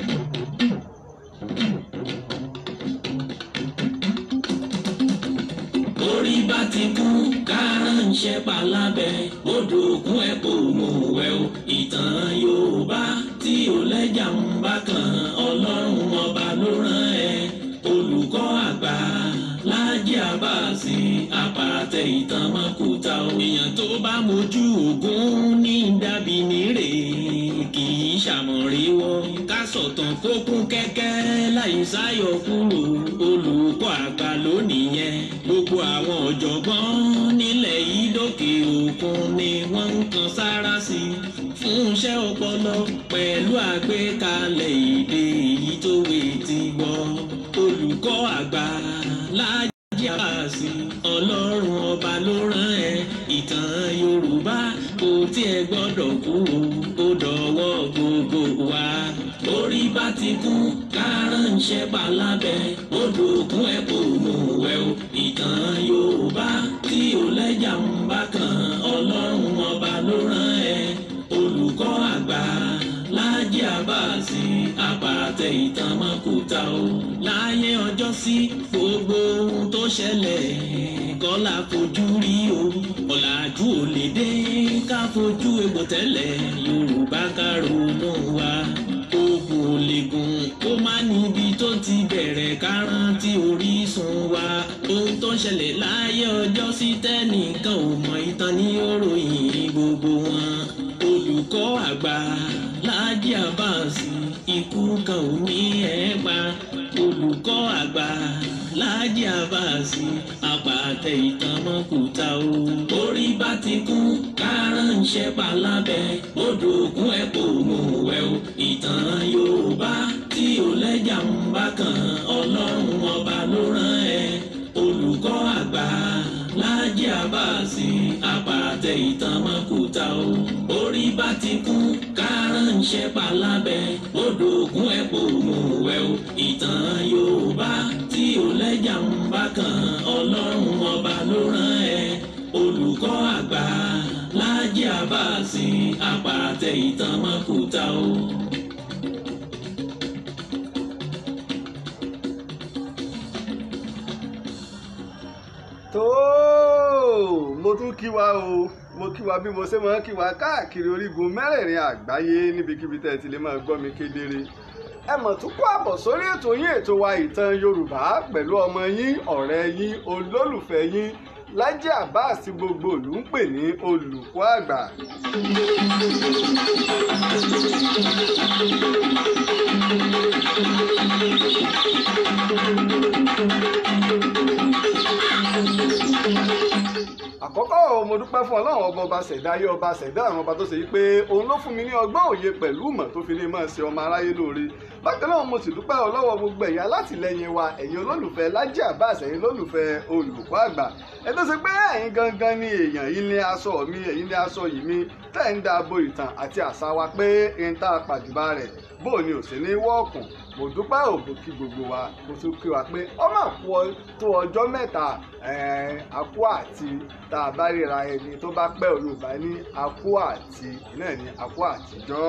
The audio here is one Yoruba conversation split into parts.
orí bá ti kú kárànṣẹ́ palábẹ́ odò òkun ẹ̀ kò mú wẹ̀ o ìtàn Yorùbá tí ò lẹ́jà ń bá kan Ọlọ́run ọba ló rán ẹ olùkọ́ àgbà Láàjì Àbáàsì àpàtẹ ìtàn mọ́kúta o èèyàn tó bá mojú ògún ní dàbí nírè sọ̀tàn kó kún kẹ́kẹ́ láì sáyọ kúrò olùkọ́ àgbà lónìyẹn gbogbo àwọn ọ̀jọ̀gbọ́n nílẹ̀ yìí lókè òkun ni wọ́n ń kan sára sí i fún iṣẹ́ ọpọlọ pẹ̀lú àgbékalẹ̀ èdè èyí tó wé tiwọ́ olùkọ́ àgbà láàyè. ṣe palábẹ́ odò òkun ẹ̀ kò mú wẹ̀ o. ìtàn Yorùbá tí ò lẹ́jà ń bá kan ọlọ́run ọba ló rán ẹ olùkọ́ àgbà Láàjì Àbáàsì àpàtẹ ìtàn mọ́kúta o. láyé ọjọ́ sí gbogbo ohun tó ṣẹlẹ̀ kọ́lá fojú mo tún kí wa o mo kí wa bí mo ṣe máa ń kí wa káàkiri orígun mẹ́rẹ̀ẹ̀rin àgbáyé níbikíbi tẹ́ ẹ ti lè máa gbọ́ mi kedere ẹ mọ̀ tún kó àbọ̀ sórí ètò yín ètò wa ìtàn Yorùbá pẹ̀lú ọmọ yín ọ̀rẹ́ yín olólùfẹ́ yín Lájí Abbas gbogbo ìlú ń pè ní olùkọ́ àgbà. thank you àkọ́kọ́ mo dúpẹ́ fún ọlọ́run ọba ọba ṣẹ̀dá ayé ọba ṣẹ̀dá àwọn ọba tó ṣe pé òun ló fún mi ní ọgbọ́n òye pẹ̀lú ìmọ̀ tó fi lè máa ṣe ọmọ aráyé lóore bákan náà mo sì dúpẹ́ ọlọ́wọ́ gbogbo ẹ̀yà látìlẹ́yìn wa ẹ̀yin olólùfẹ́ Lájí Abbas ẹ̀yin olólùfẹ́ olùkọ́ àgbà ẹ tó ṣe pé ẹ̀yin gangan ni èèyàn yìí ní aṣọ mi ẹ̀yin ní aṣọ yìí mi tẹ́ ń dáàbò ìtàn àti àṣà wa pé ń tá a pàjùbà rẹ̀ bóò ni ò sí ní wọ́ọ̀kùn mo dúpẹ́ òbò kí gbogbo wa mo tún kí wa pé ó mà kú tó ọjọ́ mẹ́ta àkú àti tá a bá ríra ẹni tó bá pẹ́ Yorùbá ní àkú àti náà ní àkú àtijọ́.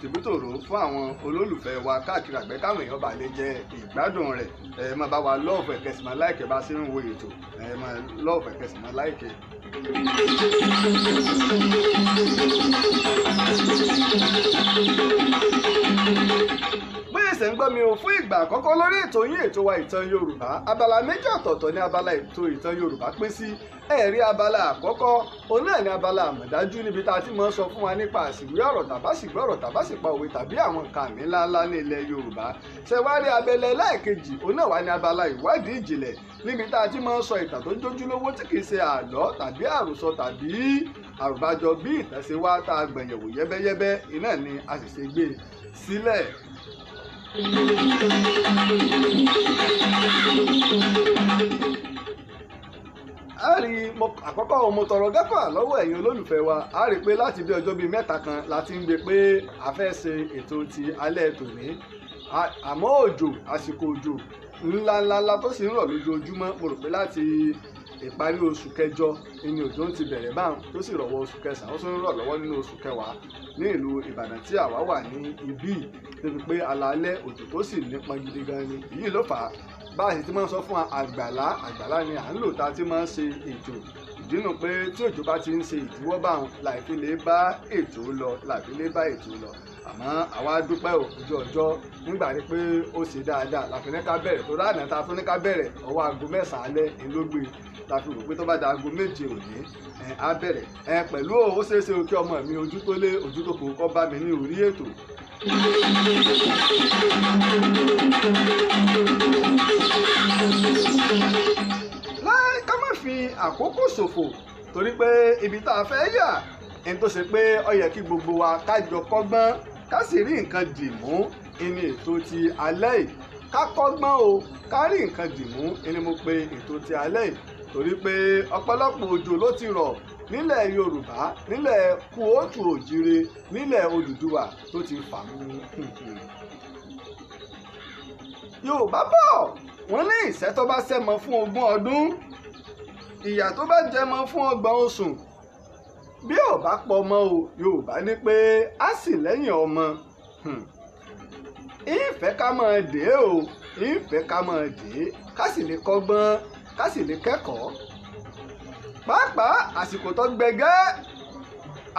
tìbútòrò fún àwọn olólùfẹ́ wa káàkiri àgbẹ̀ káwọn èèyàn bá lè jẹ ìgbádùn rẹ̀ ẹ máa bá wa lọ́ọ̀fù ẹ̀kẹ́sìmọ́ láìkẹ́ bá sí ń wo ètò ẹ máa lọ́ọ̀fù ẹ̀kẹ́sìmọ́ láìkẹ́ bí ìsìn ń gbọ́ mi ò fún ìgbà àkọ́kọ́ lórí ètò yín ètò wa ìtàn yorùbá abala méjì ọ̀tọ̀ọ̀tọ̀ ní abala ètò ìtàn yorùbá pín sí ẹ̀rí abala àkọ́kọ́ òun náà ní abala àmọ̀dájú níbi tá a ti máa ń sọ fún wa nípa àsìwé ọ̀rọ̀ tàbásìgbọ́ ọ̀rọ̀ tàbásìpa òwe tàbí àwọn nǹkan àmì ńláńlá ní ilẹ̀ yorùbá ṣe wá rí òun náà wá ní sílẹ̀ a rí àkọ́kọ́ ọmọ tọrọ gáfà lọ́wọ́ ẹ̀yin olólùfẹ́ wa a rí pé láti bí ọjọ́ bíi mẹ́ta kan la ti ń gbé pé a fẹ́ ṣe ètò ti alẹ́ tòní àmọ́ òjò àsìkò òjò ńláńláńlá tó sì ń rọ̀ lójoojúmọ́ mo rò pé láti ìparí oṣù kẹjọ ìní òjò ń ti bẹ̀rẹ̀ báwọn tó sì rọ̀wọ́ oṣù kẹsàn-án ó tún ń rọ̀ lọ́wọ́ nínú oṣù kẹwàá ní ìlú ìbàdàn tí àwa wà ní ibí débi pé alaalẹ́ òjò tó sì nípọn gidi gan ni èyí ló fà á bá a sì ti máa ń sọ fún àgbàlá àgbàlá ni à ń lò tá a ti máa ń ṣe ètò ìdínú pé tí òjò bá ti ń ṣe ìdíwọ́ báwọn làìfi lè bá ètò lọ làìfi lè bá ètò lọ àmọ́ àwa dúpẹ́ òjò ọjọ́ nígbà ni pé ó ṣe dáadáa la fi ní ká bẹ̀rẹ̀ tó ta fún ní ká bẹ̀rẹ̀ ọwọ́ aago mẹ́sàn-án alẹ́ elógbe fi rò pé tó bá da aago méje òní á bẹ̀rẹ̀ pẹ̀lú ó ṣeé ṣe kí ọmọ mi ojú tó lé ojú tó kò kọ́ bá mi ní orí ètò. láì ká má ibi tá a fẹ́ yà ẹni tó ṣe pé gbogbo wa ká jọ kọ́gbọ́n ká sì rí nǹkan dì mú ẹni ètò ti alẹ́ yìí ká kọ́gbọ́n o ká rí nǹkan dì mú ẹni mo pe ètò ti alẹ́ yìí torí pé ọ̀pọ̀lọpọ̀ òjò ló ti rọ̀ nílẹ̀ Yorùbá nílẹ̀ kóòtù òjire nílẹ̀ Odùduwà tó ti fà mú Yorùbá bọ̀ wọ́n ní ìṣẹ́ tó bá ṣẹ́mọ fún ogún ọdún ìyà tó bá jẹmọ fún ọgbọ̀n oṣù bí ò bá pọ̀ ọmọ o yorùbá ní pé a sì lẹ́yìn ọmọ hmm. ìfẹ́ ká máa dé o ìfẹ́ ká máa dé ká sì lè kọ́gbọ́n ká sì lè kẹ́kọ̀ọ́ pàápàá àsìkò tó gbẹgẹ́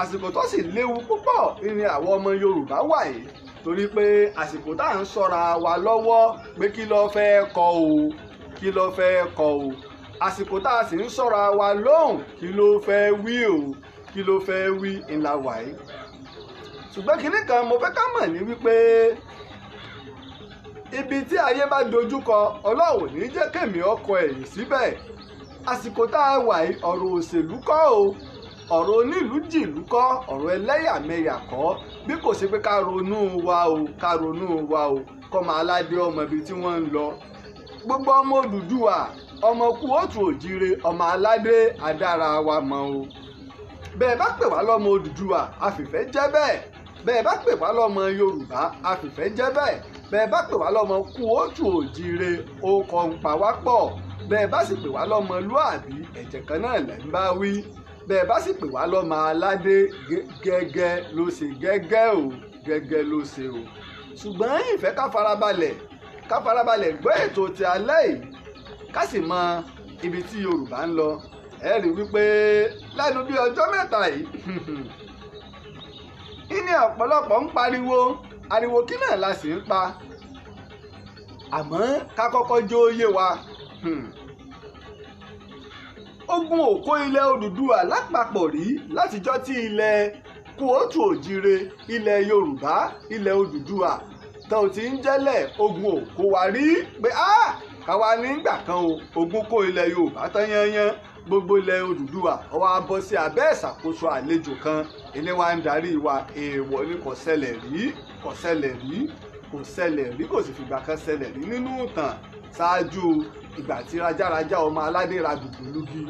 àsìkò tó sì léwu púpọ̀ ni àwọn ọmọ yorùbá wà yìí torí pé àsìkò tá à ń sọra wa lọ́wọ́ pé kí ló fẹ́ kọ o kí ló fẹ́ kọ o àsìkò tá a sì ń sọra wa lóhùn kí ló fẹ́ wí o kí ló fẹ́ wí ńlá wàyí ṣùgbọ́n kinní kan mo fẹ́ ká mọ̀ ní wípé ibi tí ayé bá dojúkọ ọlọ́run ò ní jẹ́ kémi ọkọ ẹ̀yìn síbẹ̀ àsìkò tá a wà yìí ọ̀rọ̀ òṣèlú kọ́ o ọ̀rọ̀ onílùújìlú kọ́ ọ̀rọ̀ ẹlẹ́yàmẹ̀yà kọ́ bí kò ṣe pé ká ronú wa o ká ronú wa o kọ́mọ aládé ọmọ ibi tí wọ́n ń lọ gbogbo ọmọ Odùduwà ọmọ kú òtù òjire ọmọ aládé adára wa mọ́ o bẹ́ẹ̀ bá pè wá lọ́mọ Odùduwà àfìfẹ́ jẹ́ bẹ́ẹ̀ bẹ́ẹ̀ bá pè wá lọ́mọ Yorùbá àfìfẹ́ jẹ́ bẹ́ẹ̀ bẹ́ẹ̀ bá pè wá lọ́mọ kú ojú òjire okọ̀ ń pa wá pọ̀ bẹ́ẹ̀ bá sì pè wá lọ́mọ lúàbí ẹ̀jẹ̀ kan náà lẹ́ ń bá wí bẹ́ẹ̀ bá sì pè wá lọ́mọ aládé gẹ́gẹ́ ló ṣe gẹ́gẹ́ o gẹ́gẹ́ ló ṣe o ṣùgbọ́n ìfẹ́ ká farabalẹ̀ ká farabalẹ̀ gbọ́ ètò ti alẹ́ yìí ká sì mọ ibi tí Yorùbá ń lọ ẹ rí wípé lẹ́nu bíi ọjọ́ mẹ́ta yìí ìní ọ̀pọ̀lọpọ̀ ń pariwo ariwo kí náà la sì ń pa àmọ́ ká kọ́kọ́ jó yé wa ogun òkó ilẹ̀ Odùduwà lápapọ̀ rí látijọ́ tí ilẹ̀ kóòtù òjire ilẹ̀ Yorùbá ilẹ̀ Odùduwà tó ti ń jẹ́lẹ̀ ogun òkó wa rí pé káwa nígbà kan o ogun kó ilẹ̀ Yorùbá tán yányán gbogbo ilẹ̀ Odùduwà ọwọ́ abọ́ sí abẹ́ ìṣàkóso àlejò kan ilé wa ń darí wa èèwọ̀ ni kò ṣẹlẹ̀ rí kò ṣẹlẹ̀ rí kò ṣẹlẹ̀ rí kò sì fìgbà kan ṣẹlẹ̀ rí nínú ìtàn ṣáájú ìgbà tí rajaraja ọmọ aládé dùdú lúgi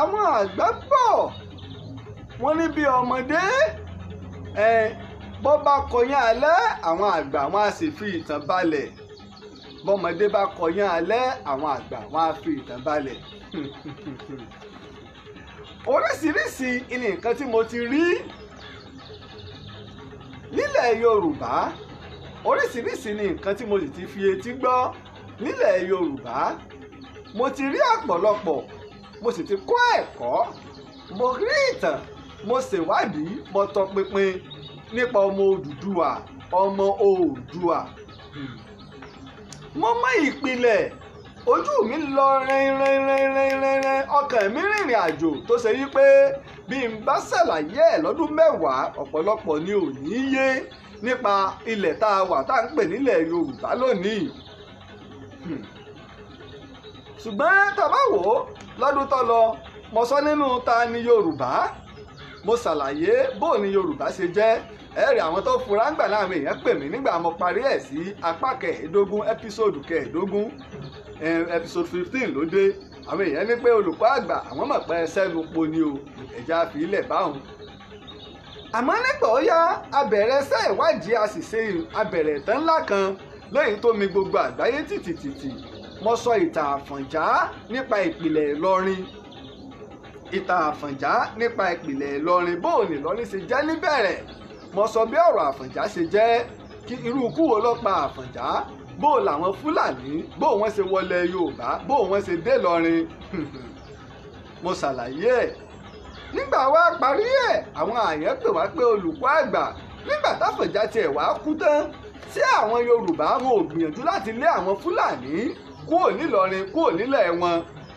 àwọn àgbà bọ̀ wọ́n ní bí ọmọdé bọ́ bá kọyán alẹ́ àwọn àgbà wọn á sì fi ìtàn balẹ̀ bọ́mọdé bá kọyán alẹ́ àwọn àgbà wọn á fi ìtàn balẹ̀ oríṣiríṣi ni nǹkan tí mo ti rí nílẹ̀ Yorùbá oríṣiríṣi ni nǹkan tí mo sì ti fi etí gbọ́ nílẹ̀ Yorùbá mo ti rí ọ̀pọ̀lọpọ̀ mo sì ti kọ́ ẹ̀kọ́ mo rí ìtàn mo ṣèwádìí mo tọpinpin nípa ọmọ Odùduwà ọmọ Oòduà mo mọ ìpìlẹ̀ ojú mi lọ rẹ́rẹ́rẹ́rẹ́rẹ́rẹ́ ọkàn mi rìnrìn àjò tó ṣe wípé bí n bá ṣàlàyé ẹ̀ lọ́dún mẹ́wàá ọ̀pọ̀lọpọ̀ ni ò ní yé nípa ilẹ̀ tá a wà tá a ń pè nílẹ̀ Yorùbá lónìí hmm. ṣùgbọ́n tá a bá wò ó lọ́dún tó lọ mo sọ nínú ta ni yorùbá mo ṣàlàyé bó ni yorùbá ṣe jẹ́ ẹ̀rí àwọn tó fura ń gbà láàmì èèyàn pè mí nígbà mo parí ẹ̀ sí apá kẹẹ̀ẹ́dógún ẹ́písòdù kẹẹ̀ẹ́dógún ẹ́písòdù fifteen ló dé àwọn èèyàn ní pé olùkọ́ àgbà àwọn mọ̀ pé sẹ́nu po ni o ẹ̀já fi ilẹ̀ báwọn. àmọ́ nígbà ó yá abẹ̀rẹ̀ ṣẹ́ àṣìṣe abẹ̀rẹ̀ tán ńlá kan lẹ́yìn tó mì gbogbo àgbáyé tìtìtìtì mo sọ ìtàn àfọ̀njá nípa ìpìlẹ̀ ìlọrin ìtàn àfọ̀njá nípa ìpìlẹ̀ ìlọrin bó o ní lọ́ní ṣe jẹ́ níbẹ̀rẹ̀ mo sọ bí ọ̀rọ̀ àfọ̀njá ṣe jẹ́ kí irú ikú wo ló pa àfọ̀njá bó o làwọn fúlàní bó o wọ́n ṣe wọlé yorùbá bó o wọ́n ṣe dé lọrin mo ṣàlàyé ẹ̀ nígbà wá parí ẹ̀ àwọn àyàn pè wá pé olùkọ́ àgbà nígbà táfọ̀njá tiẹ̀ wá kú tán tí àwọn yorùbá wọn ò gbìyànjú láti lé àwọn fúlàní kúò nílọrin kúò nílẹ̀ wọn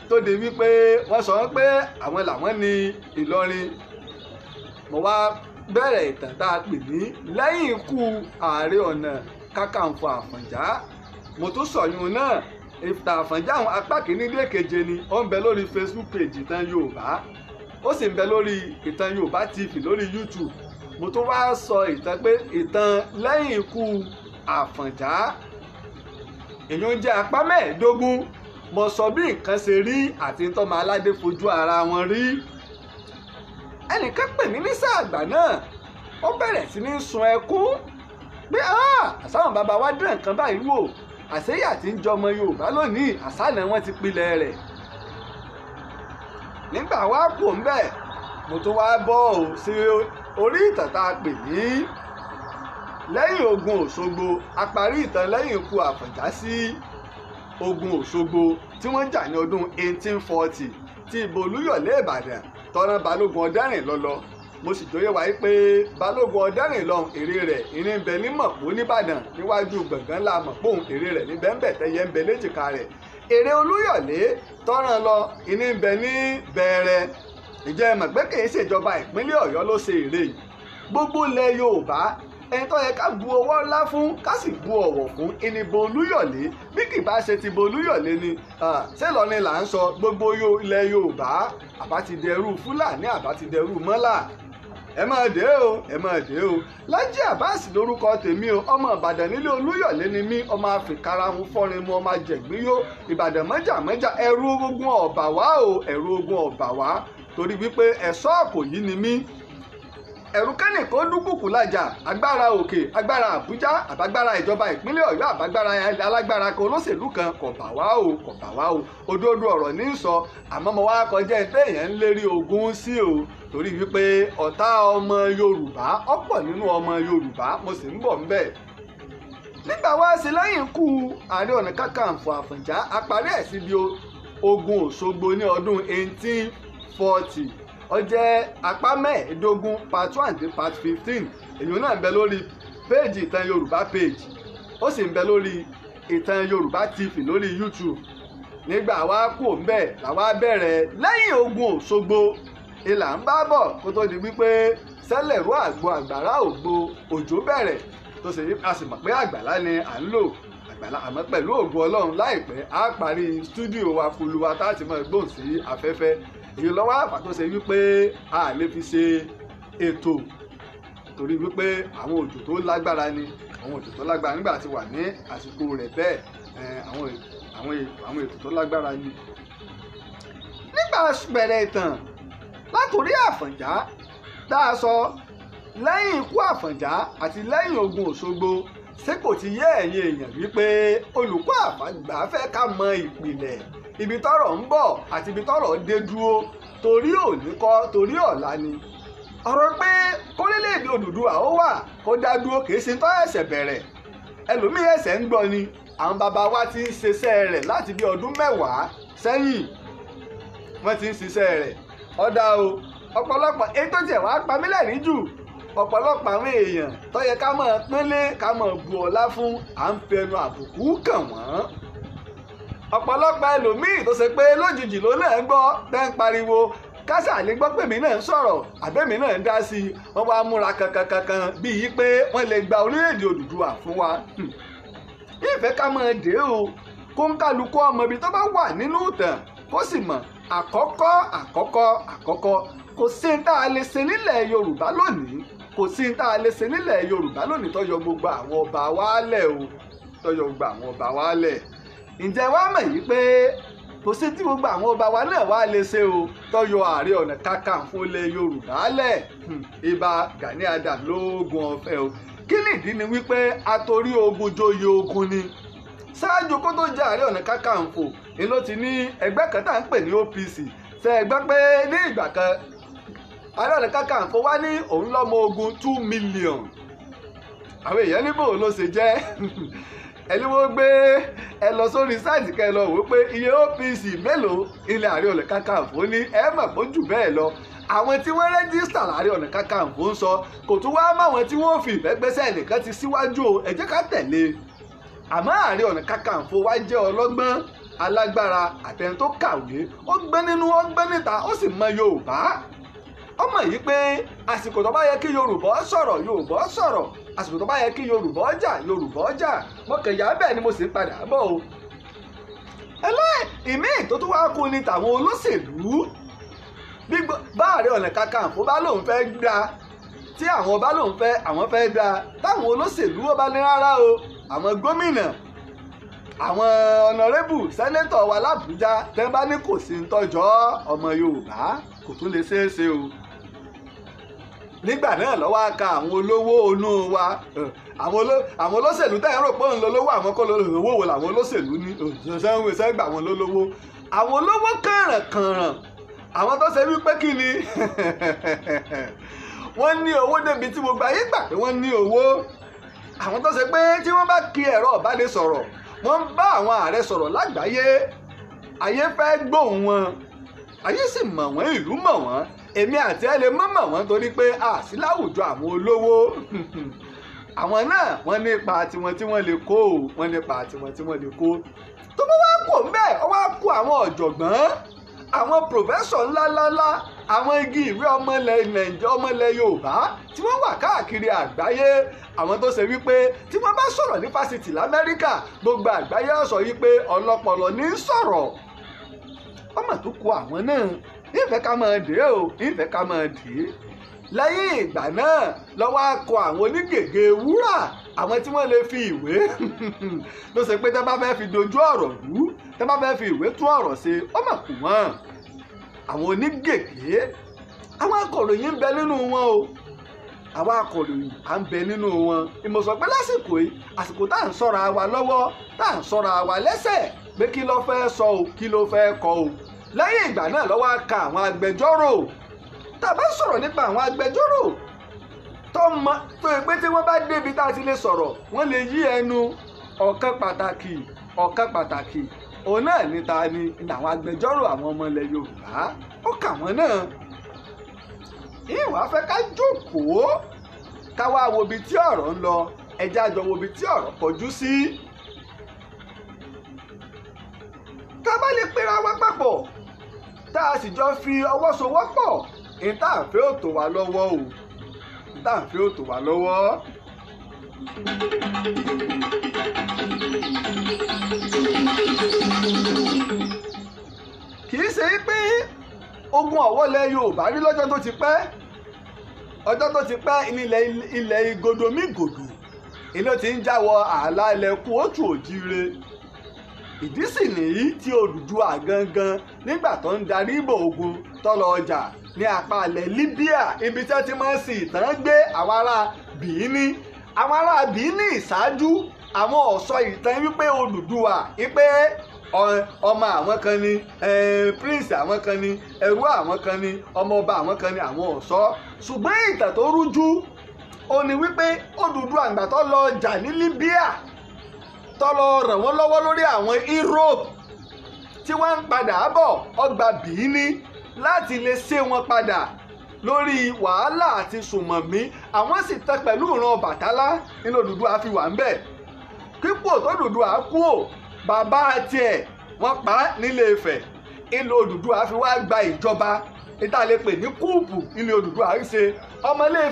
tó di wípé wọ́n sọ pé àwọn làwọn ní ìlọrin mo wá bẹ̀rẹ̀ ìtàn tá a pè ní lẹ́yìn ikú ààrẹ ọ̀nà kákàǹfò àfọ̀njá mo tún sọ̀yún náà ìtàn àfọ̀njá àwọn apá kìíní dé keje ni ó ń bẹ lórí facebook page ìtàn yorùbá ó sì ń bẹ lórí ìtàn yorùbá tv lórí youtube mo tún wá sọ ìtàn pé ìtàn lẹ́yìn ikú àfọ̀njá ìyún jẹ́ apá mẹ́ẹ̀ẹ́dógún mo sọ bí nǹkan ṣe rí àti tọ́mọ aládé fojú ara wọn rí ẹnìkan pè mí ní sáà àgbà náà ó bẹ̀rẹ̀ sí ní sun ẹkún pé ah, àsáwọn bàbá wa dán nǹkan báyìí wò àṣeyà tí ń jọmọ Yorùbá lónìí àṣàlẹ̀ wọn ti pilẹ̀ rẹ̀ nígbà wá kò ń bẹ̀ mo tún wá bọ́ ọ sí orí ìtàn tá a pè ní lẹ́yìn ogun òṣogbo a ìtàn lẹ́yìn ikú àfọ̀njá sí ogun òṣogbo tí wọ́n jà ní ọdún 1840 ti ìbò ìbàdàn tọ́ran balógun ọ̀dẹ́rìn lọ́lọ́ mo sì jọyẹ wáyé pé balógun ọ̀dẹ́rìn lọ èrè rẹ̀ ìrìn ń ní mọ̀pó nìbàdàn níwájú gbọ̀ngàn ńlá mọ̀póhùn èrè rẹ̀ ní bẹ́ńbẹ̀ tẹ́yẹ ń léjìká rẹ̀ èrè olúyọ̀lé tọ́ran lọ ìní ń ní bẹ̀rẹ̀ ìjẹ́ mọ̀ pé ìpínlẹ̀ ọ̀yọ́ ló ṣe èrè gbogbo ilẹ̀ yorùbá ẹni tó yẹ ká bu ọwọ́ ńlá fún ká sì bu ọ̀wọ̀ fún ìnìbò olúyọ̀lé bí kì bá ṣe ti bo olúyọ̀lé ni ṣé lọ́ni là ń sọ gbogbo ilẹ̀ yorùbá àbá ti dẹrú fúlàní àbá ti dẹrú mọ́là ẹ máa dé o ẹ máa dé o Lájí Abbas lórúkọ tèmi o ọmọ Ìbàdàn nílé Olúyọ̀lé ni mí ọmọ àfikàràhùn fọrin mu ọmọ àjẹgbíyó Ìbàdàn mọ́jà mọ́jà ẹrú ogun ọ̀bà wá o ẹrú ogun ọ̀bà wá torí wípé ẹ̀ṣọ́ àpò yìí ni mí ẹ̀rù kẹ́nìkan ó dúnkùkù lájà agbára òkè agbára àbújá àbágbára ìjọba ìpínlẹ̀ ọ̀yọ́ àbágbára alágbára kan olóṣèlú kan kò bà wá o kò bà wá o òdodo ọ̀rọ̀ ní í sọ àmọ́ mo wá kọjá ẹ téèyàn ń lérí ogun sí o torí wípé ọ̀tá ọmọ yorùbá ọ̀pọ̀ nínú ọmọ yorùbá mo sì ń bọ̀ ń bẹ̀ nígbà wá sí lẹ́yìn ikú ààrẹ ọ̀nà kakanfò àfọ̀njá àparí ẹ̀ síbi ogun òṣogbo ní ọdún 1840 ó jẹ́ apá mẹ́ẹ̀ẹ́dógún part one dé part fifteen èyí náà ń bẹ lórí péèjì ìtàn yorùbá péèjì ó sì ń bẹ lórí ìtàn yorùbá tv lórí youtube nígbà wá kú òǹbẹ làwa bẹ̀rẹ̀ lẹ́yìn ogun òṣogbo ìlà ń bá bọ̀ kó tó di wípé sẹ́lẹ̀rú àgbo àgbàrá ògbó òjò bẹ̀rẹ̀ tó sì a sì mọ̀ pé àgbàlá ni à ń lò àgbàlá àmọ́ pẹ̀lú ògùn ọlọ́run láìpẹ́ á parí stúdíò wa fúluwa tá a ti mọ gbóhùn sí afẹ́fẹ́ èyí lọ́wọ́ àfà wípé a lè fi ṣe ètò torí wípé àwọn òjò tó lágbára ni àwọn ètò tó lágbára nígbà tí wà ní àsìkò rẹ̀ bẹ́ẹ̀ eh, àwọn ètò tó lágbára ni. nígbà bẹ̀rẹ̀ ìtàn látòrí àfọ̀njá tá a sọ lẹ́yìn ikú àfọ̀njá àti lẹ́yìn ogun òṣogbo ṣé ti yé ẹ̀yin èèyàn wípé olùkọ́ àfàgbà fẹ́ ká mọ ìpìlẹ̀ ibi tọ́rọ̀ ń bọ̀ àti ibi tọ́rọ̀ dé dúró torí òní kọ́ torí ọ̀la ni ọ̀rọ̀ pé kórílẹ̀èdè Odùduwà ó wà kó dá dúró kì í ṣe tọ́ ẹ̀sẹ̀ bẹ̀rẹ̀ ẹlòmíì ẹ̀sẹ̀ ń gbọ́ ni àwọn bàbá wa ti ń ṣiṣẹ́ rẹ̀ láti bí ọdún mẹ́wàá sẹ́yìn wọ́n ti ń ṣiṣẹ́ rẹ̀ ọ̀dà o ọ̀pọ̀lọpọ̀ ètò tiẹ̀ wá pamí lẹ́rìí jù ọ̀pọ̀lọpọ̀ àwọn èèyàn tó yẹ ká máa pínlẹ̀ ká máa bu ọlá fún à ń fẹnu àbùkù kàn wọ́n ọ̀pọ̀lọpọ̀ ẹlòmíì tó ṣe pé lójijì ló náà ń gbọ́ tẹ́ ń pariwo kásà lè gbọ́ pèmí náà ń sọ̀rọ̀ àbẹ́mí náà ń dá sí i wọ́n wá múra kankankankan bíi yí pé wọ́n lè gba orílẹ̀-èdè Odùduwà fún wa. ìfẹ́ ká mọ̀ dé o kó ń kálukú ọmọ ibi tó bá wà nínú ìtàn kó sì mọ̀ àkọ́kọ́ àkọ́kọ́ àkọ́kọ́ kò sí tá a lè ṣe nílẹ̀ Yorùbá lónìí kò sí tá a lè ṣe nílẹ̀ Yorùbá lónìí tó gbogbo àwọn ọba wálẹ̀ o tó gbogbo àwọn ọba wálẹ̀ ǹjẹ́ wàá mọ̀ yìí pé kò sí tí gbogbo àwọn ọba wa náà wàá lè ṣe o tọyọ ààrẹ ọ̀nà kakanfò lẹ̀ yorùbá lẹ̀ ibà hmm, Gani Adams lóògùn ọ̀fẹ́ o kí nìdí ni wípé atorí ogun joyè ogun ni ṣáájú kó tó jẹ ààrẹ ọ̀nà kakanfò ni ló ti ní ẹgbẹ́ kan tá à ń pè ní OPC ṣe ẹgbẹ́ pé ní ìgbà kan ààrẹ ọ̀nà kakanfò wá ní òun lọ́mọ ogun two million àwọn èèyàn níbò ló ṣe jẹ́ ẹni wọ́n gbé ẹ lọ sórí sáìtì kẹ lọ wò pé iye OPC mélòó ilẹ̀ Ààrẹ Ọ̀nà Kakanfò ní ẹ mà kó jù bẹ́ẹ̀ lọ àwọn tí wọ́n rẹ́gísítà l'Ààrẹ Ọ̀nà Kakanfò ń sọ kò tún wá máwọn tí wọ́n fi ìfẹ́ gbẹ́sẹ̀ nìkan ti síwájú o ẹ jẹ́ ká tẹ̀lé e. àmọ́ Ààrẹ Ọ̀nà Kakanfò wá jẹ́ ọlọ́gbọ́n alágbára àtẹni tó kàwé ó gbẹ́ nínú ó gbẹ́ níta ó sì mọ Yorùbá ó mọ̀ yìí pé àsìkò tó bá yẹ kí yorùbá sọ̀rọ̀ yorùbá sọ̀rọ̀ àsìkò tó bá yẹ kí yorùbá jà yorùbá jà mo kẹ̀yà bẹ́ẹ̀ ni mo sì ń padà bọ̀ o. ẹlẹ́ ìmíì tó tún wáá kú ni tàwọn olóṣèlú bí Báàrẹ Ọ̀nà Kakanfò bá lóun fẹ́ gba tí àwọn bá lóun fẹ́ àwọn fẹ́ gba táwọn olóṣèlú ó bá ní rárá o àwọn gómìnà àwọn ọ̀nàrẹ́bù sẹ́nẹ́tọ̀ wa lábújá tẹ́ bá ní kò sí ń tọ́jọ́ ọmọ yorùbá kò tún lè ṣeé ṣe o nígbà náà ló wá ka àwọn olówó onú wa àwọn olóṣèlú tẹ̀ ń rò pé òun lolówó àwọn kó lolówó wo làwọn olóṣèlú ní òṣèlú sẹ́gbà àwọn lolówó àwọn olówó kànrànkànràn àwọn tó ṣe wípé kí ni wọ́n ní owó débi tí mo gbà yín gbà pé wọ́n ní owó àwọn tó ṣe pé tí wọ́n bá kí ẹ̀rọ ọ̀bánisọ̀rọ̀ wọ́n ń bá àwọn ààrẹ sọ̀rọ̀ lágbàáyé ayé fẹ́ gbóhùn wọn ayé sì mọ̀ wọ́n ìlú mọ̀ wọ́n èmi àti ẹ lè mọ́mọ́ wọn torí pé àsí láwùjọ àwọn olówó àwọn náà wọ́n nípa tiwọn tí wọ́n lè kó o wọ́n nípa tiwọn tí wọ́n lè kó tó bá wá kó mbẹ́ ọ wá kó àwọn ọ̀jọ̀gbọ́n àwọn pòfẹ́sọ̀ ńláńláńlá àwọn igi ìwé ọmọlẹ̀ nàìjẹ́ ọmọlẹ̀ yorùbá tí wọ́n wà káàkiri àgbáyé àwọn tó ṣe wípé tí wọ́n bá sọ̀rọ̀ ní fásitì lamẹ́ríkà gbogbo àgbáyé ọ̀sọ̀ wípé ọlọ́pọlọ ní sọ̀rọ̀ ọmọ tó kó àwọn náà ìfẹ́ ká máa dé o ìfẹ́ ká máa dé lẹ́yìn ìgbà náà lọ́wọ́ akọ àwọn onígègé wúrà àwọn tí wọ́n lè fi ìwé ló ṣe pé tẹ́ bá fẹ́ fi dojú ọ̀rọ̀ rú tẹ́ bá fẹ́ fi ìwé tún ọ̀rọ̀ ṣe ó mà kù wọ́n àwọn onígègé àwọn akọ̀ròyìn ń bẹ nínú wọn o àwọn akọ̀ròyìn à ń bẹ nínú wọn ìmọ̀sán lásìkò yìí àsìkò tá à ń sọ́ra wa lọ́wọ́ tá à ń sọ́ra wa lẹ́sẹ̀ pé kí ló fẹ́ sọ o kí ló fẹ́ kọ o lẹ́yìn ìgbà náà ló wá ka àwọn agbẹjọ́rò tá a bá sọ̀rọ̀ nípa àwọn agbẹjọ́rò tó mọ tó yẹ pé tí wọ́n bá débi tá a ti lè sọ̀rọ̀ wọ́n lè yí ẹnu ọ̀kan pàtàkì ọ̀kan pàtàkì òun náà ní ni làwọn agbẹjọ́rò àwọn ọmọ ilẹ̀ Yorùbá ó kà wọ́n náà ìwà fẹ́ ká jókòó ká wá wo ibi tí ọ̀rọ̀ ń lọ ẹjẹ́ àjọ wo ibi tí ọ̀rọ̀ kọjú sí. ká bá lè pera wa papọ̀ tá a sì jọ fi ọwọ́ sowọ́pọ̀ ìta àfẹ́ ò tò wá lọ́wọ́ o ìta àfẹ́ ò tò wá lọ́wọ́. kì í ṣe pé ogun ọ̀wọ́lẹ̀ Yorùbá rí lọ́jọ́ tó ti pẹ́ ọjọ́ tó ti pẹ́ nílẹ̀ ilẹ̀ igodo mi gòdò ilé ti ń jáwọ́ ààlà ilẹ̀ kú ó tù òjíire ìdí sì nìyí tí Odùduwà gangan nígbà tó ń darí ìbò ogun tó lọ ọjà ní apá alẹ́ Libya ibi tí wọ́n ti máa ń sin ìtàn gbé àwọn ará Bìíní àwọn ará Bìíní ìṣáájú àwọn ọ̀sọ́ ìtàn wípé Odùduwà wípé ọmọ àwọn kan ni prince àwọn kan ni ẹrú àwọn kan ni ọmọ ọba àwọn kan ni àwọn ọ̀sọ́ ṣùgbọ́n ìtàn tó rújú ó ní wípé Odùduwà àgbà lọ ọjà ní Libya tọ́lọ ràn wọ́n lọ́wọ́ lórí àwọn Europe tí wọ́n ń padà bọ̀ ọgbà bìíní láti lè ṣe wọn padà lórí wàhálà àti sùmọ̀mí àwọn sì tẹ pẹ̀lú ìran Ọbàtálá nínú Odùduwà fi wà ń bẹ̀ kípò tó Odùduwà kú ò bàbá tiẹ̀ wọ́n pa nílé Ifẹ̀ ìlú Odùduwà fi wá gba ìjọba ìtàlẹ́pẹ̀ ní kúùpù ìlú Odùduwà ń ṣe ọmọ Ilé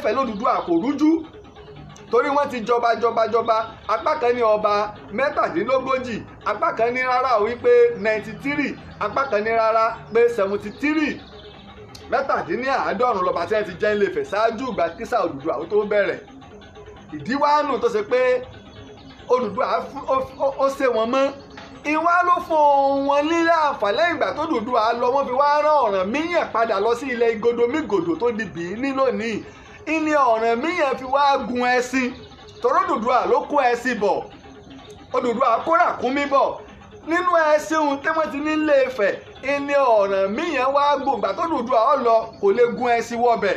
torí wọ́n ti jọba jọba jọba apá kan ní ọba mẹ́tàdínlógójì apá kan ní rárá wípé ninety three apá kan ní rárá pé seventy three mẹ́tàdínláàádọ́rùn lọ́ba tí wọ́n ti jẹ́ ńlẹ̀ fẹ̀ ṣáájú ìgbà kísà Odùduwà tó bẹ̀rẹ̀ ìdíwáànù tó ṣe pé Odùduwà ó ṣe wọn mọ́ ìwá ló fún wọn nílé àfàlẹ́ ìgbà tó Odùduwà lọ wọ́n fi wá rán ọ̀ràn míyàn padà lọ sí ilẹ̀ igodo mígòdò tó di bìíní lónìí ìní ọ̀ràn míyàn fi wá gun ẹṣin tọrọ dùdú à ló kó ẹṣin bọ̀ odùdú àkórà kúnmí bọ̀ nínú ẹṣin tí wọ́n ti nílé Ifẹ̀ ìní ọ̀ràn míyàn wá gùn gbà tó dùdú à ó lọ kò lè gun ẹṣin wọbẹ̀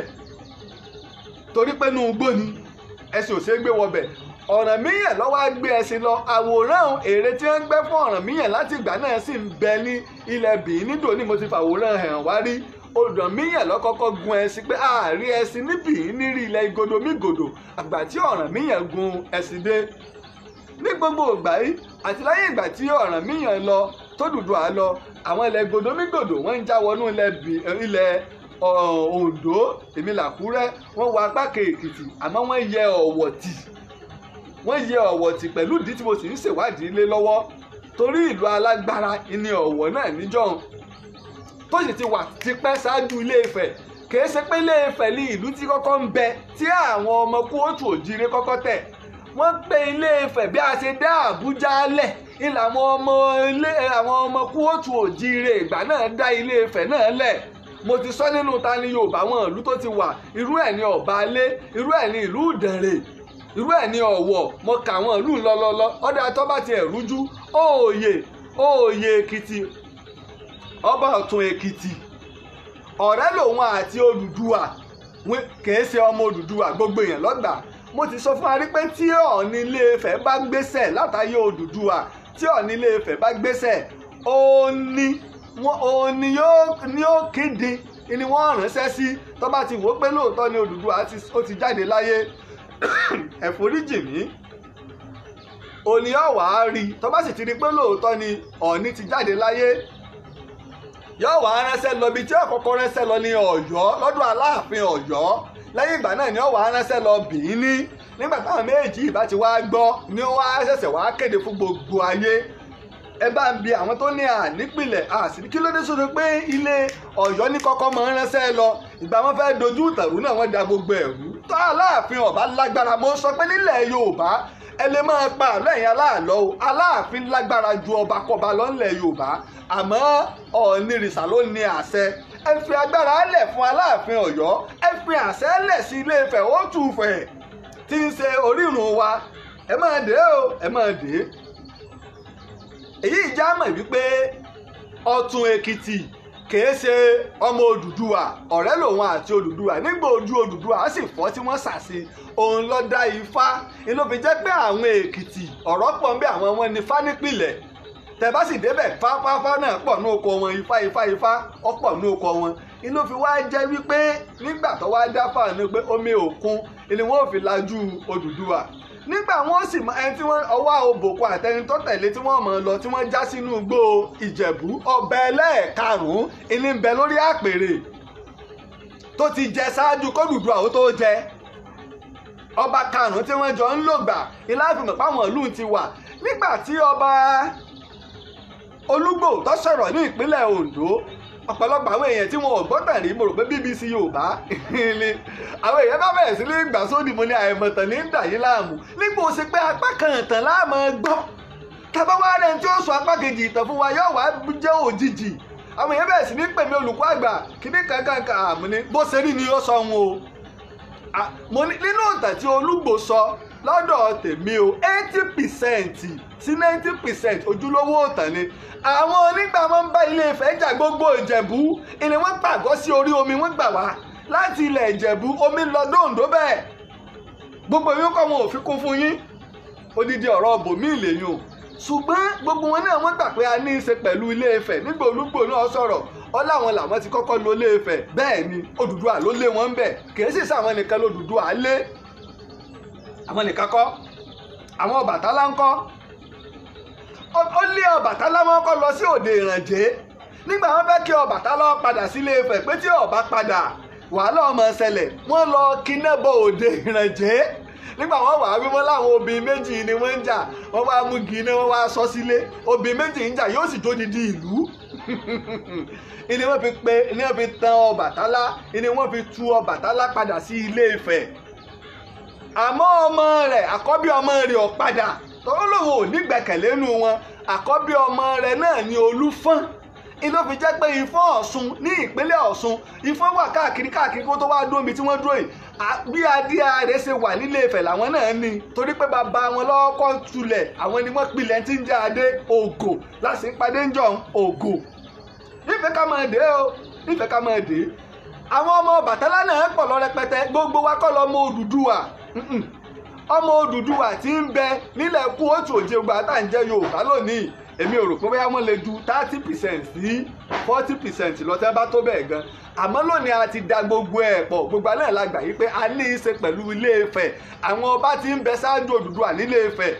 torí pé inú igbó ni ẹṣin ò ṣeé gbé wọbẹ̀ ọ̀ràn míyàn lọ́wọ́ á gbé ẹṣin lọ àwòrán èrè tí wọ́n ń gbẹ́ fún ọ̀ràn míyàn láti ìgbà náà sì ń bẹ ní ilẹ̀ bìín nídòní mo ti fàwòrán hàn wá rí Odùnmíyàn ló kọ́kọ́ gun ẹṣin pé àárí ah, ẹṣin níbì nírí ilẹ̀ igodo mígodo àgbà tí Ọ̀rànmíyàn gun ẹṣin dé ní gbogbo ìgbà yìí àti láyé ìgbà tí Ọ̀rànmíyàn lọ tó dùdú à lọ àwọn ilẹ̀ igodo mígodo wọ́n ń já wọnú ilẹ̀ Oǹdó èmi làkúrẹ́ wọ́n wọ apá kèkìtì àmọ́ wọ́n yẹ Ọ̀wọ̀ tì wọ́n yẹ Ọ̀wọ̀ tì pẹ̀lú ìdí tí mo sì ń ṣèwádìí lé lọ́wọ́ torí ìlú alágbára ni Ọ̀wọ̀ náà níjọ́un tó sì ti wà tipẹ́ ṣáájú ilé Ifẹ̀ kìí ṣe pé ilé Ifẹ̀ ní ìlú tí kọ́kọ́ ń bẹ tí àwọn ọmọ kóòtù òjire kọ́kọ́ tẹ̀ wọ́n pe ilé Ifẹ̀ bí a ṣe dá Àbújá lẹ̀ ilé ọmọ ilé àwọn ọmọ kóòtù òjire ìgbà náà dá ilé Ifẹ̀ náà lẹ̀ mo ti sọ nínú ta ni Yorùbá wọn ìlú tó ti wà irú ẹ̀ ní Ọ̀bálé irú ẹ̀ ní ìlú Ìdànrè irú ẹ̀ ní Ọ̀wọ̀ mo kà wọn ìlú lọ́lọ́lọ́ ọ̀dà tó bá ti ẹ̀ rújú òòyè òòyè Èkìtì ọba ọ̀tún èkìtì ọ̀rẹ́ lòun àti Odùduwà kìí ṣe ọmọ Odùduwà gbogbo èèyàn lọ́gbà mo ti sọ fún wa rí pé tí Ọọ̀ni Ilé Ifẹ̀ bá gbésẹ̀ látàyè Odùduwà tí Ọọ̀ni Ilé Ifẹ̀ bá gbésẹ̀ òní òní yóò kéde ni wọ́n ránṣẹ́ sí tó bá ti wò ó pé lóòótọ́ ni Odùduwà ó ti jáde láyé ẹ̀foríjì mi òní ọ̀wá rí tó bá sì ti rí pé lóòótọ́ ni Ọọ̀ni ti jáde láyé yóò wá ránṣẹ́ lọ ibi tí ọ̀kọ́kọ́ ránṣẹ́ lọ ní ọ̀yọ́ lọ́dún aláàfin ọ̀yọ́ lẹ́yìn ìgbà náà ni ó wá ránṣẹ́ lọ bìíní nígbà táwọn méjì ìbá ti wá gbọ́ ni ó wá ṣẹ̀ṣẹ̀ wá kéde fún gbogbo ayé ẹ bá ń bi àwọn tó ní ànípìlẹ̀ àsì kí ló dé sóde pé ilé ọ̀yọ́ ní kọ́kọ́ máa ń ránṣẹ́ lọ ìgbà wọn fẹ́ dojú ìtàrú náà wọ́n da gbogbo ẹ̀rú tá aláàfin ọ̀bá lágbára mo sọ pé nílẹ̀ yorùbá ẹ lè máa pa àlọ́ ẹ̀yìn aláàlọ́ o aláàfin lágbára ju ọba kọba lọ́nlẹ̀ yorùbá àmọ́ ọ̀ọ́nì rìsà ló ní àṣẹ ẹ fi agbára lẹ̀ fún aláàfin ọ̀yọ́ ẹ fi àṣẹ lẹ̀ sí ilé Ifẹ̀ ó tù fẹ̀ tí ń ṣe orírun wa ẹ máa dé o ẹ máa dé èyí ìjà mọ̀ wípé ọ̀tún èkìtì kìí ṣe ọmọ Odùduwà ọ̀rẹ́ lòun àti Odùduwà nígbà ojú Odùduwà á sì fọ́ tí wọ́n sà sí òun lọ dá Ifá inú fi jẹ́ pé àwọn Èkìtì ọ̀rọ̀ pọ̀ ń bẹ àwọn wọn ní fánipìlẹ̀ tẹ̀bá sì débẹ̀ fáfáfá náà pọ̀ ní oko wọn Ifá Ifá Ifá ọ̀pọ̀ ní oko wọn inú fi wá jẹ́ wípé nígbà tó wá dáfà ni pé omi òkun ni wọ́n ò fi lajú Odùduwà nígbà wọn sì mọ ẹni tí wọn ọwọ́ òbòkun àtẹni tó tẹ̀lé tí wọ́n mọ̀ lọ tí wọ́n já sínú igbó ìjẹ̀bú ọbẹ̀ ẹlẹ́ẹ̀karùn-ún ilé ń bẹ lórí àpèrè tó ti jẹ ṣáájú kódùdú àwọn tó jẹ ọba karùn-ún tí wọ́n jọ ń lògbà ìlàfimọ̀ páwọn ìlú ti wà nígbà tí ọba olúgbò tó sọ̀rọ̀ ní ìpínlẹ̀ Ondo ọ̀pọ̀lọpọ̀ àwọn èèyàn tí wọn ò gbọ́tàn rí mo rò pé BBC Yorùbá ni àwọn èèyàn bá bẹ̀rẹ̀ sí ní gbà sódì mo ní àìmọ̀tàn ní dà yín láàmú nígbà ó ṣe pé apá kan ìtàn láàmú gbọ́ tàbá wá rẹ̀ tí ó sọ apá kejì ìtàn fún wa yóò wá jẹ́ òjijì àwọn èèyàn bẹ̀rẹ̀ sí ní pèmí olùkọ́ àgbà kíní kankan àmú ni bó ṣe rí ni ó sọ wọn o mo ní nínú ìtàn tí olúgbò sọ lọ́dọ̀ tèmi o eighty percent sí ninety percent ojúlówó ìtàn ni àwọn onígbàmọ́ ń bá ilé Ifẹ̀ jà gbogbo ìjẹ̀bú ni wọ́n pàgọ́ sí orí omi wọ́n gbà wá láti ilẹ̀ ìjẹ̀bú omi lọ dóńdó bẹ́ẹ̀ gbogbo ìwé kọ́ wọn ò fi kún fún yín odidi ọ̀rọ̀ bòmíì lèyìn o ṣùgbọ́n gbogbo wọn náà wọ́n gbà pé a ní í ṣe pẹ̀lú ilé Ifẹ̀ nígbà olúgbò náà sọ̀rọ̀ ọláwọn làwọn ti kọ́kọ́ lọ ilé Ifẹ̀ bẹ́ẹ̀ ni Odùduwà ló lé wọn bẹ̀ kì í sì sáwọn nìkan lódùduwà lé àwọn nìkan kọ́ àwọn Ọbàtálá ńkọ́ ó lé Ọbàtálá wọn kọ́ lọ sí òde ìrànjẹ́ nígbà wọn fẹ́ kí Ọbàtálá padà sílé Ifẹ̀ pé tí ó bá padà wàhálà ọmọ ṣẹlẹ̀ wọ́n lọ kidnap òde ìrànjẹ́ nígbà wọn wà á wí wọn láwọn obìnrin méjì ni wọ́n ń jà wọ́n wá mú gi ni wọ́n wá sọ sílé obìnrin méjì ń jà yóò sì jó didi ìlú ni wọ́n fi pe ni wọ́n fi tan Ọbàtálá ni wọ́n fi tú Ọbàtálá padà sí Ilé Ifẹ̀ àmọ́ ọmọ rẹ̀ àkọ́bí ọmọ rẹ̀ ọ̀ padà tọ́wọ́ lòun ò ní gbẹ̀kẹ̀lé nu wọn àkọ́bí ọmọ rẹ̀ náà ni olúfọ́n iná fi jẹ́ pé ifọ́n ọ̀ṣun ní ìpínlẹ̀ ọ̀ṣun ifọ́n wà káàkiri káàkiri kó tó wá dúró ibi tí wọ́n dúró yìí bí adíà rẹ̀ ṣe wà nílé Ifẹ̀ làwọn náà ní torí pé bàbá wọn lọ́kọ́ tulẹ̀ àwọn ni wọ́n pilẹ̀ tí ń jẹ́ adé ògò láti ń padé ń jọ ògò nífẹ̀ ká máa dé o nífẹ̀ ká máa dé àwọn ọmọ Ọbàtálá náà pọ̀ lọ rẹpẹtẹ gbogbo wa kọ́ lọ́mọ Odùduwà ọmọ Odùduwà tí ń bẹ nílẹ̀ kú òtù òjì ogun àtàǹjẹ́ Yorùbá lónìí èmi ò rò pé bóyá wọ́n lè ju thirty percent sí forty percent lọ tẹ́ bá tó bẹ́ẹ̀ gan àmọ́ lónìí a ti da gbogbo ẹ̀ pọ̀ gbogbo alẹ́ la gbà yí pé a ní í ṣe pẹ̀lú Ilé Ifẹ̀ àwọn ọba tí ń bẹ ṣáájú Odùduwà nílé Ifẹ̀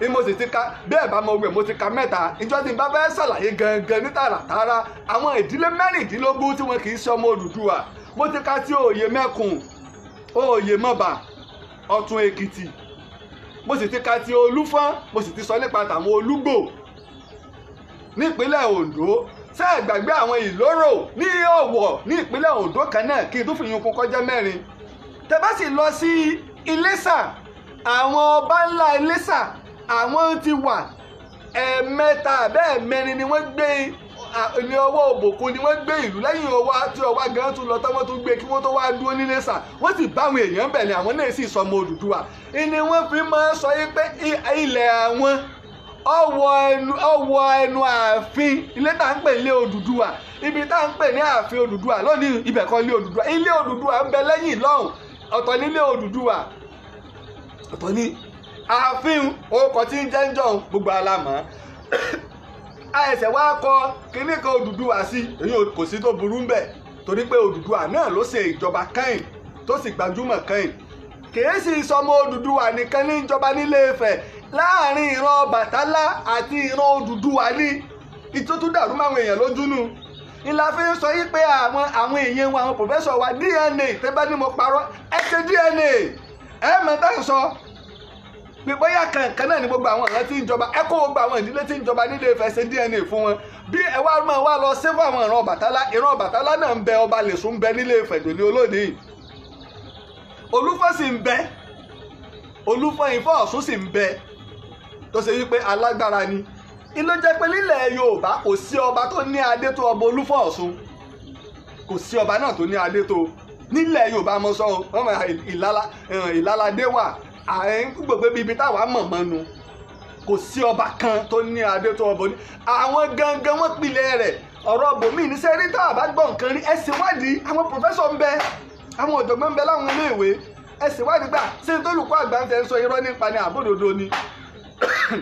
ni mo sì ti ka bẹ́ẹ̀ bá mo wẹ̀ mo ti ka mẹ́ta ìjọ tí n bá fẹ́ ṣàlàyé gangan ní tààràtààrà àwọn ìdílé mẹ́rìndínlógún tí wọn kì í ṣe ọmọ Odùduwà mo ti ka sí òye mẹ́kùn òye mọ́ba ọ̀tún èkìtì mo sì ti ka ti olúfọ́n mo sì ti sọ nípa tàwọn olúgbò nípínlẹ̀ ondo ṣé ẹ gbàgbé àwọn ìlóró ní ọ̀wọ̀ ní ìpínlẹ̀ ondo kan náà kí n tó fi yun kún kọjá mẹ́rin tẹ́ bá sì lọ sí iléṣà àwọn ọba ńlá iléṣà àwọn ti wà ẹ̀ẹ̀mẹ́ta bẹ́ẹ̀ ni wọ́n gbé ní ah, ọwọ́ òbòkun ni wọ́n gbé ìlú lẹ́yìn ọwọ́ tí ọwọ́ gan tún lọ tọ́wọ́ tún gbé kí wọ́n tó wá dúró ní nẹ́sà wọ́n sì bá èèyàn bẹ̀ ni àwọn náà sì sọmọ Odùduwà ni wọ́n fi máa sọ yí pé ilẹ̀ àwọn ọwọ́ ẹnu ààfin ilé tá à ń pè ilé Odùduwà ibi tá à ń pè ní ààfin Odùduwà lónìí ibẹ̀ kan ilé Odùduwà ilé Odùduwà ń bẹ lẹ́yìn lọ́hùn ọ̀tọ̀ nílé Odùduwà ọ̀tọ̀ ní ààfin orúkọ tí ń jẹ́ ń jọ̀hún gbogbo alámọ̀ àìsẹ̀ wá kọ kínní kan Odùduwà sí èyí kò sí tó burú ń bẹ̀ torí pé Odùduwà náà ló ṣe ìjọba kẹ́yìn tó sì gbajúmọ̀ kẹ́yìn kìí sì sọmọ Odùduwà nìkan ní ìjọba nílé Ifẹ̀ láàrin ìran Ọbàtálá àti ìran Odùduwà ní ìtótú dàrú máwọn èèyàn lójúnú ìlà fi ń sọ yí pé àwọn àwọn èèyàn wa àwọn pòfẹ́sọ̀ wa DNA tẹ́bẹ́ ni mo parọ́ ẹ ṣe DNA ẹ mọ̀ tá à ń sọ pé bóyá kankan náà ni gbogbo àwọn ìran tí ń jọba ẹ kó gbogbo àwọn ìdílé tí ń jọba nílé Ifẹ̀ ṣe DNA fún wọn bí ẹ wá máa wá lọ sí fún àwọn ìran Ọbàtálá ìran Ọbàtálá náà ń bẹ ọba lèṣù ń bẹ nílé Ifẹ̀ dòní olóde Olúfọ̀n sì ń bẹ Olúfọ̀n Ifá Ọ̀ṣun sì ń bẹ tó ṣe wípé alágbára ni ilé jẹ́ pé nílẹ̀ Yorùbá kò sí ọba tó ní adé tó ọba Olúfọ̀n Ọ̀ṣun kò sí ọba náà tó ní adé tó nílẹ̀ Yorùbá mo sọ ààrẹ ń gbogbo ibi táwa mọ̀ mọ́nu kò sí ọba kan tó ní adé tó ọbọ ní àwọn gangan wọn pilẹ̀ rẹ̀ ọ̀rọ̀ bòmí ní sẹ́rí tá a bá gbọ́ nǹkan rí ẹ̀sìn wádìí àwọn pòfẹ́sọ̀ ń bẹ àwọn ọ̀jọ̀gbọ́n ń bẹ láwọn iléèwé ẹ̀sìn wádìí gbà ṣé n tó lùkọ́ àgbà ń tẹ́ ń sọ irọ́ nípa ni àbódodo ni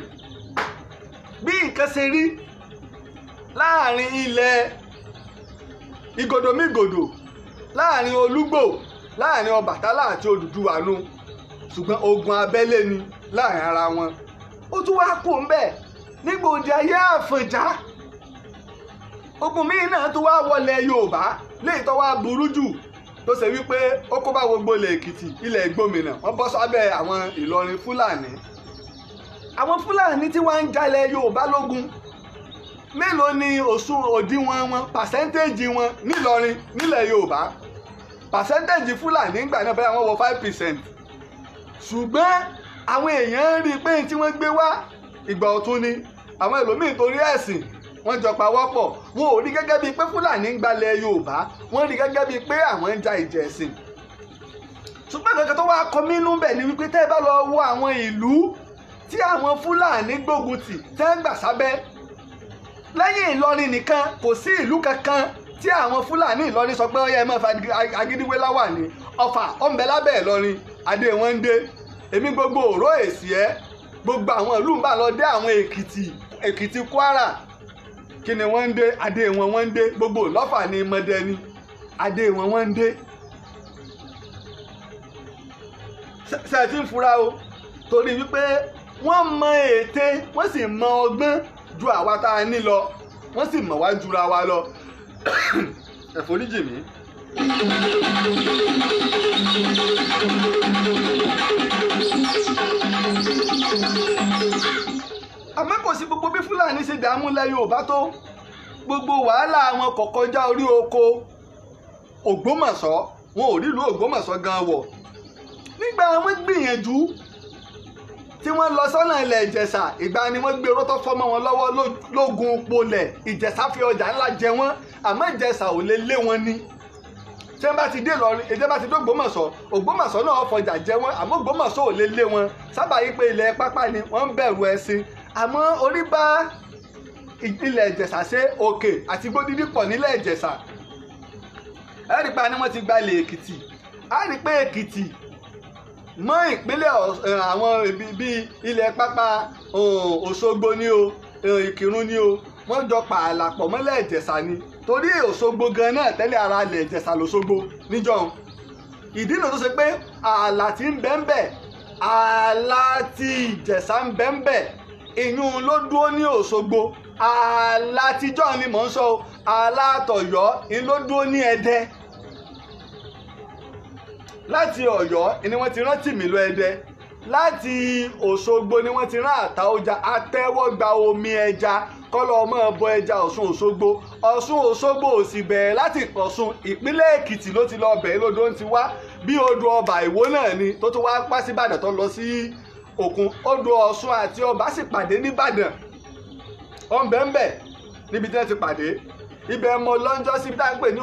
bí nǹkan ṣe rí láàrin ilẹ̀ ìgòdòmígòdò láàrin olúgbò láàrin ọbàtálá àti odùduwà nu. No ṣùgbọ́n ogun abẹ́lé ni láàrin ara wọn ó tún wáá kú ńbẹ̀ nígbà òde ayé àfọ̀njá ogun míì náà tún wáá wọlé Yorùbá léyìí tó wáá burú jù tó ṣe wípé ó kó bá gbogbo ilẹ̀ Èkìtì ilẹ̀ Ìgbómìnà wọ́n bọ́ sábẹ́ àwọn Ìlọrin Fúlàní àwọn Fúlàní tí wọ́n ń jalẹ̀ Yorùbá lógun mélòó ni òsùn òdiwọ̀n wọn pàṣẹ́ntéèjì wọn nílọrin nílẹ̀ Yorùbá pàṣẹ́ntéèjì Fúlàní gbà náà bẹ́ẹ̀ wọ́n wọ five percent ṣùgbọ́n àwọn èèyàn rí i pé tí wọ́n gbé wá ìgbà ọ̀tun ni àwọn ẹlòmíín torí ẹ̀sìn wọ́n jọ pawọ́pọ̀ wọn ò rí gẹ́gẹ́ bíi pé fúlàní ń gbalẹ̀ yorùbá wọ́n rí gẹ́gẹ́ bíi pé àwọn ń ja ìjà ẹ̀sìn ṣùgbọ́n kankan tó wá kọ mínú bẹ̀ ni wípé tẹ́ ẹ bá lọ wo àwọn ìlú tí àwọn fúlàní gbógun tì tẹ́ ń gbà sábẹ́ lẹ́yìn ìlọrin nìkan kò sí ìlú kankan tí àwọn fúlàní ìlọrin sọ pé ọyẹ ẹ máa fa agídíwé láwà ní ọfà ọ̀nbẹ lábẹ́ ìlọrin adé wọn ń dé èmi gbogbo òró èsì ẹ gbogbo àwọn ìlú ń bá lọ dé àwọn èkìtì èkìtì kwara kí ni wọ́n ń dé adé wọn wọ́n ń dé gbogbo lọ́fà ní mọ́dẹ́ni adé wọn wọ́n ń dé ṣe ń fura o torí wípé wọ́n mọ ète wọ́n sì mọ ọgbọ́n ju àwa tá a ní lọ wọ́n sì mọ̀ wá jura wa lọ ẹ̀fọ́ oníjì mi àmọ́ kò sí gbogbo bí fúlàní ṣe dààmú ilẹ̀ yorùbá tó gbogbo wàhálà wọn kò kọjá orí oko ògbómọ̀ṣọ́ wọn ò rí ìlú ògbómọ̀ṣọ́ gan wọ̀ nígbà wọn gbìyànjú tí wọ́n lọ sọ́nà ilẹ̀ ìjẹ̀ṣà ìgbà ni wọ́n gbé rótọ́ fọ́mọ́ wọn lọ́wọ́ lógun polẹ̀ ìjẹ̀ṣà fi ọjà ńlá jẹ wọ́n àmọ́ ìjẹ̀ṣà ò lè lé wọn ni tí wọ́n bá ti dé lọ èdè bá ti dé Ògbómọ̀ṣọ́ Ògbómọ̀ṣọ́ náà fọjà jẹ wọn àmọ́ Ògbómọ̀ṣọ́ ò lè lé wọn sábà yí pé ilẹ̀ pápá ni wọ́n ń bẹ̀rù ẹṣin àmọ́ orí bá ilẹ̀ Ìjẹ̀ṣà ṣe òkè àti gbódídí pọ̀ nílẹ̀ Ìjẹ̀ṣà ẹ rí pa ni wọ́n ti gbalẹ̀ Èkìtì á rí pé Èkìtì mọ́ ìpínlẹ̀ àwọn bíi ilẹ̀ pápá Òṣogbo ni o Ìkìrun ni o wọ́n jọ pààlà pọ̀ mọ́lẹ̀ Ìjẹ̀ṣà ni torí Òṣogbo gan náà tẹ́lẹ̀ ara lẹ̀ Ìjẹ̀ṣà lÓṣogbo níjọ́ ìdí nà tó ṣe pé ààlà tí ń bẹ ń bẹ ààlà tí Ìjẹ̀ṣà ń bẹ ń bẹ ìyún ló dúró ní Òṣogbo ààlà tíjọ́ ni mò ń sọ ààlà tọ̀yọ́ ìyún ló dúró ní Ẹdẹ láti Ọ̀yọ́ ni wọ́n ti rántí mi lọ Ẹdẹ láti Òṣogbo ni wọ́n ti rán Àtaọ́ja atẹ́wọ́gba omi ẹja kọ́lọ́ ọmọ ọbọ ẹja Ọ̀ṣun Òṣogbo Ọ̀ṣun Òṣogbo ò sì bẹ̀rẹ̀ láti Ọ̀ṣun ìpínlẹ̀ Èkìtì ló ti lọ bẹ̀rẹ̀ lódò ń ti wá bí odò ọba Ìwó náà ni tó tún wá pa sí Ìbàdàn tó lọ sí Òkun odò Ọ̀ṣun àti ọba sì pàdé nìbàdàn ọ̀nbẹ̀ńbẹ̀ níbi tí wọ́n ti pàdé ibẹ̀ mọ lọ́njọ́ síbi tá à ń pè ní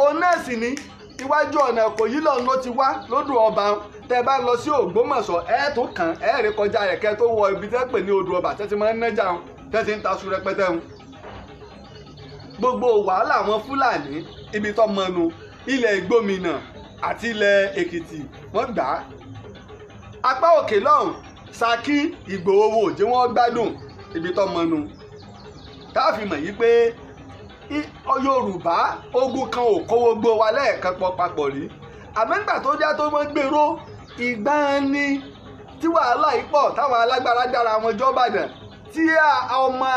òun náà sì ní iwájú ọ̀nà Ìkòyí lọ́nà ló ti wá lódò ọba tẹ́ bá lọ sí Ògbómọ̀ṣọ́ ẹ tún kàn ẹ rí kọjá rẹ̀ kẹ́ tó wọ ibi tẹ́ pè ní odò ọba tẹ́ ti máa ń nájà ń tẹ́ ti ń taṣu rẹpẹtẹ ń. gbogbo wàhálà àwọn Fúlàní ibi tó mọnu ilẹ̀ Ìgbómìnà àti ilẹ̀ Èkìtì wọ́n gbà á. apá òkè lọ́hùn Ṣakí Ìgbòho wò jẹ́ wọ́n gbádùn ibi tó mọnu. táàfin mọ̀ yí pé Yorùbá ogun kan ò kó gbogbo wa lẹ́ẹ̀kan pọ̀ papọ̀ rí àmẹ́gbà tó já tó mọ́ gbèrò ìgbà ni tí wàhálà yìí pọ̀ táwọn alágbára dára wọn jọ́bàdàn tí ọmọ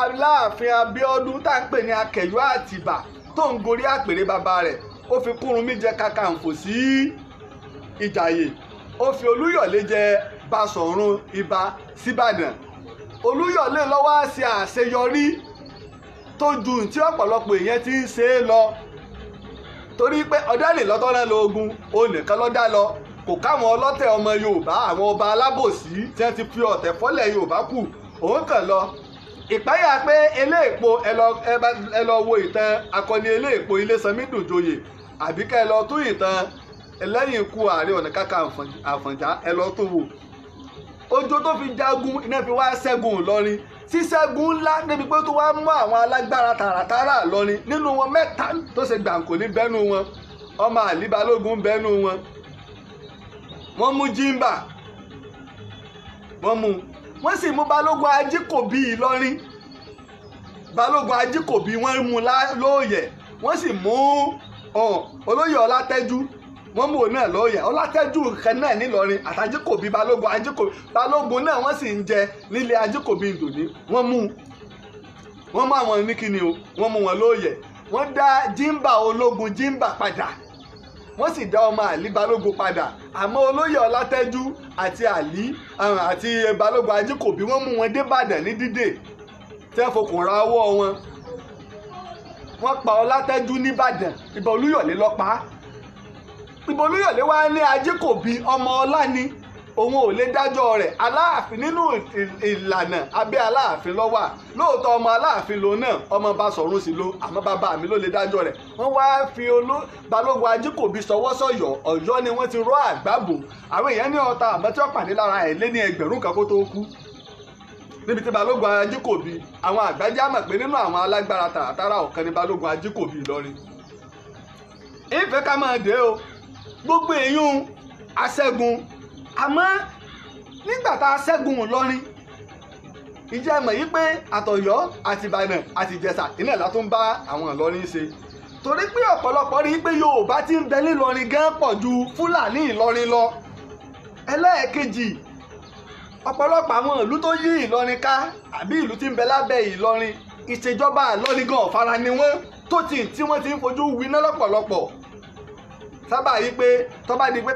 aláàfin Abíọ́dún tá à ń pè ní Akẹ̀yọ́ Àtìbà tó ń gorí àpèrè bàbá rẹ̀ ó fi Kúrunmí jẹ Kàkàǹfò sí Ìjàyè ó fi Olúyọ̀lé jẹ Basọ̀run Ìbà síbàdàn Olúyọ̀lé ló wá ṣe àṣeyọrí tó ju tí ọ̀pọ̀lọpọ̀ èèyàn ti ń ṣe é lọ torí pé ọ̀dàlè lọ́tọ́ náà lọ ogun onìkan lọ́dá lọ kò káwọn ọlọ́tẹ̀ ọmọ yorùbá àwọn ọba alábòsí tí wọ́n ti fi ọ̀tẹ̀ fọ́lẹ̀ yorùbá kù òun kàn lọ ìpáyà pé eléèpo ẹ lọ wo ìtàn akọni eléèpo ilésanmí dòjòyè àbí ká ẹ lọ tún ìtàn ẹlẹ́yìn ikú ààrẹ ọ̀nà kàkà àfọ̀njá ẹ lọ tó wò ojú tó fi jagun iná fi wá ṣẹ́gun ìlọrin ṣíṣẹ́gun ńlá débi pé tó wá mú àwọn alágbára tààràtààrà ìlọrin nínú wọn mẹ́ta tó ṣe gbàǹkó ní bẹ́nu wọn ọmọ àlíbalógun bẹ́nu wọn wọ́n mú jimba wọ́n mú wọ́n sì mú balógun ajíkòbí ìlọrin balógun ajíkòbí wọ́n mú lóòyẹ̀ wọ́n sì mú olóyè ọlátẹ́jú wọ́n mú òun náà lóòyẹ̀ ọlátẹ́jú kan náà nílọrin àtàjíkòbí balógun ajíkòbí balógun náà wọ́n sì ń jẹ nílé ajíkòbí ìdòní wọ́n mú wọ́n mú àwọn oníkíni o wọ́n mú wọn lóòyẹ̀ wọ́n dá jimba ológun jimba padà wọ́n sì dá ọmọ àlí balógun padà àmọ́ olóyè ọlátẹ́jú àti àlí àti balógun ajíkòbí wọ́n mú wọn débàdàn ní dídè tẹ́ fokùn ra ọwọ́ wọn wọ́n pa ọlátẹ́jú nìbàdàn ìbọn olúyọ̀lé lọ́pàá ìbọn olúyọ̀lé wá ní ajíkòbí ọmọ ọlá ni. Badana, òun ò lè dájọ́ rẹ̀ aláàfin nínú ìlànà abẹ́ aláàfin ló wà lóòótọ́ ọmọ aláàfin lòun náà ọmọ bá sọ̀run sí lo àmọ́ bàbá mi ló lè dájọ́ rẹ̀ wọ́n wá fi olú balógun ajíkòbí sọwọ́ sọ̀yọ̀ ọ̀yọ́ ni wọ́n ti rọ́ àgbàbò àwọn èèyàn ní ọta àmọ́ tí wọ́n pàdé lára ẹ̀ lé ní ẹgbẹ̀rún kan kó tó kú níbi tí balógun ajíkòbí àwọn àgbájá mọ̀ pé nínú àwọn alágbára tààràtàrà ọ̀kan ni balógun ajíkòbí Ìlọrin ìfẹ́ ká máa dé o gbogbo èèyàn aṣẹ́gun àmọ́ nígbà tá a ṣẹ́gun Ìlọrin ìjẹ́ ẹ̀mọ̀ yìí pé àtọ̀yọ́ àti Ìbàdàn àti Ìjẹ̀ṣà ìnáà la tó ń bá àwọn Ìlọrin ṣe torí pé ọ̀pọ̀lọpọ̀ rí i pé Yorùbá ti ń bẹ nílọrin gan pọ̀ ju Fúlàní Ìlọrin lọ ẹlẹ́ẹ̀kejì ọ̀pọ̀lọpọ̀ àwọn ìlú tó yí Ìlọrin ká àbí ìlú tí ń bẹ lábẹ́ Ìlọrin ìṣèjọba Ìlọrin gan ọ̀fara ni wọ́n tó ti tí wọ́n ti ń fojú winá lọ́pọ̀lọpọ̀ sábà yí pé tó bá di pé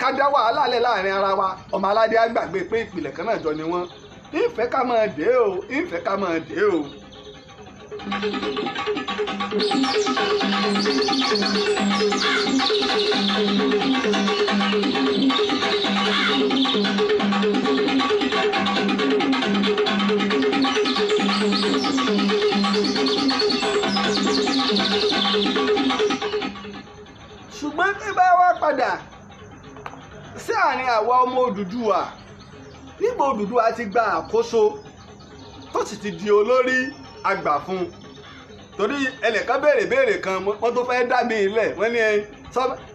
ká dá wàhálà lẹ̀ láàrin ara wa ọmọ aládé á gbàgbé pé ìpìlẹ̀ kan náà jọ ni wọ́n ìfẹ́ ká máa dé o ìfẹ́ ká máa dé o. Thank you. tẹ́ bá wá padà sí àárín àwa ọmọ Odùduwà nígbà Odùduwà ti gba àkóso tó sì ti di olórí àgbà fún un torí ẹnìkan béèrè béèrè kan wọ́n tó fẹ́ẹ́ dá mi ilẹ̀ wọ́n ní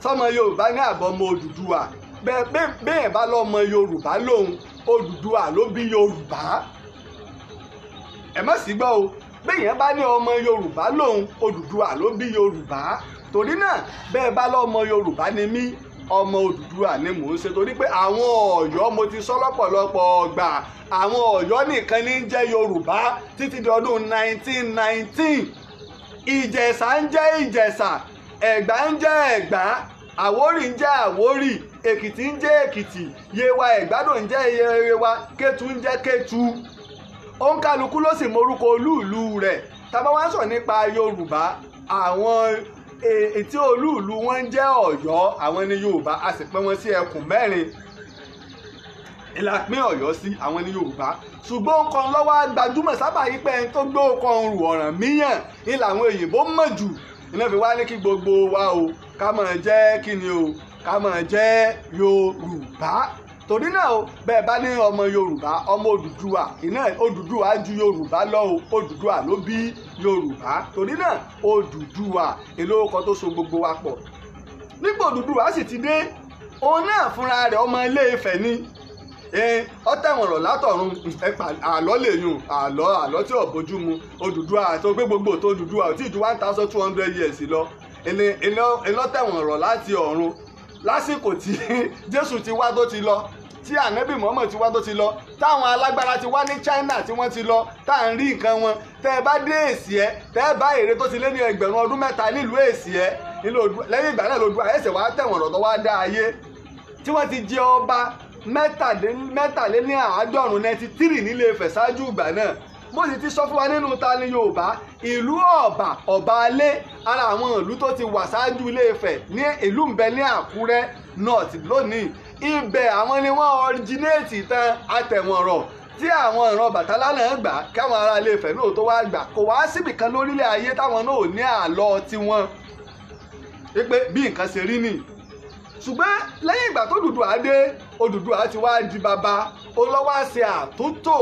sọmọ Yorùbá ní àbọ̀ ọmọ Odùduwà bẹ́ẹ̀ bá lọ́mọ Yorùbá lòun Odùduwà ló bí Yorùbá ẹ má sì gbọ́ o bẹ́ẹ̀ yẹn bá ní ọmọ Yorùbá lòun Odùduwà ló bí Yorùbá torí náà bẹ́ẹ̀ bá lọ́mọ Yorùbá ni mí ọmọ Odùduwà ni mò ń ṣe torí pé àwọn Ọ̀yọ́ mo ti sọ lọ́pọ̀lọpọ̀ ọgbà àwọn Ọ̀yọ́ nìkan ní jẹ́ Yorùbá títí di ọdún 1919 Ìjẹ̀ṣà ń jẹ́ Ìjẹ̀ṣà Ẹ̀gbá ń jẹ́ Ẹ̀gbá Àwórì ń jẹ́ Àwórì Èkìtì ń jẹ́ Èkìtì Yewa Ẹ̀gbádò ń jẹ́ Yewa Kétu ń jẹ́ Kétu òǹkàlùkù ló sì morúkọ olúùlú rẹ̀ tá bá wá sọ nípa Yorùbá àwọn ètí olúùlú wọn ń jẹ́ ọ̀yọ́ àwọn ní yorùbá a sì pín wọn sí ẹkùn mẹ́rin ìlàpín ọ̀yọ́ sí àwọn ní yorùbá ṣùgbọ́n ó kan lọ́wọ́ gbajúmọ̀ sábà yí pé ẹni tó gbé ọkàn rù ọ̀ràn míyàn ní làwọn òyìnbó mọ̀ jù iná fi wá ní kí gbogbo wa o ká máa jẹ́ kí ni o ká máa jẹ́ yorùbá torí náà o bẹ́ẹ̀ bá ní ọmọ yorùbá ọmọ òdùdúwà iná òdùdúwà ju yorùbá lọ o òdùdúwà ló bí yorùbá torí náà òdùdúwà èlò ọkọ tó so gbogbo wa pọ̀ nígbà òdùdúwà sì ti dé òun náà fúnra rẹ̀ ọmọ ilé ifẹ̀ ni ọtẹ̀wọ̀nrọ̀ látọ̀run àlọ́ lèyùn àlọ́ àlọ́ tí ò bójú mu òdùdúwà tó gbé gbogbo tó òdùdúwà ò tí ì ju one thousand two hundred years lọ ìlọ́tẹ̀wọ̀nrọ̀ láti ọ̀run lásìkò tí jésù ti wá tó ti lọ tí ànábì mọ́mọ́ ti wá tó ti lọ táwọn alágbára ti wá ní China tí wọ́n ti lọ tá à ń rí nǹkan wọn tẹ́ ẹ bá dé èsì ẹ tẹ́ ẹ bá èrè tó ti lé ní ẹgbẹ̀rún ọdún mẹ́ta nílùú èsì ẹ lẹ́yìn ìgbà náà lódua ẹ̀sẹ̀ wàá tẹ̀wọ̀n lọ́tọ́ wá dá ayé tí wọ́n ti jẹ ọba mẹ́tàléní àádọ́rùn-ún ninety three nílé Ifẹ̀ ìgbà náà bó sì ti sọ fún wa nínú ta ni Yorùbá ìlú ọ̀bà ọ̀bàlé ara àwọn ìlú tó ti wà ṣáájú Ilé Ifẹ̀ ní ìlú ńbẹ ní Àkúrẹ́ north lónìí ibẹ̀ àwọn ni wọ́n ọ̀ríjìnéètì tán àtẹ̀wọ̀nrọ̀ tí àwọn ìran Ọbàtálá náà gbà káwọn ará Ilé Ifẹ̀ náà tó wá gbà kò wá síbìkan lórílẹ̀ ayé táwọn náà ò ní àlọ́ tiwọn pé bí nǹkan ṣe rí nìyí ṣùgbọ́n lẹ́yìn ìgbà tó Odùduwà dé Odùduwà ti wá di bàbá ó lọ àtúntò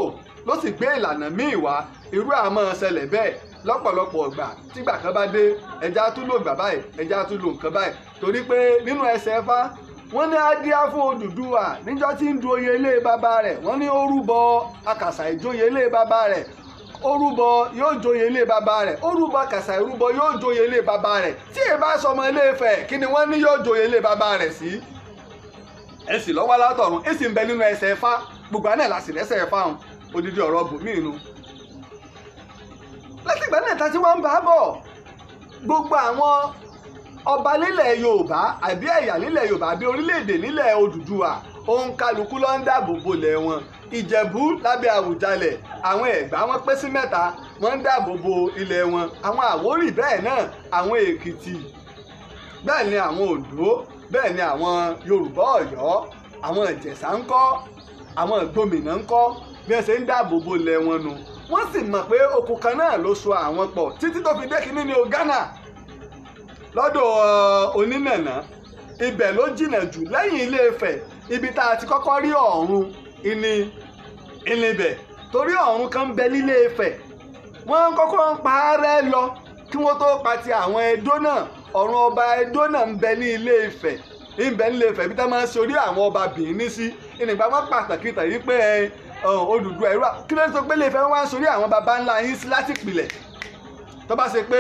ló sì gbé ìlànà míì wá irú àmọ́ ṣẹlẹ̀ bẹ́ẹ̀ lọ́pọ̀lọpọ̀ ọgbà tígbà kan bá dé ẹja tún lò gbà báyìí ẹja tún lò nǹkan báyìí torí pé nínú ẹsẹ̀ fá wọ́n ní adíá fún Odùduwà níjọ́ tí ń du oyè ilé bàbá rẹ̀ wọ́n ní ó rúbọ akàṣà ìjóyè ilé bàbá rẹ̀ ó rúbọ yóò joyè ilé bàbá rẹ̀ ó rúbọ akàṣà ìrúbọ yóò joyè ilé bàbá rẹ̀ tí èyí bá sọmọ ilé Ifẹ̀ kí ni wọ́n ní yóò joyè ilé bàbá rẹ̀ sí. èsì lọ́wọ́ látọ̀run èsì ń bẹ nínú ẹsẹ̀ fá gbogbo àná làsì lẹ́sẹ̀ fáwọn odidi ọ̀rọ̀ bòmí inú látìgbà náà tá a ti wá ń bá a bọ̀ gbogbo àwọn ọba nílẹ̀ yorùbá àbí ẹ̀yà nílẹ̀ yorùbá àbí orílẹ̀-èdè nílẹ̀ odùduwà òun kálukú ló ń dáàbò bolẹ̀ wọn ìjẹ̀bú lábẹ́ àwùjalẹ̀ àwọn ẹ̀gbá wọn pẹ́ sí mẹ́ta wọ́n ń dáàbò bo ilẹ̀ wọn àwọn àwórì bẹ́ẹ̀ náà àwọn èkìtì bẹ́ẹ̀ ni àwọn oǹdó bẹ́ẹ̀ ni àwọn yorùbá ọ̀yọ́ àwọn ìjẹ̀ṣà ńkọ́ àwọn ìgbòmìnà ńkọ́ bí wọ́n ṣe ń dáàbò bo lẹ̀ wọn nu wọ́n sì mọ̀ pé okùn kan náà ló so àwọn pọ̀ títí tó fi dé kínní ní o Ghana lọ́dọ̀ uh, onínànà ibẹ̀ ló jìnà jù lẹ́yìn ilé Ifẹ̀ ibi tá a ti kọ́kọ́ rí ọ̀run ìní ìníbẹ̀ torí ọ̀run kan bẹ nílé Ifẹ̀ wọ́n kọ́kọ́ ń pa ààrẹ lọ kí wọ́n tó pa ti àwọn Ẹdó náà ọ̀run ọba Ẹdó náà ń bẹ ní ilé Ifẹ̀ ń bẹ nílé Ifẹ̀ bí tá máa ń ṣe orí àwọn ọba Bìíní sí ìnìgbà wọn pàtàkì tàyí pé Odùduwà ẹ̀rọ kí ló ń sọ pé lè fẹ́ wá sórí àwọn baba ńlá yín láti pìlẹ̀ tó bá ṣe pé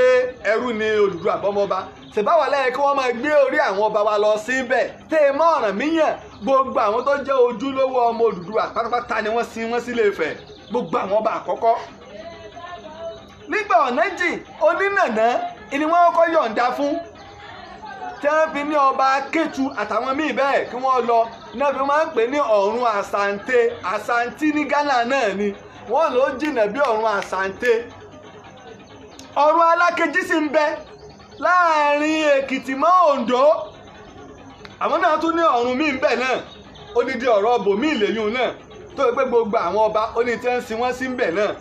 ẹrú ni Odùduwà àbọ̀mọba ṣèbáwá lẹ́yìn kí wọ́n máa gbé orí àwọn ọba wa lọ síbẹ̀ tẹ́ ẹ mọ́ ọ̀ràn míyàn gbogbo àwọn tó jẹ́ ojúlówó ọmọ Odùduwà pátápátá ni wọ́n sin wọ́n sílé Ifẹ̀ gbogbo àwọn ọba àkọ́kọ́ nígbà ọ̀nẹ́jì onínàná ni wọ́n kọ́ yọ̀ǹda fún tí wọ́n ní ọba Kétu àtàwọn míì bẹ́ẹ̀ kí wọ́n lọ náà fi máa ń pè ní ọ̀run àsàǹtẹ àsàǹtí ní Ghana náà ni wọ́n ló jìnà bí ọ̀run àsàǹtẹ ọ̀run alákejì sì ń bẹ láàrin Èkìtì mọ́ Oǹdó àwọn náà tún ní ọ̀run míì bẹ́ẹ̀ náà ó ní di ọ̀rọ̀ bòmíì lẹ́yìn náà tó yẹ pé gbogbo àwọn ọba ó ní tí ń sin wọ́n sí ń bẹ náà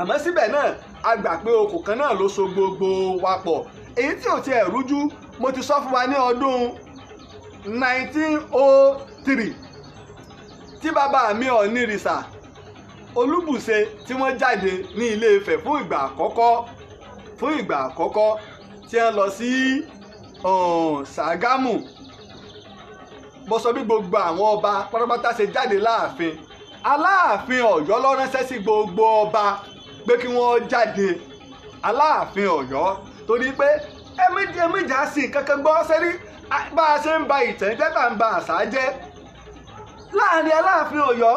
àmọ́ síbẹ̀ náà a gbà pé okùn kan náà ló so gbogbo wa pọ̀ èyí tí ò tiẹ̀ rújú mo ti sọ fún wa ní ọdún 1903 tí bàbá mi Ọ̀nìrìṣà Olúbùṣe tí wọ́n jáde ní Ilé Ifẹ̀ fún ìgbà àkọ́kọ́ fún ìgbà àkọ́kọ́ tí wọ́n lọ sí uh, Ṣàgámù mo sọ bí gbogbo àwọn ọba pátápátá ṣe jáde láàfin Aláàfin Ọ̀yọ́ ló ránṣẹ́ sí gbogbo ọba pé kí wọ́n jáde Aláàfin Ọ̀yọ́ torí pé ẹmíjà sí kankan gbọ́ sẹ́rí bá a ṣe ń ba ìtàn jẹ́ bá ń ba àṣà jẹ́ láàrin aláàfin ọ̀yọ́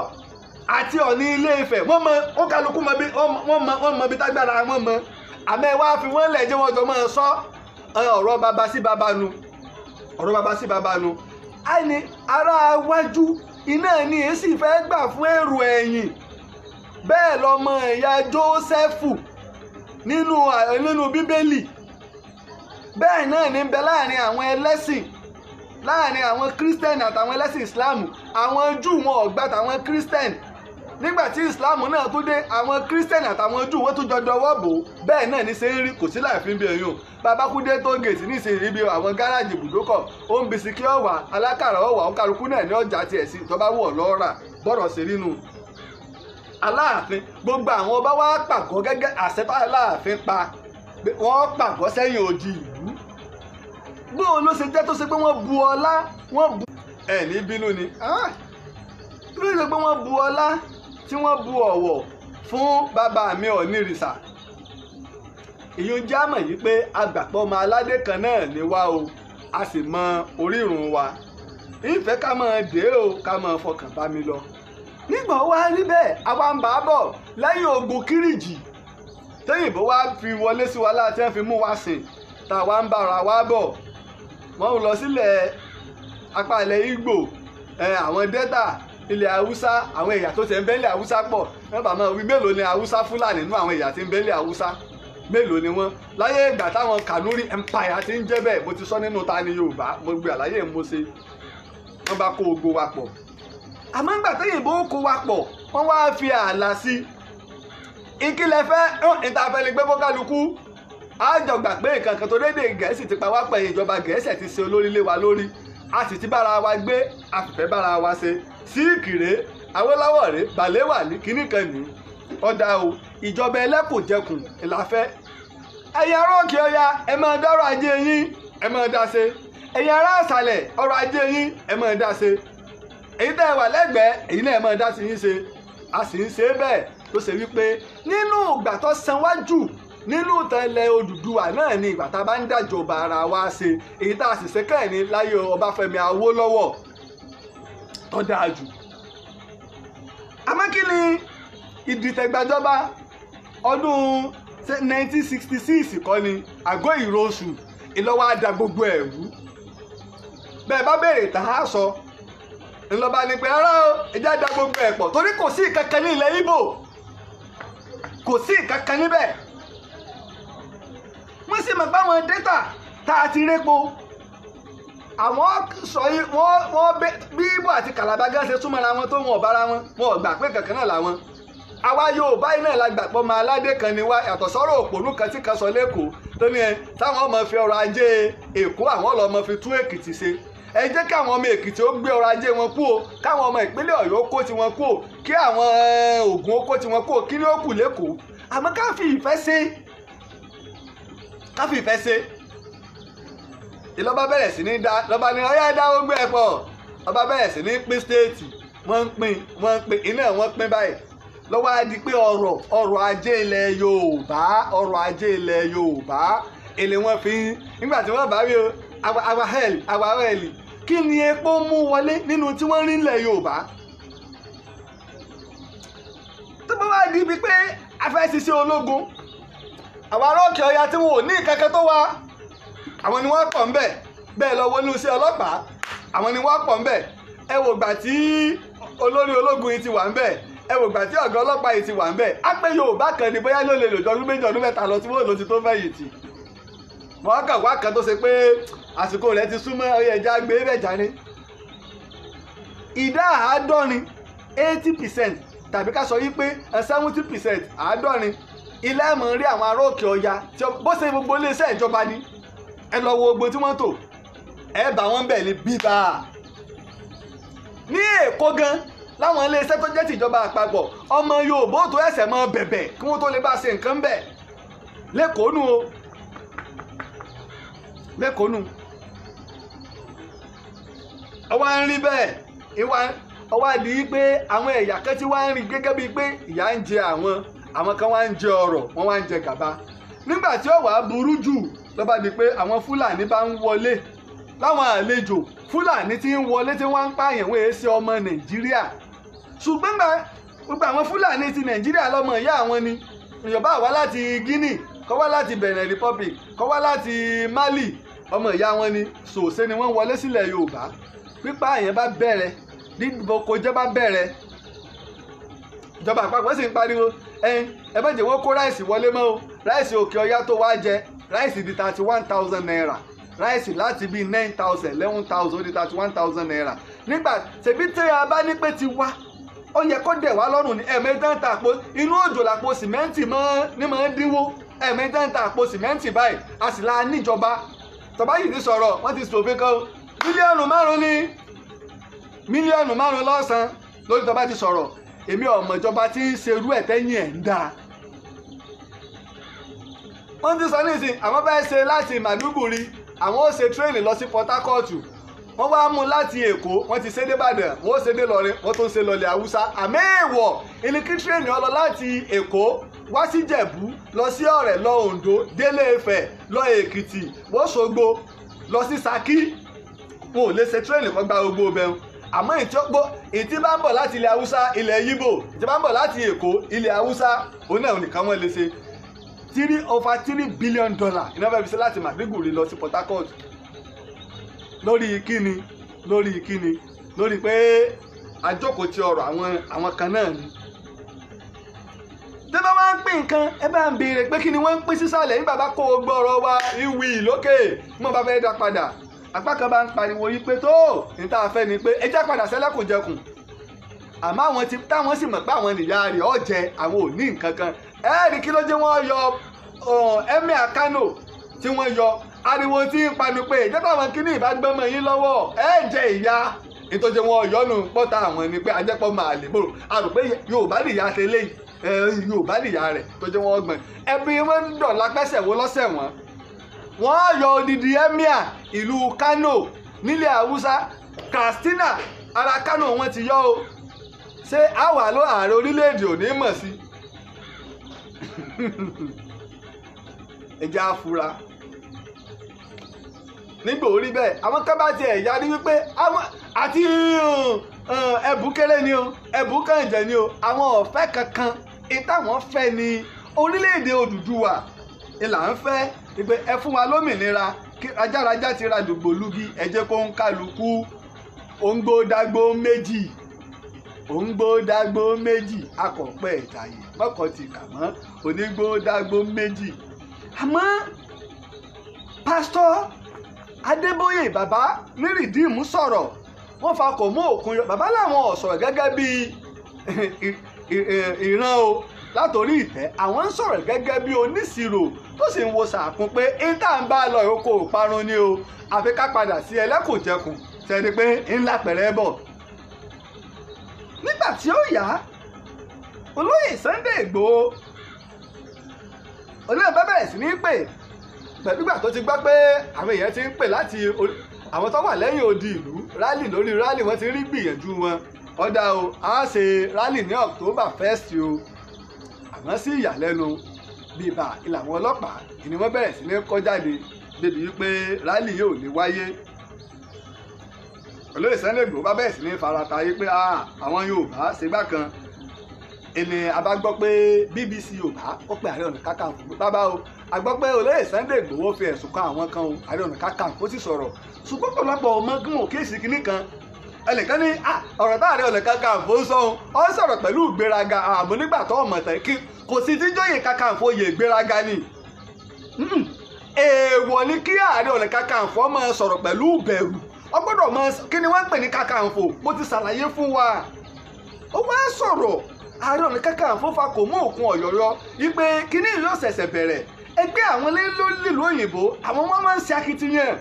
àti ọ̀ní ilé ifẹ̀ wọ́n mọ ó kálukú mọ bí wọ́n mọ wọ́n mọ bí tágbára wọn mọ àmọ́ ẹ wá fi wọ́n lẹ̀ jẹ́ wọ́n jọ mọ́ ẹ sọ ọ̀rọ̀ baba sí baba nu ọ̀rọ̀ baba sí baba nu àìní ara wájú iná ni èsì fẹ́ gbà fún èrò ẹ̀yìn bẹ́ẹ̀ lọ́mọ ìyá Jósẹ́fù nínú nínú bíbélì bẹ́ẹ̀ náà ní bẹ láàrin àwọn ẹlẹ́sìn láàrin àwọn kírísítẹ́nì àtàwọn ẹlẹ́sìn ìsìláàmù àwọn júù wọn ò gbà tàwọn kírísítẹ́nì nígbà tí ìsìláàmù náà tó dé àwọn Christian. àtàwọn júù wọ́n tún jọ dọwọ́ bò ó bẹ́ẹ̀ náà ní ṣe ń rí kò sí láàfin bí ẹ̀yìn o babakúndé tó gèsì ní ìsinyìí bí àwọn gáràjì ibùdókọ̀ ó ń bisikí ọ̀wà alákàrà ọ̀wà ó kálukú náà ní ọjà tiẹ̀ sí ìjọba wọ̀ lọ́ọ́rà bọ́rọ̀ sí rínu aláàfin gbogbo àwọn ọba wa pàgọ́ gẹ́gẹ́ àṣẹ tá aláàfin pa pé wọ́n pàgọ́ sẹ́yìn odi ìlú bóun ló ṣe jẹ́ tó ṣe pé wọ́n bu ọlá wọ́n bu ẹ̀ní bínú ni ah! ló ṣe pé wọ́n bu ọlá tí wọ́n bu ọ̀wọ̀ fún bàbá mi Ọ̀nìrìṣà ìyún jámọ̀ yìí pé agbàpọ̀ ọmọ aládé kan náà ni wá o a sì mọ orírun wa ìfẹ́ ká máa dé o ká máa fọkàn bá mi lọ nígbà wá rí bẹ́ẹ̀ àwa bọ̀ lẹ́yìn ogun kíríjì tẹ́yìnbó wá fi wọlé sí wa láti ẹ̀ fi mú wa sìn tá ń bára wa bọ̀ wọ́n lọ sílẹ̀ apá ilẹ̀ Ìgbò àwọn dẹ́tà ilẹ̀ haúsá àwọn ẹ̀yà tó ti ń bẹ́lẹ̀ haúsá pọ̀ nípa máa wí mélòó ni haúsá fúlàní nínú àwọn ẹ̀yà tí ń bẹ́lẹ̀ haúsá mélòó ni wọ́n láyé ìgbà táwọn kanuri empire ti ń jẹ́ bẹ́ẹ̀ mo ti sọ nínú ta ni Yorùbá mo gbé àlàyé mo ṣe wọ́n bá kó ogo wa pọ̀ àmọ́ ńgbà tó yìnbó kó wa pọ̀ wọ́n wá fi ààlà sí i ìkìlẹ̀ fẹ́ ìtafẹ́ lè gbé bókálukú á jọ gbà pé nǹkan kan tó dédé gẹ̀ẹ́sì ti pa wá pẹ̀yìn ìjọba gẹ̀ẹ́sì ti ṣe olórí lé wa lórí a sì ti bára wa gbé àfìfẹ́ bára wa ṣe síìkì rèé awolowo rè balẹ̀wà ní kinní kan ní ọ̀dà o ìjọba ẹlẹ́kùnjẹkùn ìlàfẹ́. ẹ̀yin ará òkè ọya ẹ máa dá ọrọ̀ ajé yín ẹ máa dá ṣe ẹ̀yin ará àṣàlẹ̀ ọrọ̀ ajé yín ẹ máa dá ṣe èyí tẹ́ ẹ wà lẹ́gbẹ̀ẹ́ èyí náà ẹ máa dá sí yín ṣe a sì ń ṣe é bẹ́ẹ̀ tó ṣe wípé nínú ìgbà tó sanwájú nínú tẹ́lẹ̀ Odùduwà náà ni ìgbà tá a bá ń dàjọba ara wa ṣe èyí tá a sì ṣe kẹ́ẹ̀ ní láyé Ọbáfẹ́mi Awólọ́wọ̀ tó dáa jù àmọ́ kí ni ìdìtẹ̀gbàjọba ọdún 1966 kọ́ ni àgọ́ ìrosùn ìlọ́wọ́ àdá gbogbo ẹ̀rú bẹ́ẹ̀ bá béèrè tàn á sọ ńlọba ni pé rárá o ẹjẹ́ àdá gbogbo ẹ̀ pọ̀ torí kò sí ìkankan ní ilẹ̀ Ìgbò kò sí ìkankan níbẹ̀ wọ́n sì mọ̀ báwọn dẹ́tà tá a ti répo àwọn sọ wọ́n bí Ìgbò àti Calabar gan ṣe súnmọ́ra wọn tó wọn ò bára wọn wọn ò gbà pé kankan náà làwọn àwa Yorùbá iná ìlàgbàpọ̀ máa aládé kan ni wá yàtọ̀ sọ́rọ̀ òpònú kan tí kan sọ lẹ́kọ̀ọ́ tó ní ẹ táwọn ọmọ fi ọrọ̀ ajé Èkó àwọn ọlọ́mọ fi tú Èkìtì ṣe ẹ jẹ́ káwọn ọmọ èkìtì ó gbé ọrọ̀ ajé wọn kú o káwọn ọmọ ìpínlẹ̀ ọ̀yọ́ kó tiwọn kú o kí àwọn eh, ògùn ó kó tiwọn kú o kí ni ó kù lẹ́kọ̀ọ́ àmọ́ ká fi ìfẹ́ ṣe ká fi ìfẹ́ ṣe ìlọ́ba bẹ̀rẹ̀ sí ní dá lọ́ba ní ọyá dá ó gbé ẹ̀pọ̀ ọba bẹ̀rẹ̀ sí ní pín stéètì wọ́n ń pín wọ́n ń pín iná wọ́n pín báyìí lọ́wọ́ á di pé ọrọ̀ ọrọ̀ ajé ilẹ̀ Yorùbá ọrọ̀ ajé ilẹ̀ Yorùbá èlé wọn fi ń nígbà tí wọ́n bá rí o àwa àwa hẹ́ẹ̀lì àwa hẹ́ẹ̀lì kí ni epo mú wọlé nínú tí wọ́n rí nílẹ̀ Yorùbá tó bá wà níbi pé afẹ́ ṣiṣẹ́ ológun àwọn aráàkì ọ̀yà tí wọn ò ní kankan tó wá àwọn ni wọ́n pọ̀ ń bẹ̀ bẹ́ẹ̀ lọ wọnú iṣẹ́ ọlọ́pàá àwọn ni wọ́n pọ̀ ń bẹ̀ ẹ wò gbà tí olórí ológun yìí ti wà ń bẹ̀ ẹ wò gbà tí ọ̀gá ọlọ́pàá yìí ti wà ń bẹ̀ á pé Yorùbá kan ní bóyá ló lè lò jọdún méjì ọdún mẹ́ta lọ tí wọ́n lò ti tó fẹ̀yìntì wọ́n kàn wá kan tó ṣe pé àsìkò rẹ̀ ti súnmọ́ ó yẹ já gbé e bẹ̀ jáde ìdá àádọ́rin eighty percent tàbí ká sọ yí pé eh, seventy percent àádọ́rin ilé ẹ̀mọ̀ rí àwọn ará òkè ọya bó ṣe gbogbo iléeṣẹ́ ìjọba ni ẹ lọ wo gbogbo tí wọ́n tò ẹ bá wọn bẹ̀ ní bíbá ní èkó gan láwọn iléeṣẹ́ tó jẹ́ tìjọba àpapọ̀ ọmọ yorùbá tó ẹsẹ̀ mọ bẹ̀bẹ̀ kí wọ́n tó lè bá ṣe nǹkan bẹ̀ lẹ́kọ̀ọ́ o lẹ́kọ̀ọ́ nù ọwọ́ ń rí bẹ́ẹ̀ ọwọ́ àdì pé àwọn ẹ̀yà kan tí wọ́n ń rí gẹ́gẹ́ bíi pé ìyà ń jẹ àwọn àwọn kan wá ń jẹ ọrọ̀ wọ́n wá ń jẹ gàba nígbà tí ó burú jù ló di pé àwọn fúlàní bá ń wọlé láwọn àlejò fúlàní ti ń wọlé tí wọ́n ń pààyàn wọ́n èsì ọmọ nàìjíríà ṣùgbọ́n gbogbo àwọn fúlàní ti nàìjíríà lọ́mọ ìyá àwọn ni yorùbá wá láti guinea kọ́ wá láti benin republic kọ́ wá láti mali ọmọ ìyá wọn ni sòsé ni wọ́n wọlé sílẹ̀ yorùbá pípa àyàn bá bẹ̀rẹ̀ dídìbò kojọ́ bá bẹ̀rẹ̀ ìjọba àpapọ̀ sì ń pariwo ẹyin ẹ bá jẹ́ wọ́n kó ráìsì wọlé mọ́ o ráìsì òkè ọ̀yá tó wá jẹ ráìsì di thirty one thousand naira ráìsì láti bíi nine thousand eleven thousand ó di thirty one thousand naira nígbà tèmi tẹ́ a bá ní pé ti wá ó yẹ kó dẹ̀ wá lọ́rùn ní ẹ̀ẹ́mẹ́tẹ́ǹtà àpò inú òjò làpò sìmẹ́ǹtì ní máa ń dínwó ẹ̀ẹ́mẹ́tẹ́ǹtà àpò sìmẹ́ǹtì báyìí a sì la níjọba tọ́ba yìí ti sọ̀rọ̀ wọ́n ti sòfin kan mílíọ̀nù márùn ní mílíọ̀nù márùn lọ́sàn lórí tọ́ba ti sọ̀rọ̀ èmi ọ̀mọ̀jọba ti ń ṣerú ẹ̀ tẹ́yìn ẹ̀ ń da. wọ́n ti sọ nísìn àwọn bẹ́ẹ̀ ṣe láti Màdúgùrí àwọn ó ṣe tírèènì lọ sí Port Harcourt wọ́n wá mú láti Èkó wọ́n ti ṣe dé Ìbàdàn wọ́n ó ṣe dé Ìlọrin wọ́n tó ń ṣe lọlẹ̀ Haúsá àmì èèwọ̀ ìní kí tírèènì ó lọ láti Èkó wá sí Jẹ̀bú lọ sí Ọ̀rẹ́ lọ Oǹdó délé Ifẹ̀ lọ Èkìtì wọ́n Ṣògbó lọ sí saki wọn ò lè ṣe tírẹ́ẹ̀nì kan gba gbogbo bẹ́ẹ̀ àmọ́ ìtọ́gbó ìtí bá ń bọ̀ láti ilẹ̀ haúsá ilẹ̀ yíbò ìtí bá ń bọ̀ láti èkó ilẹ̀ haúsá òun náà nìkan wọ́n lè ṣe three over three billion dollar iná fẹ́ fi ṣe láti Maiduguri lọ sí Port Harcourt lórí kíni lórí kíni lórí pé àjókòó ti ọ̀rọ̀ àwọn àwọn kan náà ni tẹ́bá wá ń pín nǹkan ẹ bá ń béèrè pé kí ni wọ́n ń pín sísàlẹ̀ nígbà bá kó o gbọ́ ọ̀rọ̀ wa ìwì lókè mọ́ bá fẹ́ dá padà apá kan bá ń pariwo yí pé tó ní tá a fẹ́ ni pé ẹjẹ́ padà sẹ́lẹ̀kùn jẹkùn àmọ́ àwọn ti táwọn sì mọ̀ pé àwọn nìyá rẹ̀ ọ̀ jẹ àwọn ò ní nǹkan kan ẹ̀ẹ́dì kí ló jẹ́ wọ́n yọ Emir Kano tí wọ́n yọ ariwo tí ń panu pé ìjẹ́ táwọn kíní ìbágbọ́mọ̀ yín lọ́wọ́ ẹ̀ jẹ ìyá nítorí wọn yọnu pọ́tà àwọn ni pé ajẹ́pọ̀ máa lè bòrò a rò pé Yorùbá nìyá ṣe léyìí Yorùbá nìyá rẹ̀ tó jẹ́ wọn gbọ̀n ẹbí wọn ń dọ̀ lápẹ́sẹ̀ wo lọ́sẹ̀ wọn wọ́n yọ odidi emir ìlú Kano nílẹ̀ Haúsá Katsina ara Kano wọ́n ti yọ o ṣé àwa ló ààrẹ orílẹ̀-èdè òní mọ̀ sí ẹjẹ́ àfura nígbà orí bẹ́ẹ̀ àwọn kan bá tiẹ̀ yarí wípé àwọn àti um, um, ẹ̀bù kéré ni o ẹ̀bù kànjẹ̀ ni o àwọn ọ̀fẹ́ kankan ìtàwọn fẹ́ ni orílẹ̀-èdè Odùduwà ìlà ń fẹ́ pé ẹ fún wa lómìnira kí ajáraja ti ra dùgbòlugi ẹ jẹ́ kó ń kálukú òǹgbódàgbò méjì òǹgbódàgbò méjì akọ̀pẹ́ ìtàyè mọ́kàn ti kà mọ́ onígbódàgbò méjì. àmọ́ pásítọ̀ Adébóyè bàbá mírìdíìmù sọ̀rọ̀ wọ́n fa kò mú òkun yọ bàbá làwọn ò sọ̀rọ̀ gẹ́gẹ́ bíi ìran o látòrí ìtẹ́ àwọn ń sọ̀rọ̀ gẹ́gẹ́ bíi oníṣirò tó sì ń wo sàkún pé ìta ń bá lọ ìhókò parun ni o àfi ká padà sí ẹlẹ́kùnjẹkùn sẹ́ni pé ńlá pẹ̀rẹ́ bọ̀. nígbà tí ó yá olóyè Sunday Ìgbòho olóyè bá bẹ̀rẹ̀ sí ní pè pẹ̀lú ìgbà tó ti gbọ́ pé àwọn èèyàn ti ń pè láti àwọn tó wà lẹ́yìn odi ìlú rálì lórí rálì wọ́n ti rí gbìyànjú wọn ọ̀dà o a ṣe rálì ní October first o àmọ́ sí ìyàlẹ́nu bíi bá ìlàwọn ọlọ́pàá ìní wọ́n bẹ̀rẹ̀ sí ní kọ́ jáde débi wípé rálì yóò ní wáyé olóyè Sunday Igboho bá bẹ̀rẹ̀ sí ní farata yí pé àwọn Yorùbá ṣègbà kan èmi àbá gbọ́ pé BBC Yorùbá ó pe Ààrẹ Ọ̀nà Kakanfò bábá o a gbọ́ pé olóyè Sunday Igboho fi ẹ̀sùn kan àwọn kan o Ààrẹ Ọ̀nà Kakanfò ó sì sọ̀rọ̀ ṣùgbọ́n pọ̀lọpọ̀ ọmọ gún òkèèsì kínní kan ẹnìkan ní ọ̀rọ̀ táàrẹ Ọ̀nà Kakanfò ń sọ ọ́n sọ̀rọ̀ pẹ̀lú ìgbéraga àmọ́ nígbà tó ọmọ tẹ̀ kò sí tí jóyè kàkàǹfò yè gbéraga ni hmm. èèwọ̀ ni kí ààrẹ ọ̀nà kàkàǹfò máa sọ̀rọ̀ pẹ̀lú bẹ̀rù ó gbọ́dọ̀ máa kí ni wọ́n ń pè ní kàkàǹfò mo ti ṣàlàyé fún wa ó wá sọ̀rọ̀ ààrẹ ọ̀nà kàkàǹfò fa kò mú òkun ọ̀yọ̀yọ̀ ipe kíní ìlú ọ̀sẹ̀sẹ̀ bẹ̀rẹ̀ ẹgbẹ́ àwọn nílùú òyìnbó àwọn wọn máa ń ṣe akitiyan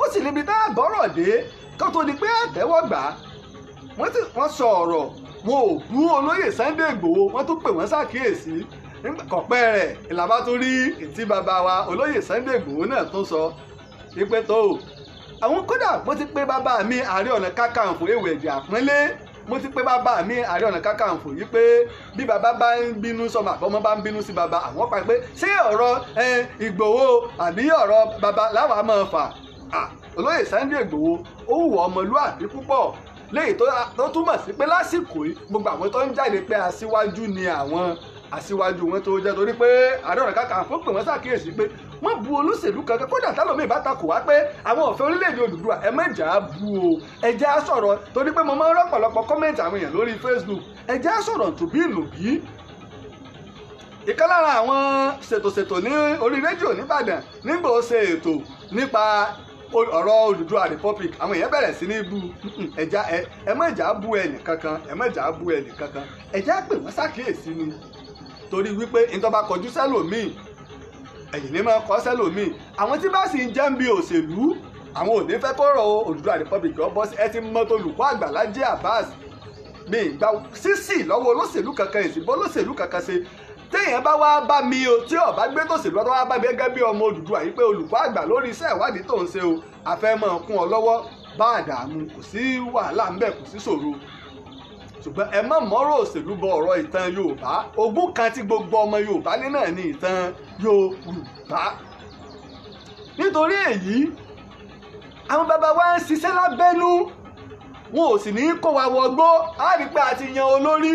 ó sì níbi tá a bọ́rọ̀ dé kó tó di pé àtẹ́wọ́ gbà wọ́n sọ wọn bú olóyè Sunday Igboho wọn tún pè wọn ṣàkíyèsí kọ̀pẹ́ rẹ̀ ìlàbá tó rí ìtí bàbá wa olóyè Sunday Igboho náà tó sọ ìpẹ́ tó o àwọn kódà mo ti pè bàbá mi ààrẹ ọ̀nà kákàǹfò èwè ẹ̀jẹ̀ àpọ́nlé mo ti pè bàbá mi ààrẹ ọ̀nà kákàǹfò yìí pé bí bàbá bá ń bínú sọmọ àbọ̀mọ bá ń bínú sí bàbá àwọn pa pé ṣé ọ̀rọ̀ Ìgbòho àbí ọ̀rọ̀ bàbá làwọn á máa fà olóyè Sunday Igboho ó wù ọmọlúàbí púpọ̀ léyìí tó túmọ̀ sí pé lásìkò yìí gbogbo àwọn tó ń jáde pé aṣíwájú ni àwọn aṣíwájú wọn tó jẹ́ torí pé ààrẹ ọ̀nà kakanfò pè wọ́n ṣàkíyèsí pé wọ́n bu olóṣèlú kankan kódà tálọ́mì ìbátakò wá pé àwọn ọ̀fẹ́ orílẹ̀-èdè Odùduwà ẹ má jà á bu o ẹ jẹ́ á sọ̀rọ̀ torí pé mo máa ń rọ́pọ̀lọpọ̀ kọ́mẹ̀ntì àwọn èèyàn lórí Facebook ẹ jẹ́ á sọ̀rọ̀ tòbí ìnùbí ìkan lára àwọn ṣètòṣètò ní orí rédíò nìbàdàn nígbà ó ṣe ètò nípa ọ̀rọ̀ Odùduwà republic àwọn èèyàn bẹ̀rẹ̀ sí ní bu ẹ̀já ẹ ẹ má jà bu ẹnì kankan ẹ má jà bu ẹnì kankan ẹ̀já pè wọ́n ṣàkíyèsí ni torí wípé ìtọ́ba kọjú sẹ́lòmíì ẹ̀yìn ní máa kọ́ sẹ́lòmíì àwọn tí bá sì ń jẹ́ ń bi òṣèlú àwọn ò ní fẹ́ kọ́rọ̀ Odùduwà republic ọbọ̀ ẹ ti mọ tolùkọ́ àgbà Laji Abbas mi ìgbà sísì lọ́wọ́ olóṣèlú kankan ìsìnbó olóṣèlú kankan ṣe téèyàn bá wá bá mi o tí ọba gbé tòsí lọ́dọ̀ wá bá mi gẹ́gẹ́ bí ọmọ Odùduwà yìí pé olùkọ́ àgbà lórí iṣẹ́ ìwádìí tó ń ṣe o àfẹ́mọ̀ kún ọ lọ́wọ́ bá àdààmú kò sí wàhálà ń bẹ kò sí ṣòro ṣùgbọ́n ẹ má mọ́rọ̀ òṣèlú bọ ọ̀rọ̀ ìtàn Yorùbá ogún kan tí gbogbo ọmọ Yorùbá ní náà ní ìtàn Yorùbá nítorí èyí àwọn bàbá wa ń ṣiṣẹ́ lábẹ́nú wọn ò sì ní kó wa wọgbó á rí pé a ti yan olórí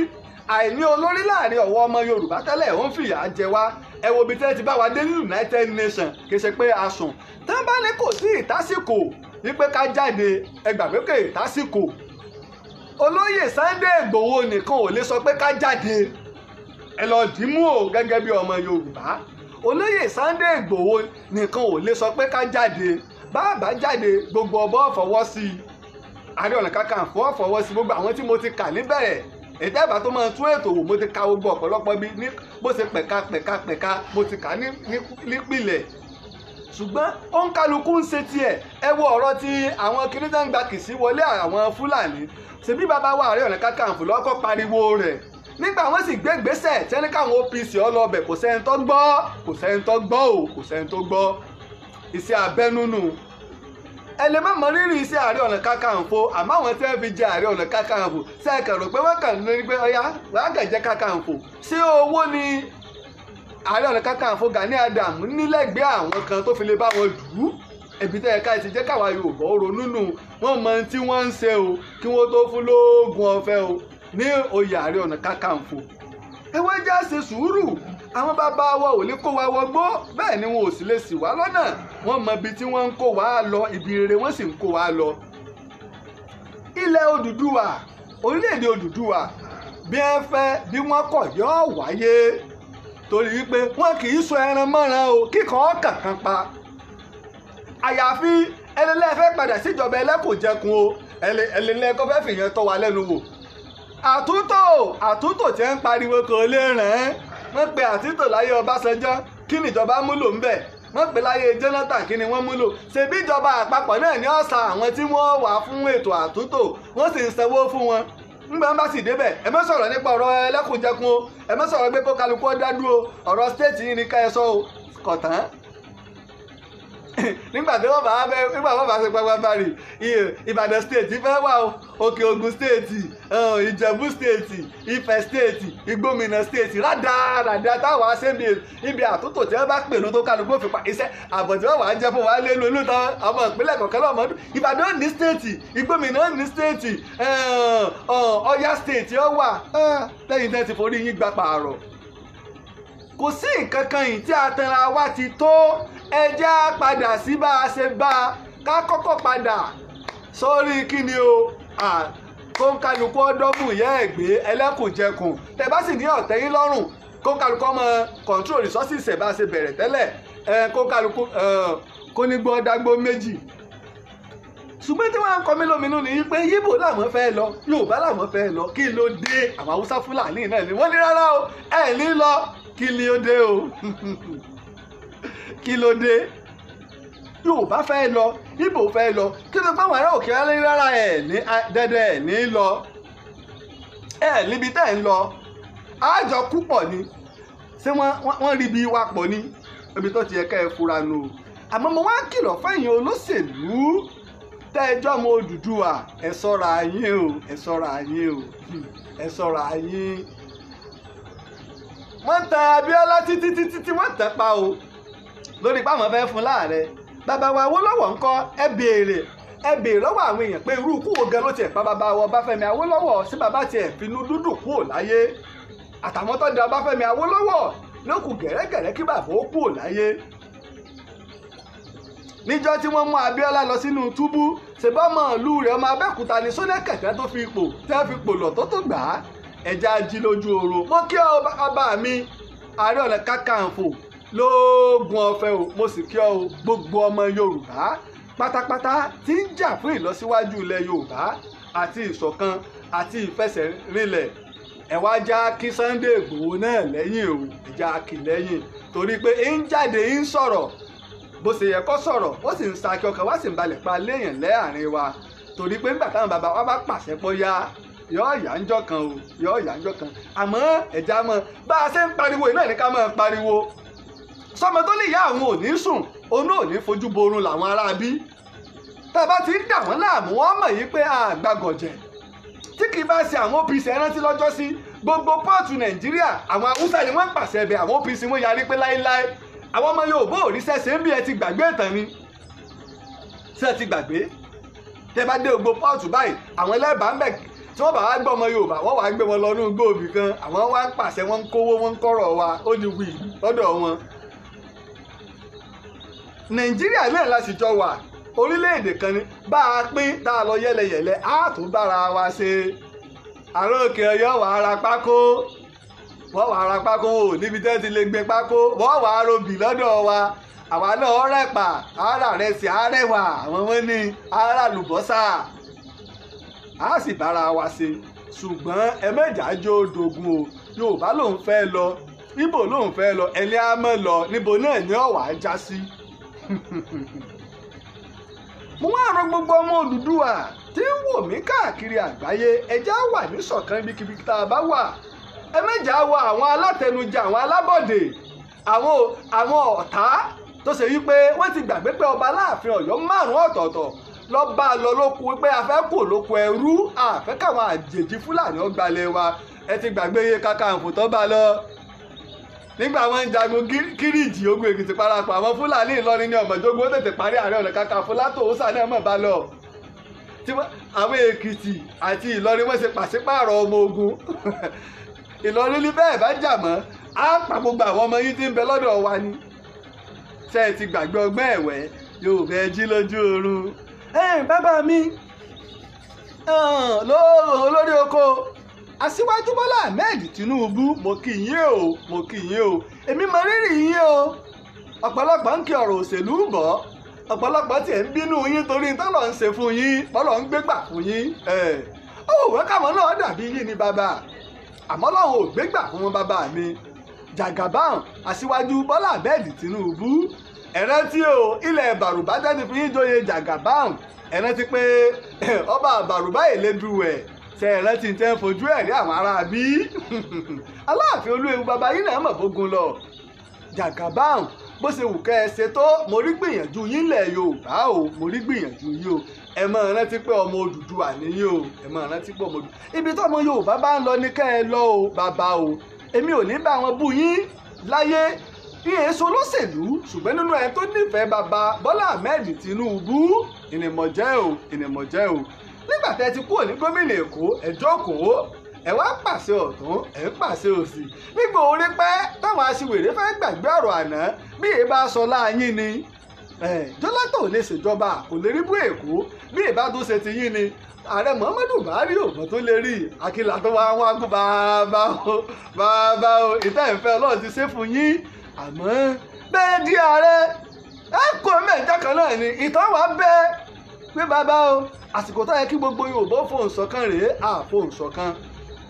àìní olórí láàrin ọ̀wọ́ ọmọ yorùbá tẹ́lẹ̀ ó ń fìyà jẹ wá ẹ wo ibi tẹ́ ti bá wa dé ní united nations kì í ṣe pé a sùn tẹ́ ń bá ní kò sí ìtásìkò wípé ká jáde ẹ gbàgbé pé ìtásìkò olóyè sunday ìgbòho nìkan ò lè sọ pé ká jáde ẹ lọ dìímú o gẹ́gẹ́ bí ọmọ yorùbá olóyè sunday ìgbòho nìkan ò lè sọ pé ká jáde bàbá jáde gbogbo ọbọ̀ fọwọ́ sí i Ààrẹ Ọ̀nà Kakanfò fọwọ́ sí gbogbo àwọn tí mo ti kà níbẹ̀rẹ̀ ètò ẹ̀bà tó máa tún ètò wò mo ti ka gbogbo ọ̀pọ̀lọpọ̀ bí ní bó ṣe pẹ̀ka pẹ̀ka pẹ̀ka mo ti kà ní nípìlẹ̀ ṣùgbọ́n ó ń kálukú ń ṣe tiẹ̀ ẹ wo ọ̀rọ̀ tí àwọn kìrìtàn gba kìsí wọlé àwọn fúlàní ṣèbí bàbá wa Ààrẹ Ọ̀nà Kakanfò lọ́kọ́ pariwo rẹ̀ nígbà wọn sì gbé gbèsè tẹ́ni káwọn OPC ọlọ́ọ̀bẹ̀ kò sẹ́ni tó gbọ́ kò sẹ́ni tó gbọ́ o kò sẹ́ni tó gbọ́ iṣẹ́ abẹ́núnú ẹlẹ́mọ̀ mọ rírì iṣẹ́ ààrẹ ọ̀nà kakanfò àmọ́ àwọn tẹ́ fi jẹ ààrẹ ọ̀nà kakanfò ṣe é kàn rò pé wọ́n kàn ní pé ọ̀yá wọ́n kàn jẹ́ kakanfò ṣé owó ni ààrẹ ọ̀nà kakanfò Gani Adam nílẹ̀gbẹ́ àwọn kan tó fi lè bá wọn dùú ẹbí tẹ́ ẹ̀ka ti jẹ́ káwa Yorùbá ó ronú nù wọ́n mọ tí wọ́n ń ṣe o kí wọ́n tó fún lóògùn ọ̀fẹ́ o ní oyè ààrẹ ọ̀nà kakanfò ẹ wá já ṣe sùúrù àwọn bàbá wa ò lè kó wa wọgbó bẹ́ẹ̀ ni wọn ò sì lè ṣì wá lọ́nà wọ́n mọ ibi tí wọ́n ń kó wa lọ ibi rere wọ́n sì ń kó wa lọ. ilẹ̀ Odùduwà orílẹ̀-èdè Odùduwà bí ẹ fẹ́ bí wọ́n kọ̀ yóò wáyé torí wípé wọn kì í so ẹran mọ́ran o kíkọ́ kankan pa. àyàfi ẹlẹ́lẹ́ fẹ́ padà síjọba ẹlẹ́kùnjẹkùn o ẹlẹ́lẹ́ kọ́ fẹ́ fìyẹn tọ́ wa lẹ́nu wò àtúntò àtúntò tí ń pariwo kò lè ràn án wọ́n pe àtìtò láyé ọbásanjọ́ kí nìjọba múlò ń bẹ̀ wọ́n pe láyé jonathan kí ni wọ́n múlò ṣebí ìjọba àpapọ̀ náà ní ọ̀sán àwọn tí wọ́n wà fún ètò àtúntò wọ́n sì ń sanwó fún wọn nígbà wọn bá sì débẹ̀ ẹ má sọ̀rọ̀ nípa ọ̀rọ̀ ẹlẹ́kùnjẹkùn o ẹ má sọ̀rọ̀ pé kó kálukú ọ̀dádú o ọ̀rọ̀ stéètì yìí ni ká ẹ sọ o kọ̀tán nígbà tí wọ́n bá bẹ nígbà wọ́n bá ṣe pàpàpàrì ìbàdàn state ìfẹ́ wà o òkè ògùn state eh, ìjẹ̀bú state ifẹ̀ state ìgbómìnà state rádaràdà táwọn aṣẹ́mi ibi àtúntò tí wọ́n bá pè ló tó kálukú òfin pa iṣẹ́ àbọ̀ tí wọ́n wà á jẹ́ fún wa lé lónìí tán ọmọ ìpínlẹ̀ kọ̀ọ̀kan náà mọ́dún ìbàdàn ní state ìgbómìnà ní state eh, ọ̀yá state ó wà eh, lẹ́yìn tẹ́ ti forí yín gbà pààrọ̀ kò sí nǹkan kan yìí tí àtẹ̀ra wa ti tó ẹja padà sí bá a ṣe bá a ká kọ́kọ́ padà sórí kí ni o kó ń kálukú ọdọ́gùn yẹ́ ẹ̀gbẹ́ ẹlẹ́kùnjẹkùn tẹ bá sì ní ọ̀tẹ́ yín lọ́rùn kó ń kálukú ọmọ control resources ẹ̀ bá ṣe bẹ̀rẹ̀ tẹ́lẹ̀ kó ń kálukú kó ní gbọ́ dágbó méjì ṣùgbọ́n tí wọ́n á ń kọ mí lóminú ni pé yíbò làwọn fẹ́ lọ yorùbá làwọn fẹ́ lọ kí ló dé àwọn haúsá fúlàní náà ni wọ́n ní rárá o ẹ̀ ní lọ kí ló dé o kí ló dé yorùbá fẹ́ lọ yíbò fẹ́ lọ kí ló pàwọn ará òkè alẹ́ rárá ẹ̀ ní dẹ́dẹ́ ẹ̀ ní lọ ẹ̀ níbi tẹ́ ń lọ àjọ kú pọ̀ ni ṣé wọ́n rí ibi wa pọ̀ ni ibi tó ti yẹ ká ẹ fura nù àmọ́ mo wá kìlọ̀ fẹ́yìn olóṣèlú tẹ́ ẹ jọ́mọ Odùduwà ẹ ṣọ́ra yín o ẹ ṣọ́ra yín o ẹ ṣọ́ra yín. wọ́n títí títí tí wọ́n pa o lórí páwọn fẹ́ fún láàrẹ bàbá wa awolowo ńkọ́ ẹ béèrè ẹ béèrè lọ́wọ́ àwọn èèyàn pé irú ikú gan ló tiẹ̀ pa bàbá wa Ọbáfẹ́mi sí bàbá tiẹ̀ kúò níjọ́ tí wọ́n mú Abíọ́lá lọ sínú túbú ṣèbámọ ìlú rẹ̀ ọmọ Abẹ́òkúta ni Ṣólékẹ̀tẹ̀ tó fi ipò tẹ́ fi pòlọ̀ tó tó gbà á ẹja jí lójú oorun mo kí ọ ọba mi Ààrẹ Ọ̀nà Kakanfò lóògùn ọ̀fẹ́ o mo sì kí ọ gbogbo ọmọ Yorùbá pátápátá tí ń jà fún ìlọsíwájú ilẹ̀ Yorùbá àti ìṣọ̀kan àti ìfẹsẹ̀rinlẹ̀ ẹ wá já kí Sunday Ìgbòho náà lẹ́yìn o ẹ̀já kì lẹ́yìn torí pé ń jáde ń sọ̀rọ̀ bó ṣe yẹ kó sọ̀rọ̀ ó sì ń sa kí ọkàn wá sì ń balẹ̀ pa léèyàn lẹ́àrin wa torí pé nígbà táwọn bàbá wa bá pàṣẹ pọ́ yá yọ ọ̀yà ń jọ kan o yọ ọ̀yà ń jọ kan àmọ́ ẹ̀já mọ́ bá a ṣe ń pariwo iná ní ká máa pariwo sọmọ tó lè yá àwọn ò sùn òun ò fojú borun làwọn ará bí tá a bá ti ń dà wọ́n láàmú wọ́n mọ̀ yìí pé àgbàgọ̀jẹ̀ tí kì í bá ṣe àwọn OPC ẹrántí lọ́jọ́ sí gbogbo pọ́ọ̀tù Nàìjíríà àwọn Haúsá ni wọ́n ń pàṣẹ ẹ̀bẹ̀ àwọn OPC wọ́n yarí pé láéláé àwọn ọmọ Yorùbá ò rí sẹ́sẹ̀ ń bí ẹ ti gbàgbé ìtàn ni ṣé ẹ ti gbàgbé tẹ bá dé ògbó pọ́ọ̀tù báyìí àwọn ẹlẹ́bàá ń bẹ̀ tí wọ́n bá wá gbọ́ ọmọ Yorùbá wọ́n wá gbé wọn lọ ní igbó òbí kan àwọn wá ń pàṣẹ wọn ń kówó wọn ń kọ́rọ̀ wa ó di wì lọ́dọ̀ wọn. Nàìjíríà náà la sì jọ wà orílẹ̀-èdè kan ni bá a pín tá a lọ yẹ́lẹyẹ̀lẹ á tún bára wa ṣe àròkè Ọ̀yọ́ wàá ra pákó wọ́n wàá ra pákó o níbi tẹ́ ti lè gbé pákó wọ́n wàá robì lọ́dọ̀ wa àwa náà rẹ̀pà ara rẹ̀ sì arẹwà àwọn wọn ní ara lùbọ́sà a sì bára wa ṣe ṣùgbọ́n ẹ̀mẹ́jàjò dògùn o Yorùbá lòun fẹ́ lọ Ìgbò lòun fẹ́ lọ ẹni á mọ̀ lọ níbo náà ni ọ̀wà á já sí mo wá rọ gbogbo ọmọ Odùduwà tí ń wò mí káàkiri àgbáyé ẹjẹ́ á wà ní ṣọ̀kan ibikíbi tá a bá wà ẹ méjì á wọ àwọn alátẹnujẹ àwọn alábọ̀dé àwọn àwọn ọ̀tá tó ṣe wípé wọ́n ti gbàgbé pé ọba aláàfin ọ̀yọ́ márùn-ún ọ̀tọ̀ọ̀tọ̀ lọ bá a lọ lóko wípé a fẹ́ kó lóko ẹrú àfẹ́ káwọn àjèjì fúlàní ọgbàlẹ̀ wa ẹ ti gbàgbé iye kàkàǹfò tó bá lọ nígbà wọn ń jagun kíríjì ogun èkìtì parapọ̀ àwọn fúlàní ìlọrin ní ọ̀mọ̀jogún ó tètè parí àárẹ̀ ọ̀nà kàkàǹfò látòwúsà náà mọ̀ bá lọ àwọn èkìtì àti ìlọrin wọ́n ṣe pàṣípààrọ̀ ọmọ ogun Ìlọrin ní bẹ́ẹ̀ bá jà mọ́ á pa gbogbo àwọn ọmọ yín tí ń bẹ lọ́dọ̀ wa ni ṣe é ti gbàgbé ọgbọ́n ẹ̀wẹ́ yóò bẹ jí lójú oorun ẹ bàbá mi olórí oko aṣíwájú Bọ́lá Ahmed Tinubu mo kì í yé o mo kì í yé o èmi mọ rírì yín o ọ̀pọ̀lọpọ̀ ń kí ọ̀rọ̀ òṣèlú bọ̀ ọ̀pọ̀lọpọ̀ tiẹ̀ ń bínú yín torí tọ́lọ̀ ń ṣe fún yín tọ́lọ̀ ń gbégbà fún yín ó wẹ́ káwọn náà dàbí yín ni bàbá àmọ́ lọ́hùn ò gbégbà fún wọn bàbá mi jàgàbáhùn aṣíwájú bọ́lá abẹ́ẹ̀dì tinubu ẹ rántí o ilẹ̀ bàrùbá tẹ́tí fi yín joyè jàgàbáhùn ẹ rántí pé ọba bàrùbá èlédùwẹ̀ tẹ ẹ rántí tẹ́ ń fojú ẹ̀rí àwọn ará bí aláàfin olúwewu bàbá yín náà mọ̀ bógun lọ jàgàbáhùn bó ṣe wù kẹ́ ẹ ṣe tó mo rí gbìyànjú yín lẹ̀ Yorùbá o mo rí gbìyànjú yín o ẹ máa rántí pé ọmọ Odùduwà nìyí o ẹ máa rántí pé ọmọ Odùduwà ibi tọ́mọ Yorùbá bá ń lọ ní kẹ́ ẹ lọ o bàbá o èmi ò ní bá wọn bú yín láyé ìyẹn èso olóṣèlú ṣùgbọ́n nínú ẹ tó nífẹ̀ẹ́ bàbá Bọ́lá Ahmed Tinubu ìnìmọ̀jẹ́ o ìnìmọ̀jẹ́ o nígbà tẹ́ ti kúrò ní gómìnà Èkó ẹ jókòó ẹ wá pàṣẹ ọ̀tún ẹ ń pàṣẹ òsì nígbà orí pẹ́ táwọn aṣiwèrè fẹ́ gbàgbé ọ̀rọ̀ àná bí èyí bá sọ láàyín ni Jonathan ò lè ṣèjọba kò lè rí bú èkó bí èyí bá tó ṣe ti yín ni ààrẹ Muhammadu Buhari ò mọ tó lè rí àkìlà tó wá wá kú bàbá o bàbá o ìtẹ́ ìfẹ́ Ọlọ́run ti ṣe fún yín àmọ́ bẹ́ẹ̀ di ààrẹ ẹ kó mẹ́ẹ̀já kan náà ni ìtàn wà bẹ́ẹ̀ pé bàbá o àsìkò tó yẹ kí gbogbo Yorùbá fohùn ṣọ̀kan rèé àfohùn ṣọ̀kan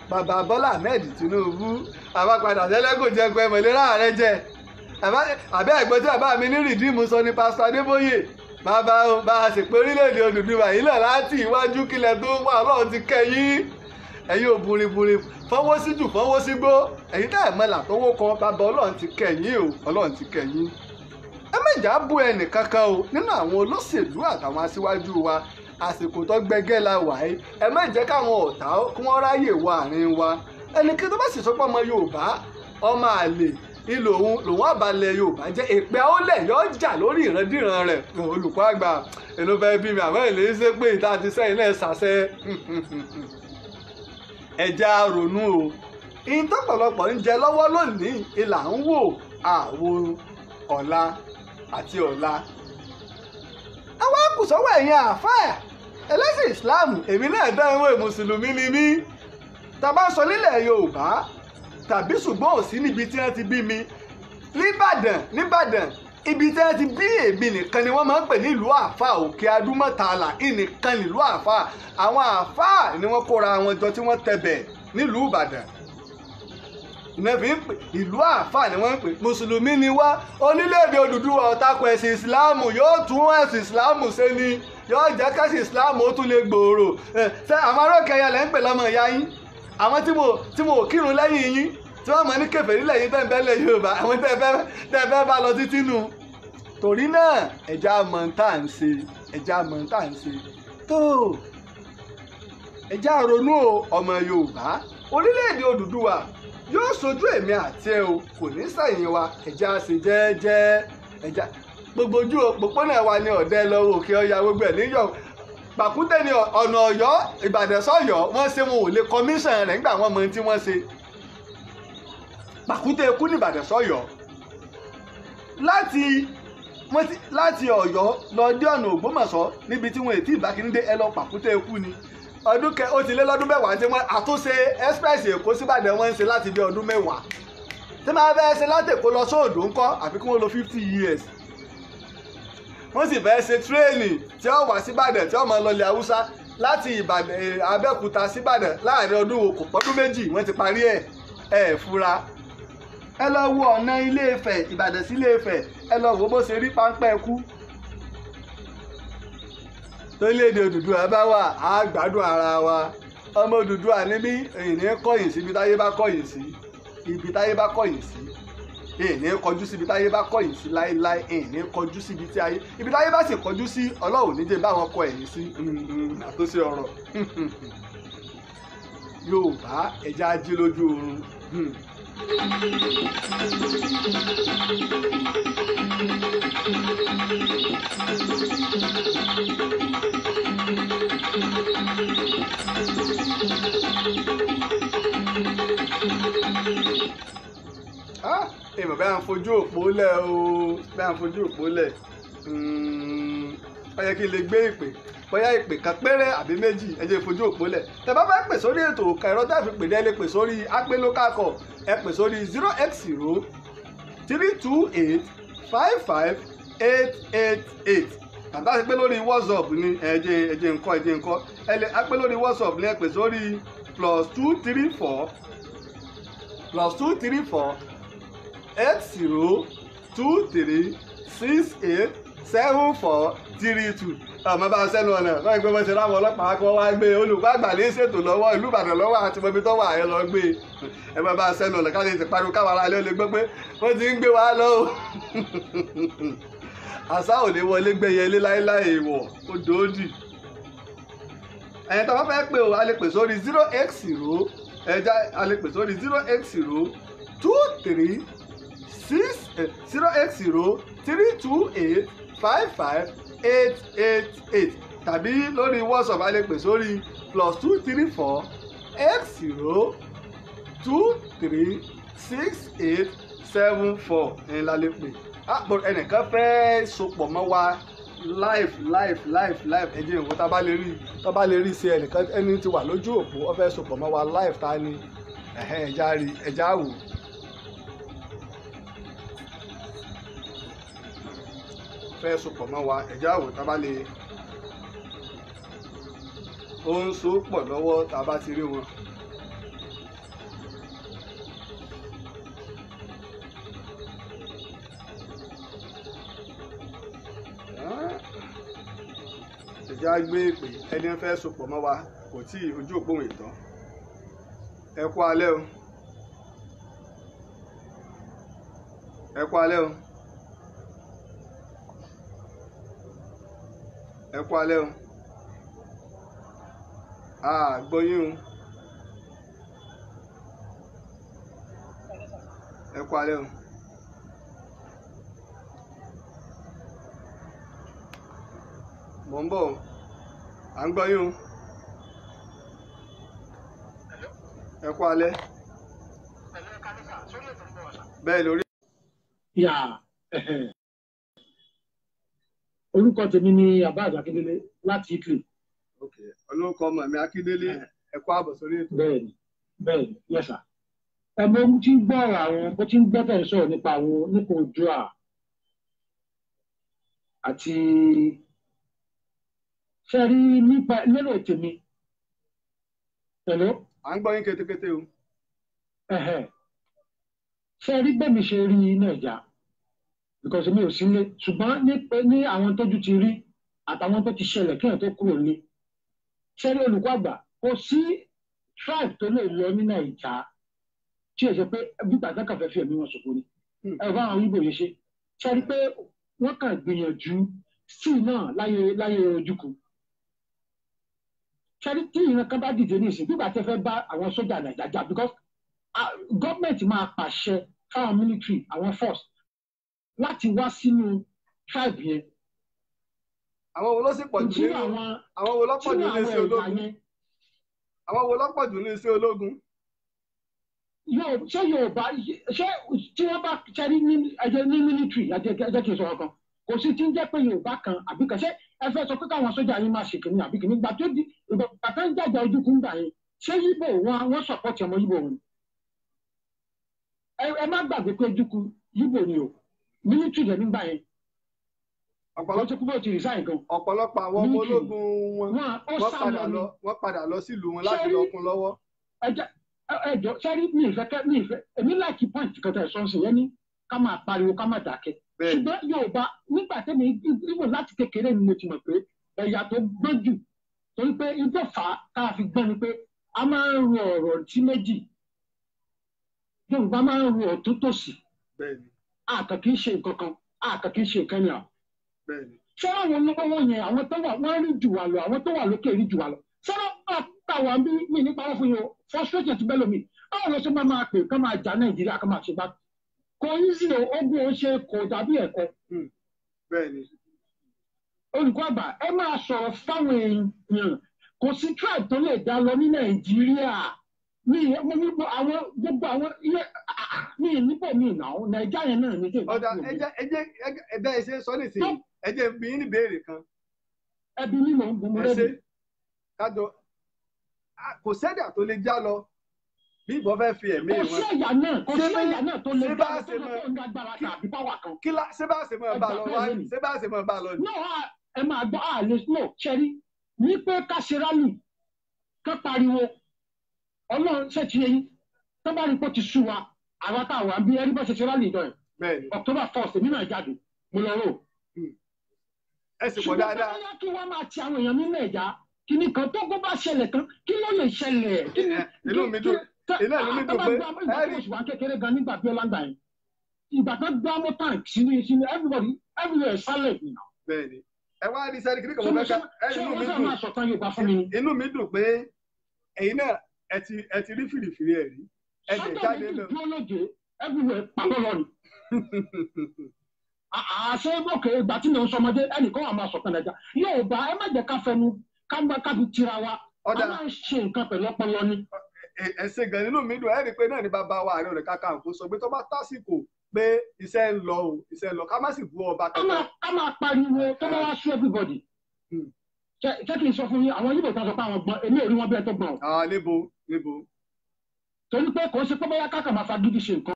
bàbá bọ́lá ahmed tinubu àbápadà sẹ́lẹ́kùn jẹ́ pé mọ̀lẹ́rà rẹ jẹ àbẹ́ ẹ̀gbọ́n tí bàbá mi ní rìdíìmù sọ ni pásítọ̀ adébóyè bàbá o bá a sì pé orílẹ̀-èdè olùdúwà yìí lọ láti iwájú kílẹ̀ tó wà ọlọ́run ti kẹ́ yín ẹ̀yin ò burinburin fọwọ́ sí jù fọwọ́ sí gbó ẹ̀yin tá ẹ̀ mọ́là tówó kan bàbá ọlọ́run ti kẹ́ yín o ọlọ́run ti kẹ́ ẹ méjà bu ẹnì kankan o nínú àwọn olóṣèlú àtàwọn aṣíwájú wa àsìkò tó gbẹgẹ́ la wà yìí ẹ má jẹ́ káwọn ọ̀tá kí wọ́n ráyè wọ àárín wa ẹnikẹ́ni tó bá sì sọpọ̀ ọmọ Yorùbá ọmọ àlè ìlò òun lòun àbálẹ̀ Yorùbá jẹ́ ìpẹ́ ọ̀lẹ̀ yọ jà lórí ìrandíran rẹ̀ olùkọ́ àgbà èló fẹ́ bí mi àmọ́ èlé ṣe pé ìta ti sẹ́yìn náà ṣàṣẹ ẹja ronú o ìtọ́pọ̀lọpọ̀ ń jẹ lọ́wọ́ lónìí ìlà ń wò àwo ọ̀la àti ọ̀la àwọn akùsọ́wọ́ ẹ̀yìn àáfàá ẹlẹ́sìn Islam èmi náà dá ẹ̀wọ̀n mùsùlùmí ni mí tàbá sọ nílẹ̀ Yorùbá tàbí ṣùgbọ́n ò sí níbi tí wọ́n ti bí mi nìbàdàn nìbàdàn ibi tí wọ́n ti bí èmi nìkan ni wọ́n máa ń pè ní ìlú àáfà òkè adúmọ̀tàlà ìnìkan nílùú àáfà àwọn àáfà ni wọ́n kóra wọn jọ tí wọ́n tẹ̀bẹ̀ nílùú Ìbàdàn ìnàbí ń pè ìlú àáfàá ni wọ́n ń pè mùsùlùmí ni wá onílẹ̀-èdè Odùduwà ó tako ẹ̀sìn ìsìláàmù yóò tún ẹ̀sìn ìsìláàmù ṣe ni yóò jẹ́ kẹ́sìn ìsìláàmù ó tún lè gbòòrò ṣe àwọn arókẹyà lẹ́ ń pè lọ́mọ ìyá yín àwọn tí mo kírun lẹ́yìn yín tí wọ́n mọ̀ ní kẹfẹ́ nílẹ̀ yín tẹ́ǹbẹ́lẹ̀ Yorùbá àwọn tẹ́ẹ̀fẹ́ bá lọ títí nu torí náà ẹ̀já mọ̀ ń tà ń ṣe ẹ̀já mọ̀ ń tà ń ṣe tó ẹ̀já ronú ọmọ Yorùbá orílẹ̀-èdè Odùduwà yóò sojú èmi àti ẹ o kò ní sẹ́yìn wa ẹ̀já ṣe jẹ́ẹ́jẹ́ ẹ̀já gbogbo ojú òpópónà wa ni ọ̀dẹ lọ́wọ́ òkè ọya gbogbo ẹ̀ níyọ̀ pàkúté ni ọ̀nà ọ̀yọ́ ìbàdàn sọ̀yọ́ wọ́n ṣe wọn ò lè kọmíṣàn rẹ̀ nígbà wọn mọ tí wọ́n ṣe pàkúté ikú ní ìbàdàn sọ̀yọ́ láti láti ọ̀yọ́ lọ dé ọ̀nà ògbómọ̀ṣọ́ níbi tí wọn ètí ìbákindé ẹ lọ pàkúté ikú ni ọdún kẹ ó ti lé lọ́dún mẹ́wàá tí wọ́n àtúnṣe express èkó síbàdàn wọ́n ń ṣe láti bí ọdún mẹ́wàá tí máa fẹ́ ṣe láti èkó lọ sóòdò ńkọ́ àfi kí wọ́n lo fifty years wọ́n sì fẹ́ ṣe tírẹ́ẹ̀nì tí wọ́n wà síbàdàn tí wọ́n máa lọ ilẹ̀ haúsá láti ìbàdàn eh, abẹ́òkúta síbàdàn láàrin ọdún wo kò pọ́dún méjì wọ́n ti parí ẹ̀ ẹ̀ fura ẹ lọ wo ọ̀nà Ilé-Ifẹ̀ Ìbàdàn sí Ilé-Ifẹ̀ ẹ lọ wo bó ṣe rí páńpẹ́ kú tórílẹ̀-èdè Odùduwà bá wà ara wa ọmọ Odùduwà níbí èyí ní kọ̀yìn sí ibi táyé bá kọ̀yìn sí ibi táyé bá kọ̀yìn sí èyí ní kọjú sí ibi táyé bá kọ̀yìn sí láéláé èyí ní kọjú sí ibi tí ayé ibi táyé bá sì kọjú sí Ọlọ́run níjẹ́ báwọn kọ ẹ̀yìn sí hmm, àtúnṣe ọ̀rọ̀ Yorùbá ẹja ají lójú oorun. Hmm èèmọ̀ ah, bẹ́ẹ̀ à ń fojú òpó lẹ̀ o bẹ́ẹ̀ à ń fojú òpó lẹ̀ hmm ó yẹ kí n lè gbé ìpè bóyá ìpè kan péré àbí méjì ẹ jẹ́ fojú òpó lẹ̀ tẹ́ bá fẹ́ pè sórí ètò òkà ẹ̀rọ tẹ́ fi pè dẹ́ lè pè sórí apé local call ẹ pè sórí zero eight zero three two eight five five eight eight eight tàbí àti pé lórí whatsapp ni ẹ jẹ́ ẹ jẹ́ ńkọ́ ẹ jẹ́ ńkọ́ ẹ lórí whatsapp ni ẹ pè sórí plus two three four plus two three four eight zero two three six eight seven four three two àmọ́ bá a sẹ́nu ọ̀nà wọ́n gbé wọ́n ti ráwọn ọlọ́pàá kọ́ wá gbé olùkọ́ àgbà ní ṣètò lọ́wọ́ ìlú Ìbàdàn lọ́wọ́ àti mọ̀mí tó wà ẹ lọ gbé ẹ mọ̀ bá a sẹ́nu ọ̀nà káde ti pariwo káwọn aráalé lè gbọ́ pé wọ́n ti ń gbé wa lọ o àṣà ò lè wọlé gbẹ̀yẹlé láéláé wọ̀ ó dòódì ẹ̀yin tó bá fẹ́ pé o a sórí zero x zero ẹja a lè pè sórí zero x zero two three six eh, zero x zero three two eight five five eight eight eight tàbí lórí whatsapp a lè pè sórí plus two three four x zero two three six eight seven four ẹ̀yin la lè pè àpò ah, ẹnìkan fẹ́ sopọ̀ mọ́ wa live live live live ẹ jẹ́ ìwọ́n tá a bá lè rí tá a bá lè rí sí ẹnìkan ẹni tí wà lójú òpó ó fẹ́ sopọ̀ mọ́ wa live ta ni ẹ̀hẹ́n ẹ̀já rí ẹ̀já fẹ́ sopọ̀ mọ́ wa ẹ̀já àwò tá a bá lè ó ń so pọ̀ lọ́wọ́ tá a bá ti rí wọn. ẹ̀já gbé pé ẹni fẹ́ sopọ̀ mọ́ wa kò tí ojú òpó ìtàn ẹ kú alẹ́ o ẹ kú alẹ́ o. ẹ kú alẹ́ o àgbọ̀yìn o ẹ kú alẹ́ o. mò ń bọ̀ o à ń gbọ́ yín o ẹ kú alẹ́. bẹ́ẹ̀ lórí. orúkọ tèmi ni abad Akíndélé láti Italy. olóńkọ ọmọ mi Akíndélé ẹ̀kọ́ àbọ̀ ètò. bẹ́ẹ̀ni bẹ́ẹ̀ni yẹsà ẹ ohun tí ń gbọ́rọ̀ àwọn bó ti ń gbẹtẹ sọ̀rọ̀ nípa àwọn nípa Oòduà àti ṣe nípa lérò tèmi. à ń gbọ́ yín mi ṣe rí iná ìjà. because mi ò sí ilé ṣùgbọ́n nípa ní àwọn tójú ti rí àtàwọn tó ti ṣẹlẹ̀ kéèyàn tó kúrò ní sẹ́lẹ̀ olùkọ́ àgbà kò sí tribe tó lè lọ ní nàìjà tí ò ṣe pé gbígbà tó kàn fẹ́ fi ẹ̀mí wọn ṣòfò ni hmm. ẹ bá àwọn ibo yẹn ṣe sẹ́ni pé wọ́n kàn gbìyànjú sí náà láyé láyé ojúkù sẹ́ni tí ìran kan bá dìde ní ìsìn gbígbà tó fẹ́ bá àwọn sójà nàìjà jà because ah, gọ́ọ̀mẹ̀ntì máa pàṣẹ fáwọn military àwọn force láti wá sínú tribe yẹn. àwọn wo ló sì pọ̀ jù nínú àwọn wo ló pọ̀ jù nínú iṣẹ́ ológun àwọn wo ló pọ̀ jù nínú iṣẹ́ ológun. ṣé Yorùbá ṣé tí wọ́n bá ṣẹ́rí ní mílítírì ẹ̀jẹ̀ kì í sọ̀rọ̀ kan kò sí tí ń jẹ́ pé Yorùbá kan àbí kan ṣé ẹ fẹ́ sọ pé káwọn sójà yín máa ṣèkìní àbí kìíní gbà tó di ìgbà tó ń jàjà ojúkùn gbà yẹn ṣé yíbò wọn wọn sọpọ́tì ọmọ yíbò wọn ẹ má gbàgbé pé ojúkùn yíbò ni o military rẹ̀ nígbà yẹn ọ̀pọ̀lọpọ̀ kúbọ̀ ti resign gan. ọ̀pọ̀lọpọ̀ àwọn ọmọ ológun wọn wọ́n padà lọ sílùú wọn láti lọ kún lọ́wọ́. ẹjọ sẹ́rí mi ìfẹ́ kẹ́ mi ìfẹ́ èmi láìkí pàǹtì kan tẹ̀ sọ́ọ̀sì yẹn ní ká máa pariwo ká máa dákẹ́. ṣùgbọ́n Yorùbá nígbà tẹ́mi ìbò láti kékeré ni mo ti mọ̀ pé ẹ̀yà tó gbọ́n jù torí pé ibò fà á ká fi gbọ́n ni pé a máa ń ro ọ̀rọ̀ tí méjì Yorùbá máa ń ro ọ̀tún tòsì. bẹ́ẹ̀ni àkàn kì í ṣe nǹkan kan àkàn kì í ṣe nǹkan yẹn sọ́rọ́ àwọn olówó yẹn àwọn tó wà wọ́n rí jù wá lọ àwọn tó wà lókè rí jù wá lọ sọ́rọ́ àtàwọn àbí mi nípa wọn fún yín o frustration ti bẹ́ lómi báwo lọ sí máa máa pè ká máa jà nàìjíríà ká máa ṣe bá kò í sí o ogun ó ṣe kò dàbí ẹ̀kọ́. Hmm. olùkọ́ àgbà ẹ máa sọ̀rọ̀ fáwọn èèyàn kò sí tribe tó lè dá lọ ní nàìjíríà mi ìyẹn mo ní gbọ́ àwọn gbogbo àwọn iye ah, mi ì níbọ̀ mi ìnà àwọn nàìjà yẹn náà ní kéwì. ọ̀dà ẹjẹ ẹjẹ ẹbẹ ẹ sọ nísìnyí ẹjẹ mi ní béèrè kan. ẹbí mi mò ń gun mo lẹ́bi. kájọ kò sẹ́dà tó lè já lọ bí ìbọn fẹ́ fi ẹ̀mí wọn. kò sí ẹ̀yà náà kò sí ẹ̀yà náà tó lè já lọ tó lè tó ní agbára tàbí báwà kan. kí la ṣé bá ṣe mọ ẹ bá lọ wá ní ṣé bá ṣe mọ ẹ bá lọ ní. náà ẹ máa gbọ́ àlè ní pé ká ṣe rálì ká pariwo ọlọ́run ṣe ti yẹn tó bá rí pé ó ti sú wa àwa tá a wà bí ẹni bá ṣe ṣe rálì ìjọ yẹn october first èmi náà jáde mo lọ rò. Hmm. ẹ sì pọ̀ dáadáa. ṣùgbọ́n bóyá kí wọ́n máa ti àwọn èèyàn nílẹ̀ ẹ̀já kí ni kan tó kó bá ṣẹlẹ̀ kan kí ló lè ṣẹlẹ̀. inú mi dùn ilé ìlú mi dùn pé ẹ ìgbà kékeré gan nígbà bí ọlọ́ndà yẹn ìgbà tó gbá mọ́tàn sínú sínú everybody everywhere silent nìyà. bẹ́ẹ̀ni ẹ wá rí sẹ́ni kiri kan mo fẹ́ ká inú mi dùn inú mi dùn pé ẹ̀yin náà ẹ ti ẹ ti rí fìrìfìrì ẹ rí ẹ lè jáde lọ. sátani lóde ẹgbẹ́ pàlọ́lọ́ ni àṣẹ gbọ́kẹ́ ìgbà tí mo ń sọmọdé ẹnìkan wà máa sọ̀kan ẹja yóò bá ẹ má jẹ́ ká fẹnu ká fi tira wa a máa ń ṣe nǹkan pẹ̀lú ọpọlọ ni. ẹsẹ gan nínú mi dùn ẹ rí i pé náà ni bàbá wa Ààrẹ Ọ̀nà Kakanfò sọ pé tó bá tásìkò pé iṣẹ́ ń lọ o iṣẹ́ ń lọ ká má sì bú ọba kan. ká máa pariwo tó bá wá sí everybody hmm. ṣé kí n sọ fún yín àwọn yìí bò tán sọ pé àwọn gbọ́n èmi ò rí wọn bí ẹ tó gbọ́n níbo. torí pé kò ń ṣe pé bóyá káàkà máa fagídí ṣe nǹkan.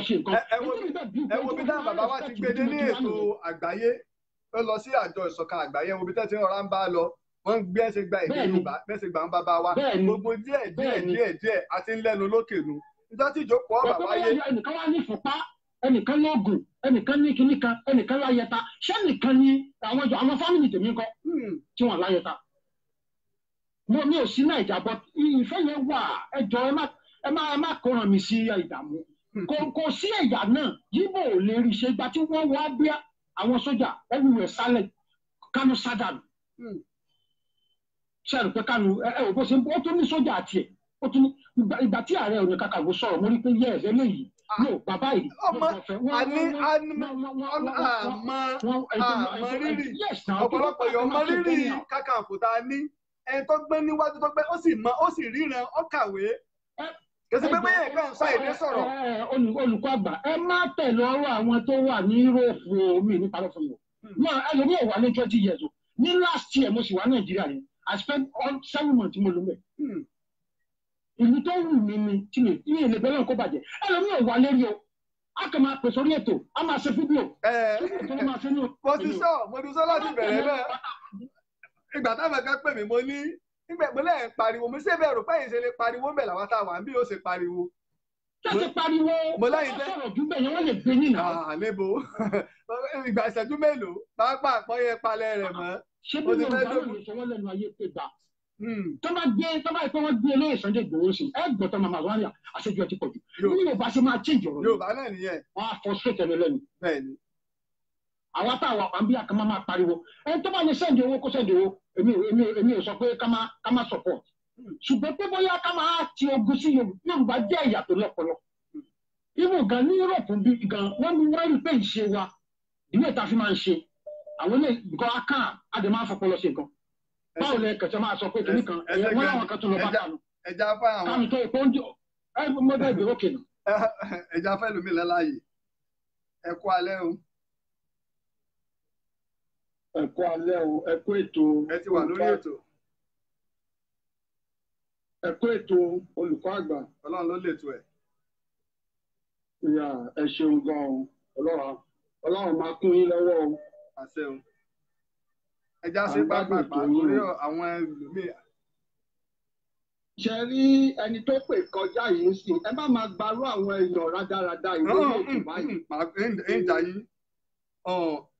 ẹ wo bí dáhùn bàbá wa ti gbé dé ní ètò àgbáyé ó lọ sí àjọ ìṣọ̀kan àgbáyé wo bí tẹ́tí ń rọra ń bá lọ wọ́n ń gbé ẹsẹ̀ gba èdè Yorùbá mẹ́sẹ̀ gbà ń bàbá wa gbogbo díẹ̀ díẹ̀ díẹ̀ díẹ̀ àti ńlẹ́nu lókè nu nígbà tí ìjókòó ọ̀bà wáyé. ẹnìkan wá ní ìfúnpá ẹnìkan lóògùn ẹnìkan ní kinní kan ẹnìkan láyẹta ṣé nìkan ni àwọn fámìlì tèmi kọ hmm. tí wọn láyẹta mo ní òsín naija but ìfẹ́ yẹn wà ẹjọ́ ẹ má ẹ má ẹ má kóran mi sí ìdààmú kò kò sí ẹ̀yà náà yíbò ò lè rí ṣe ìgbà tí wọ́n wá bí àwọn sójà everywhere silent kánú sádàmù ṣe àrùn pé kánú ẹ ò bó ṣe ó tún ní sójà àti ẹ̀ ó tún ìgbà tí ààrẹ Ọ̀nà Kakanfò sọ̀rọ̀ mo rí pé yẹ́ ẹ̀rẹ́ lèyí yóò bàbá yìí ọmọ àní àmọ́ àmọ́ rírì ọ̀pọ̀lọpọ̀ yọ̀ ọmọ rírì Kakanfò tá a ní ẹni tó gbé níwájú tó gbé ó sì mọ ó sì ríran ó kàwé kìsì pé bẹ́ẹ̀ kàn sọ èdè sọ̀rọ̀. olùkọ́ àgbà ẹ má tẹ̀lé ọ̀rọ̀ àwọn tó wà ní yúróòpù omi nípa lọ fún mi hmm. ẹlòmí ò wà ní twenty years o ní last year mo sì wà nàìjíríà yẹn i spent all seven months mo lò mẹ hmm. ìlú tó wù mí ni tí mi ní èlé bẹ́ẹ̀ náà kó bàjẹ́ ẹlòmí ò wà lérí o a kàn máa pèsè orí ètò a máa ṣe fídíò. mo ti sọ mo ti sọ láti bẹ̀rẹ̀ náà ìgbà táwọn kan pè mí mo ní ìgbẹ̀gbọ́lẹ̀ ń pariwo mo ṣe bẹ̀rù pé ìṣe lè pariwo ń bẹ̀ làwọn táwọn àbí yóò ṣe pariwo. tẹ̀sí pariwo mo láyé tẹ́ sọ̀rọ̀ jù bẹ́ẹ̀ yẹn wọ́n lè gbé yín náà. àlébo ah, ìgbà ìṣẹ́jú mélòó pápá àpọ́ yẹn palẹ̀ rẹ̀ mọ́. ṣé bí mi ò bá lòlù sọ wọ́n lẹ́nu ayé pé gbà. Hmm. tó bá gbé tó bá ìpín wọn gbé eléyè Sunday Igboho sí ẹ gbọ́tọ̀ màmá àwa táwọn àbí àkàmá máa pariwo ẹni tó bá lè sẹ́ǹdì owó kó sẹ́ǹdì owó èmi èmi èmi sọ pé ká má ká má support ṣùgbọ́n pé bóyá ká máa ti ogun sí yorùbá jẹ́ ìyàtọ̀ lọ́pọ̀lọ́ ibo gan ní europe bí gan wọ́n ní wọ́n rí pé ìṣe wa ìwé ìta fi máa ń ṣe àwọn ilé nǹkan akán àdè máa fọpọlọ sí nǹkan báwo lẹ kẹsẹ máa sọ pé kìnnì kan wọn làwọn kan tó lọ bá dànù kàmì ẹ mọ fẹ́ lómi lẹ́láyè ẹ kú alẹ́ o. ẹkú alẹ́ o ètò olùkọ́ àgbà. Ọlọ́run ló lè tó ẹ. ẹ ṣeun o Ọlọ́run máa kún yín lọ́wọ́ o. àṣẹ o ẹja lórí àwọn ẹlòmíì. ṣe rí ẹni tó pè kọjá yìí ẹ má máa gbarú àwọn èèyàn rádaràda ètò báyìí.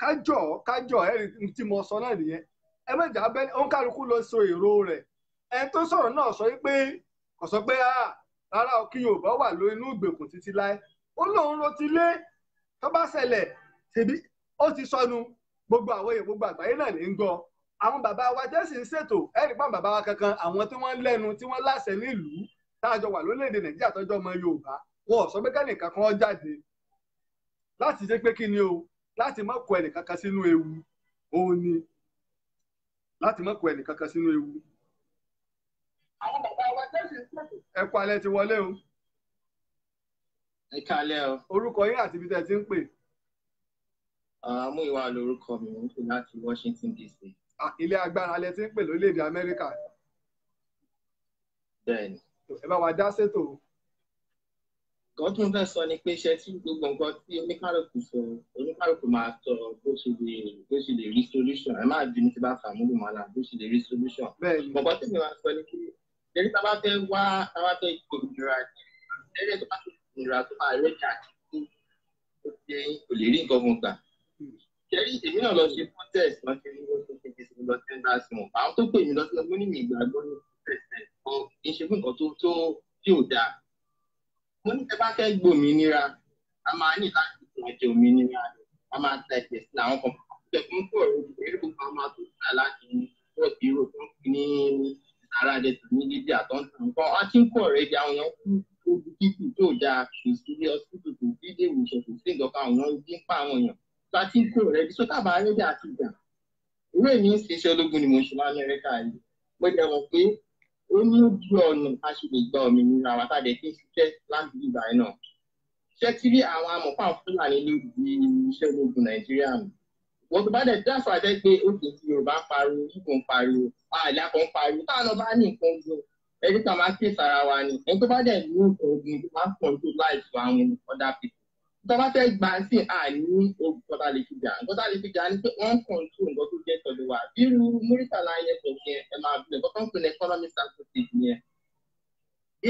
kájọ kájọ ẹ̀rí tí mo sọ náà nìyẹn ẹ má jà bẹ́ẹ̀ ó ń kálukú lọ sọ èrò rẹ̀ ẹni tó sọ̀rọ̀ náà sọ pé kò sọ pé rárá kí Yorùbá wà ló inú ìgbèkùn títí láé ó lóun ló ti lé tó bá ṣẹlẹ̀ tèmi ó ti sọnù gbogbo àwọn èèyàn gbogbo àgbáyé náà ní í gbọ́ àwọn bàbá wa jẹ́ sì ń ṣètò ẹ̀rí pọ́n bàbá wa kankan àwọn tí wọ́n lẹ́nu tí wọ́n láṣẹ nílùú táàjọ wà lórílẹ̀‐èdè Nàìjíríà tọ́jọ́ ọmọ Yorùbá wọn ò sọ pé kẹ́nìkan kan jáde láti ṣe pé kí ni o láti má kọ kaka sínú ewu òun ni láti má kọ ẹnì sínú ewu. àwọn bàbá wa ẹ ti wọlé o. ẹ kálẹ́ o. orúkọ yín àti ibi tẹ́ ẹ ti ń pè. Múyìwá lórúkọ mi ń pè láti Washington DC. ilé agbára alẹ́ ti ń pè lórílẹ̀‐èdè Amẹ́ríkà. kan tó ń fẹ́ sọ ni pé ṣe tí gbogbo nǹkan tí oníkálùkù sọ oníkálùkù máa sọ bó ṣe lè bó ṣe lè rí solution ẹ máa bínú tí bá fà múlò máa bó ṣe lè rí solution. nǹkan tí mi máa sọ ni pé lórí tá a bá fẹ́ wá tá a bá fẹ́ gbé ìnira lẹ́yìn tó bá tó ìnira tó máa rẹ́jà àti kó ṣe kò lè rí nǹkan fún gbà. ṣẹ́rí èmi náà lọ ṣe protest wọ́n ṣe ní wọ́n ṣe ṣe ṣe lọ sí wọn àwọn tó pè mo ní tẹ́bá fẹ́ gbòmìnira a máa ní láti fún ọjọ́ òmìnira rẹ̀ a máa ta ẹ̀jẹ̀ sí àwọn kan ìjọba ń pọ̀ èrè gbogbo àwọn àtúntà láti rọ́ọ̀tì rò tó ń fi ní ara rẹ̀ tó ní dídí àtọ́ǹtà nǹkan wọ́n ti ń pọ̀ rẹ̀ di àwọn yẹn kú ojú kíkù tó dáa kò sí ilé ọsibítù kò sí ilé ìwòsàn kò sí ìjọba àwọn ojú pa àwọn èèyàn bá ti ń kó rẹ̀ bí sọ́tà bá rẹ̀ dà ìwé mi ń ṣiṣẹ́ ológun ni mo ṣe lámẹ́ríkà yìí mo jẹ́ mọ̀ pé ó ní ó di ọ̀nà a ṣe lè gba òmìnira wa tàbí kí n ṣiṣẹ́ láti ìgbà yẹn náà. ṣé tí àwọn amọ̀pá fúlàní ló di iṣẹ́ ológun nàìjíríà nù? wọ́n tó bá dẹ̀ dáfà jẹ́ pé ó kì í ti yorùbá pariwo ibo ń pariwo àlà kan pariwo táwọn ọba ní nǹkan ogun ẹni tó máa ń ké sára wa ni ẹni tó bá dẹ̀ ní nǹkan ogun máa ń pọ̀ tó láìsọ àwọn ọ̀dà pípọ̀ tọ́ba fẹ́ gbà sí àní ogun tá lè fi jà nǹkan lè fi jà ni pé wọ́n ń kọ̀ǹtù nǹkan tó jẹ́ tọ́jú wa bírú múrítàlá yẹn pọ̀ yẹn ẹ máa bẹ̀rẹ̀ nǹkan tó ń pè economy statistics yẹn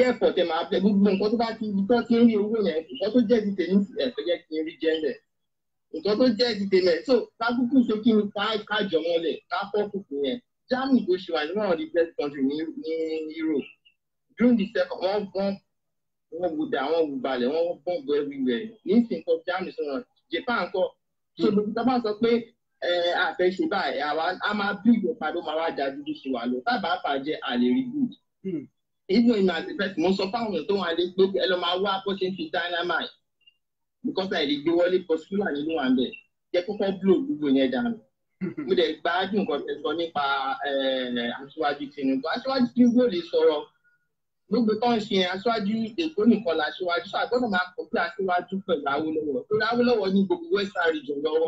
airport ẹ máa bẹ̀rẹ̀ gbogbo nǹkan tó bá ti ibi ti ń rí owó yẹn nǹkan tó jẹ́ ti tèmi ẹ̀ jẹ́ ti ń rí jẹ́ńdẹ̀ nǹkan tó jẹ́ ti tèmi ẹ̀ so kákúkú so kí ni kájọ mọ́lẹ̀ kápọ̀ kùkù wọ́n bu dà wọ́n bu balẹ̀ wọ́n bọ̀bù everywhere nísìnyí kọ́ germany sọ̀rọ̀ japan kọ́ so gbogbo hmm. tá a bá sọ pé àfẹ́ ṣe báyìí àwa a máa bí ìgbò padà ó máa wá da dúdú sí wa lọ tábàá fà jẹ́ àlè rí good. Hmm. even in my defence mo sọ fáwọn èèyàn tó wà lé pé ẹ lọ máa wá bó ṣe ń fi dynamite because àìlè gbé wọlé pọsikúlà nínú wa bẹ́ẹ̀ jẹ́ kókó blow gbogbo yẹn dànù. Hmm. mo dẹ̀ gbádùn nǹkan tẹ́ sọ nípa aṣíwájú Tinubu aṣíwájú Tinubu ò lè sọ̀rọ̀ gbogbo tó ń ṣe aṣáájú èkó nìkan la ṣíwájú ṣàgbọ́dọ̀ máa kọ̀ pé aṣíwájú pẹ̀lú Awólọ́wọ̀ torí Awólọ́wọ̀ ní gbogbo western region lọ́wọ́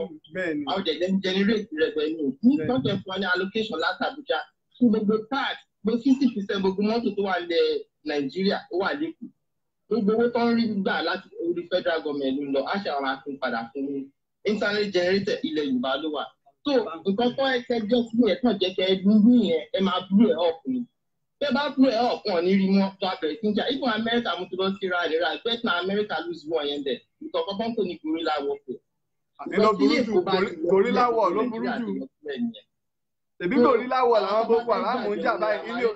àwọn jẹ̀jẹ̀ ń generate revenue ní tọ́jọ́ fún ọ̀nà allocation láti Àbújá fún gbogbo part gbogbo sixty percent gbogbo mọ́tò tó wà lẹ̀ Nàìjíríà ó wà lẹ́kọ̀ọ́ gbogbo owó tó ń rí gbà láti orí federal government ló ń lọ á ṣe àwọn akun padà fún internally generated ilẹ̀ Yorùbá ló wà so nǹkan tó ẹ tẹ bá kúrò ẹ ọkàn ní rí wọn tó abẹrẹ sí níjà even Amẹ́ríkà mo ti lọ sí ra rẹ ra bẹ́ẹ̀ tán Amẹ́ríkà ló sì wọn yẹn bẹ ìtàn kankan tó ní gorilla wọ pé. àti ló burú jù gorilla wọ ló burú jù tèmi gorilla wọ làwọn boko haram ń jà báyìí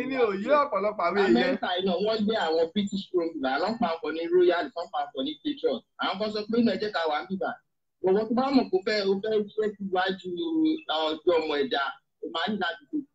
ilé òye ọ̀pọ̀lọpọ̀ àwọn èèyàn. Amẹ́ríkà iná wọ́n gbé àwọn British columbia àwọn pàpọ̀ ní royal àwọn pàpọ̀ ní patriot àwọn kan sọ pé iná ẹ̀jẹ̀ ká wà ń bíbà gbogbo tó bá mọ̀ kó fẹ́ o fẹ́ ṣe síwájú ọjọ́ ọmọ ẹ̀dá o máa ń láti tètè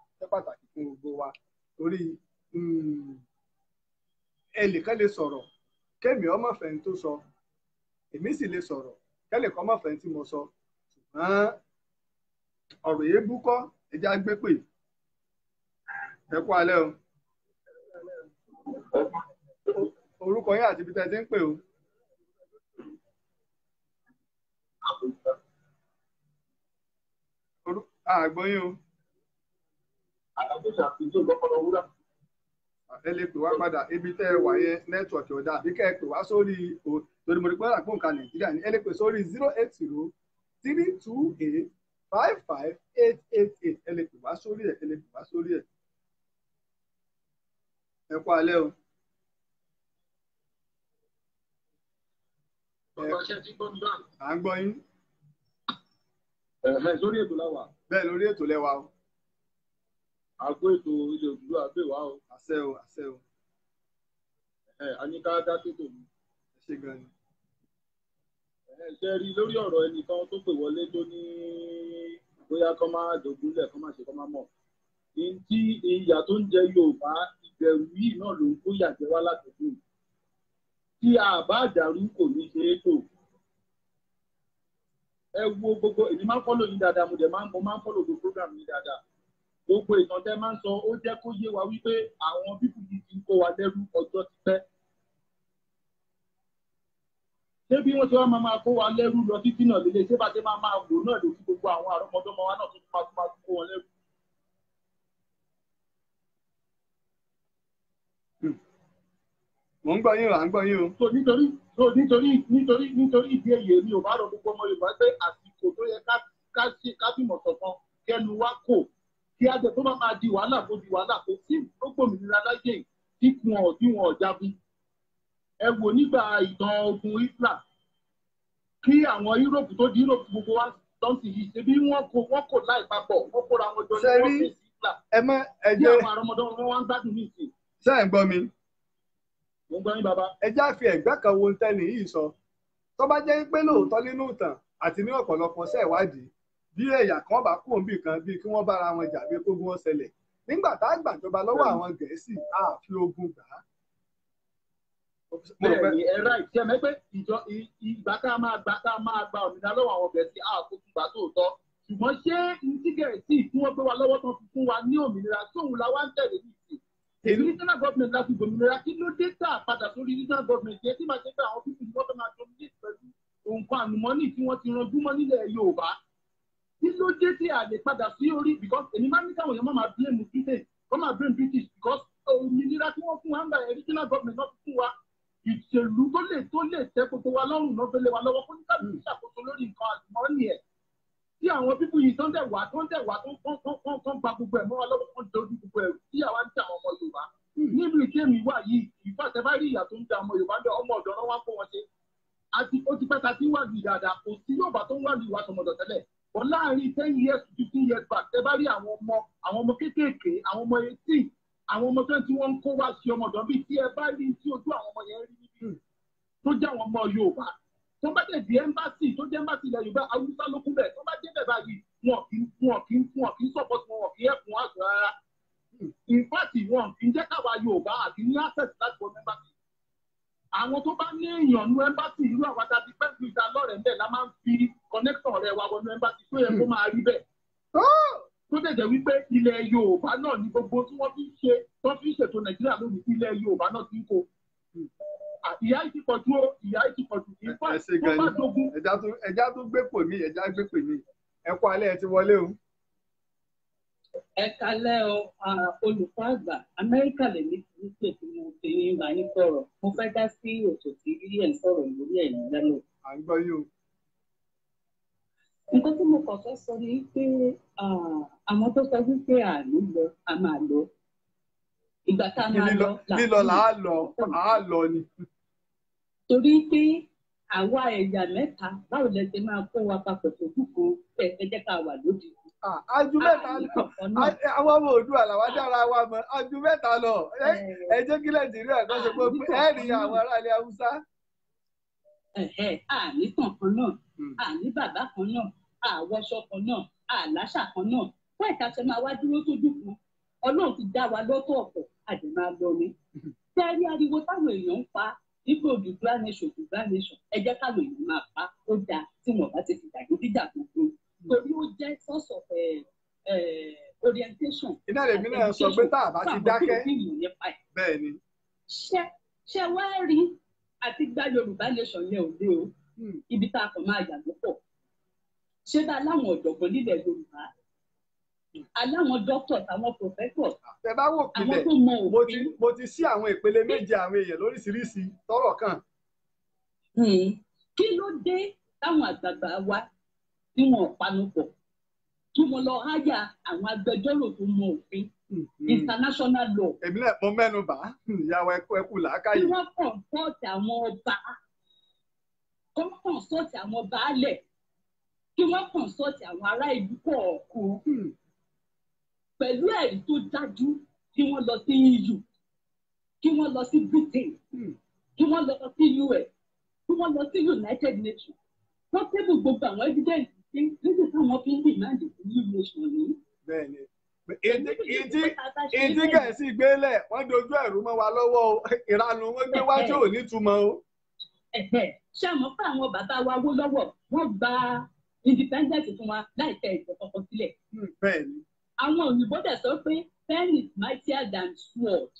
jẹ́ pàtàkì fún gbogbo wa torí hmm, ẹnìkan lè sọ̀rọ̀ ọmọ fẹ́ni tó sọ èmi sì lè sọ̀rọ̀ kẹ́nìkan ọmọ fẹ́ni tí mo sọ ṣùgbọ́n ọ̀rọ̀ yìí búkọ́ ẹja pè ẹ kú alẹ́ o orúkọ yín àti ibi ti ń pè o. o. ẹlẹ́ pè wá padà Ebi tẹ ẹ wà yẹn nẹ́tíwọ̀kì ọ̀dà àbí sórí o torí mo rí pé àpò ni ẹlẹ́ sórí zero eight zero three two eight five five eight eight eight sórí ẹ ẹ o. ń gbọ́ bẹ́ẹ̀ lórí ètò o. àgbo ètò ilé òdúdó àbẹ̀wá o. àṣẹ o àṣẹ o. ẹ àníká dákẹ́tò mi. ẹ ṣe gan ni. ẹ ṣe rí lórí ọ̀rọ̀ ẹnìkan tó pè wọlé tó ní bóyá kọ́ máa dògúnlẹ̀ kọ́ máa ṣe kọ́ máa mọ̀. ìdí ìyà tó ń jẹ Yorùbá ìbẹ̀rù yìí náà ló ń kó yàjẹ́ wá látọ̀dún yìí tí a bá dàrú kò ní ṣe é tò ẹ wo gbogbo èmi máa ń fọ́lò yín dáadáa mo dẹ̀ máa ń mo máa ń fọ́lò gbogbo program yín dáadáa gbogbo ìtàn tẹ́ máa ń sọ ó jẹ́ kó yé wa wípé àwọn bíbù yìí ti ń kó wa lẹ́rú ọjọ́ ti pẹ́. ṣé bí wọ́n ti wá máa kó wa lẹ́rú lọ títí náà lélẹ̀ ṣé bá ti máa máa wò náà lórí gbogbo àwọn àrọ́mọdọ́mọ wa náà tó máa tún máa tún kó wọn lẹ́rú. mo ń gbọ́ yín o à ń gbọ́ yín o. so nítorí so nítorí nítorí nítorí ìdí èyí mi ò bá rọ gbogbo ọmọ Yorùbá pé àsìkò tó yẹ ká ká bímọ ṣọ̀kan kẹnu wa kò kí á jẹ tó bá máa di wàhálà kó di wàhálà kó tí ó gbòmìnira láyé kíkun ọ̀díwọ̀n ọ̀jagun ẹ wò nígbà ìtàn ogun Hitler kí àwọn Europe tó di Europe gbogbo wa lọ́sì yìí ṣe bí wọ́n kó wọ́n kò láì papọ̀ wọ́n kóra wọn jọ ní wọ́n fèsì Hitler kí àwọn àrọ́mọdọ́ wọn wá ń gbádùn ní ìsìn. ṣé ẹ̀ ń gbọ́ mi? mo ń gbọ́ yín bàbá. ẹ já fi ẹ̀gbẹ́ kan wo tẹ́lẹ̀ yìí sọ tó bá jẹ́ pé lóòótọ́ nínú ìtàn àti ní ọ̀pọ̀lọpọ̀ ṣe ìwádìí bí ẹ̀yà kan bá kú òǹbì kan bíi kí wọ́n bára wọn jà bí wọn ṣẹlẹ̀ nígbà tá a gbàjọba lọ́wọ́ hmm. àwọn gẹ̀ẹ́sì a fi ogun gbà á. bẹ́ẹ̀ni ẹ ráì tí mẹ pé ìjọ ìgbà tá a máa gbà tá a máa gba òmìnira lọ́wọ́ àwọn gẹ̀ẹ́sì a kò tún gbà tóòtọ́ ṣùgbọ́n ṣé ní gẹ̀ẹ́sì tí wọ́n gbé wa lọ́wọ́ tán fi fún wa ní òmìnira tóun la wá ń tẹ̀lé ní ìsìn èyí regional government láti gbòmìnira kí ló dé tá a padà sórí regional government yẹn tí màá ṣe pé àwọn fífi ìwọ́n fẹ́ máa dominate pẹ̀lú nǹkan àlùmọ́nì kí ló dé tí a lè padà sí orí because èmi máa ń ní káwọn èèyàn máa máa blame britain wọ́n máa blame british because òmìnira tí wọ́n fún wa ń bá original government náà fún wa ìṣèlú tó lè tó lè tẹ́ gbogbo wa lọ́rùn náà fẹ́lẹ́ wa lọ́wọ́ kó ní káàdì ìṣàkóso lórí nǹkan àlùmọ́ọ́nì ẹ̀ tí àwọn pípù yìí tó ń dẹ̀ wá tó ń dẹ̀ wá tó ń kán kán kán kán gba gbogbo ẹ̀ mọ́ wa lọ́wọ́ kán dojú gbogbo ẹ̀rù tí àwa ń tẹ àwọn ọmọ yorùbá níbi ìkéèmí wà yìí ìfàtẹ́fà rí ìyà tó ń da ọmọ yorùbá bẹ ọmọ ọ̀dọ́ náà wá kó wọn ṣe àti ó ti pẹ́ ta ti ń wá lù dáadáa kò sí yóò bá tó ń wá lù wá tọmọdọ̀ tẹ́lẹ̀ but láàárín ten years to fifteen years back ẹ bá rí àwọn ọmọ àwọn ọmọ kéékèèké àwọn ọmọ eighteen àwọn ọmọ twenty one kó wá sí ọmọ ọ̀dọ́ bíi tí ẹ bá rí tí ojú àwọn ọmọ yẹn rí níbí tó jẹ́ àwọn ọmọ Yorùbá tó bá dé di ẹ́mbásì tó jẹ́ ẹ́mbásì ilẹ̀ Yorùbá awúsá ló kún bẹ́ẹ̀ tó bá dé bẹ̀ báyìí wọn kì í wọn kì í wọn kì í support wọn wọn kì í ẹ̀kún àgbà rárá in fact wọn kì í jẹ́ káwa Yorùbá àti ní access láti wọ ẹ́mbásì àwọn tó bá ní èèyàn nu ẹ́mbásì irú àwọn adájú pẹ́ fi ìdá ń bẹ̀ la máa ń fi kọ́nẹ́kítọ̀ rẹ̀ wa wọnú ẹ́mbásì tó yẹ kó máa rí bẹ́ẹ̀. tó dẹ̀jẹ̀ wípé ilẹ̀ Yorùbá náà ni gbogbo tí wọ́n fi ṣe tó fi ṣètò Nàìjíríà lónìí ilẹ̀ Yorùbá náà ti ń kó ìyá yìí ti pọ̀jù o ìyá yìí ti pọ̀jù ìfọ̀ tó bá dogun. ẹja tó gbé pè mí ẹja gbé pè mí ẹ kú alẹ́ ẹ ti wọlé o. ẹka lẹ ọ olùkọ́ àgbà amẹ́ríkà lè ti ń pè tí mo fi ń bá yín fẹ́ dá sí tí ń lórí sọ ni pé àwọn tó sọ wípé lọ a máa lọ ìgbà tá a máa lọ lọ ni. torí pé àwa ẹ̀yà mẹ́ta báwo lẹ ṣe máa kó wa papọ̀ aju mẹ́ta lọ àwọn ọmọ Oòduà làwọn dára wa mọ aju mẹ́ta lọ ẹ jẹ́ kí Nàìjíríà kan ṣe pé ẹ rí àwọn aráàlú Haúsá. àní kankan náà hmm. àní bàbá kan náà àwọṣọ kan náà àláṣà kan náà fún ẹ̀ka ṣe máa wá dúró sójú kan Ọlọ́run ti dá wa lọ́tọ̀ ọ̀pọ̀ àdèmá lọ ni. ṣé ẹ rí ariwo táwọn èèyàn ń pa nígbà Oòduà nation Oòduà nation ẹ jẹ́ káwọn èèyàn máa pa ó dáa tí wọ́n bá ti fi dàgbé dídà gbogbo torí ó jẹ́ source of eh, eh, orientation. iná lèmi náà sọ pé tá a bá ti dákẹ́ bẹ́ẹ̀ ni. ṣé ṣé wá rí àti gba Yorùbá nation yẹn ò o hmm. ibi tá a kàn máa yàgò pọ̀ ṣé bá láwọn ọ̀jọ̀gbọ́n nílẹ̀ Yorùbá aláwọn doctors àwọn professors. ẹ bá wò pilẹ̀ mo ti mo ti sí àwọn ìpele méje àwọn èèyàn lóríṣiríṣi tọ́rọ̀ kàn. Hmm. kí ló dé táwọn àgbààgbà wa tí wọn panu pọ̀ kí wọn lọ háyà àwọn agbẹjọ́rò tó mọ òfin mhm. international law. èmi náà mo mẹ́nu bà á ìyàwó ẹkú ẹkú làákàyè. kí wọ́n kàn sọ́ọ̀tì àwọn ọba kí wọ́n kàn sọ́ọ̀tì àwọn baálẹ̀ kí wọ́n kàn sọ́ọ̀tì àwọn ará ìlú kọ̀ọ̀kan hmm. pẹ̀lú ẹ̀rí tó dájú kí wọ́n lọ sí EU kí wọ́n lọ sí Britain hmm. kí wọ́n lọ sí US kí wọ́n lọ sí United Nations wọ́n tẹ́bù gbogbo àwọn evidence níbi táwọn fi ń bì máa dì fún yìí nation ni. bẹ́ẹ̀ni ìdí gẹ̀ẹ́sì gbélẹ̀ wọ́n dojú ẹ̀rú mọ́ wa lọ́wọ́ o ìranu wọn gbé wájú ò nítumọ̀ o. ṣé àmọ́ fún àwọn bàbá wa wó lọ́wọ́ wọ́n gba independent fún wa láìpẹ́ ìjọ kankan sílẹ̀. Hmm, bẹ́ẹ̀ni. àwọn òyìnbó dẹ̀ sọ pé pen is mightier than sword.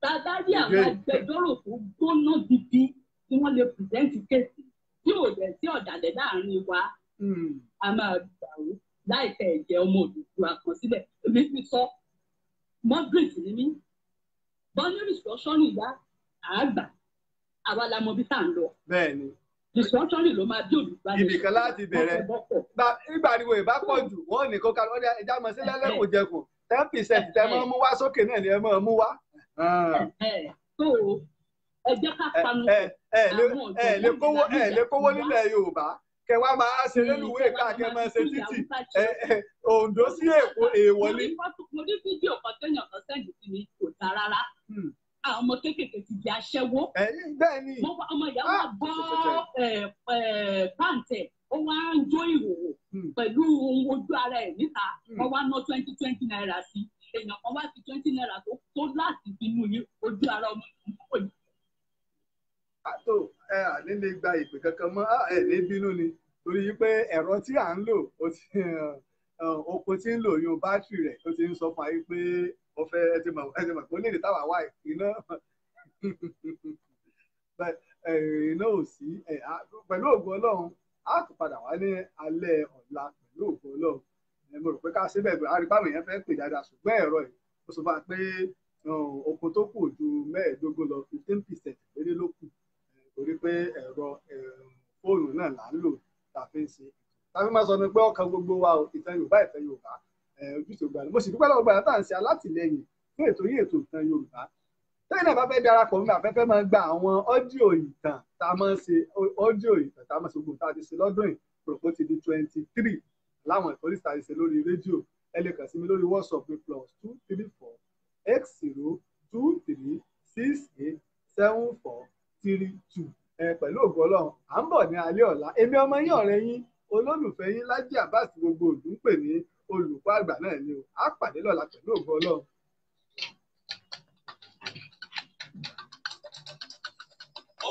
bàbá hmm. rí àwọn agbẹjọ́rò tó gbóná bíbí tí wọ́n lè present kéèsì tí ò yẹ sí ọ̀dàlẹ̀ láàrin wa hmm. a máa gbàwó láìpẹ́ ẹ̀jẹ̀ ọmọ Odùduwà kan sílẹ̀ èmi ti sọ moderate ni mí bọ́ọ̀lù restructuring ìyá àgbà àwa la mọ bí tá à ń lọ. bẹ́ẹ̀ni restructuring ló máa bí Odùduwà ní ibìkan láti bẹ̀rẹ̀ nígbà tí wọ́n ìbá pọ̀ jù wọ́n ní kó kálọ ọjà ẹja mọ̀ sí lẹ́lẹ́kùn jẹkùn ten percent tẹ mọ́ mú wá sókè náà ni ẹ mọ́ mú wá ẹ jẹ́ ká panu àwọn ọ̀jọ̀gbọ́n ẹ lè kówó nílẹ̀ yorùbá kẹwàá máa ṣe rélùwéè káàkiri máa ṣe títì Oǹdó sí Èkó èèwọlé. mo rí fídíò kan téèyàn kan sẹ́yìn sí mi kò ta rárá hmm. àwọn ọmọ kéékèèké ti di aṣẹ́wó. bẹ́ẹ̀ ni ọmọ ìyàwó ah! bọ́ pàǹtẹ̀ ó wá ń jó ìhòòhò hmm. pẹ̀lú ojú ara ẹ̀ níta hmm. wọ́n wá ná twenty twenty naira sí èèyàn kan wá fi twenty naira tó láti fi nú ojú ara ọmọ ìyàwó àtò ah, ẹ àní lè gba ìpè kankan mọ́ ah, ẹ ní bínú ni torí pé ẹ̀rọ tí à ń lò oko tí ń lò yun bátìrì rẹ̀ ó ti ń sọ fún ayé pé ó fẹ́ ẹ ti mọ̀ ẹ ti mọ̀ pé ó lè dé táwa wá iná iná ò sí pẹ̀lú ògùn ọlọ́run á tún padà wá ní alẹ́ ọ̀la pẹ̀lú ògùn ọlọ́run mo rò pé ká síbẹ̀ arípàmì yẹn fẹ́ pè dáadáa ṣùgbọ́n ẹ̀rọ yìí ó sọ fún wa pé oko tó kù ju mẹ́ẹ̀ẹ́dógún lọ fifteen percent péré ló kù torí pé ẹ̀rọ fóònù náà là ń lò tàbí ń ṣe tàbí máa sọ ni pé ọkàn gbogbo wa ìtàn yorùbá ìtàn yorùbá ojúṣe gbàgbọ́ mo sì dúpẹ́ lọ́wọ́ gbàgbọ́ tá à ń ṣe alátìlẹyìn fún ètò yìí ètò ìtàn yorùbá tẹ́yìn náà bá fẹ́ darapọ̀ nígbà afẹ́fẹ́ máa gba àwọn ọ́díò ìtàn tá a máa ṣe ọ́díò ìtàn tá a máa ṣe gbogbo tá a ti ṣe lọ́dún yìí pòròpó ti di twenty three láwọn ìkọ́lé tá a ti ṣe lórí rédíò ẹ lè kàn sí mi lórí whatsapp mi plus two three four x zero two three six eight seven four Tiri tu ẹ pẹ̀lú ògùn ọlọ́run à ń bọ̀ ní alẹ́ ọ̀la èmi ọmọ yín ọ̀rẹ́ yín olólùfẹ́ yín Lájí Abbas gbogbo òdù ń pè ní olùkọ́ àgbà náà ni o á pàdé lọ́la pẹ̀lú ògùn ọlọ́run.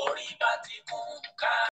orí bá ti kú ká.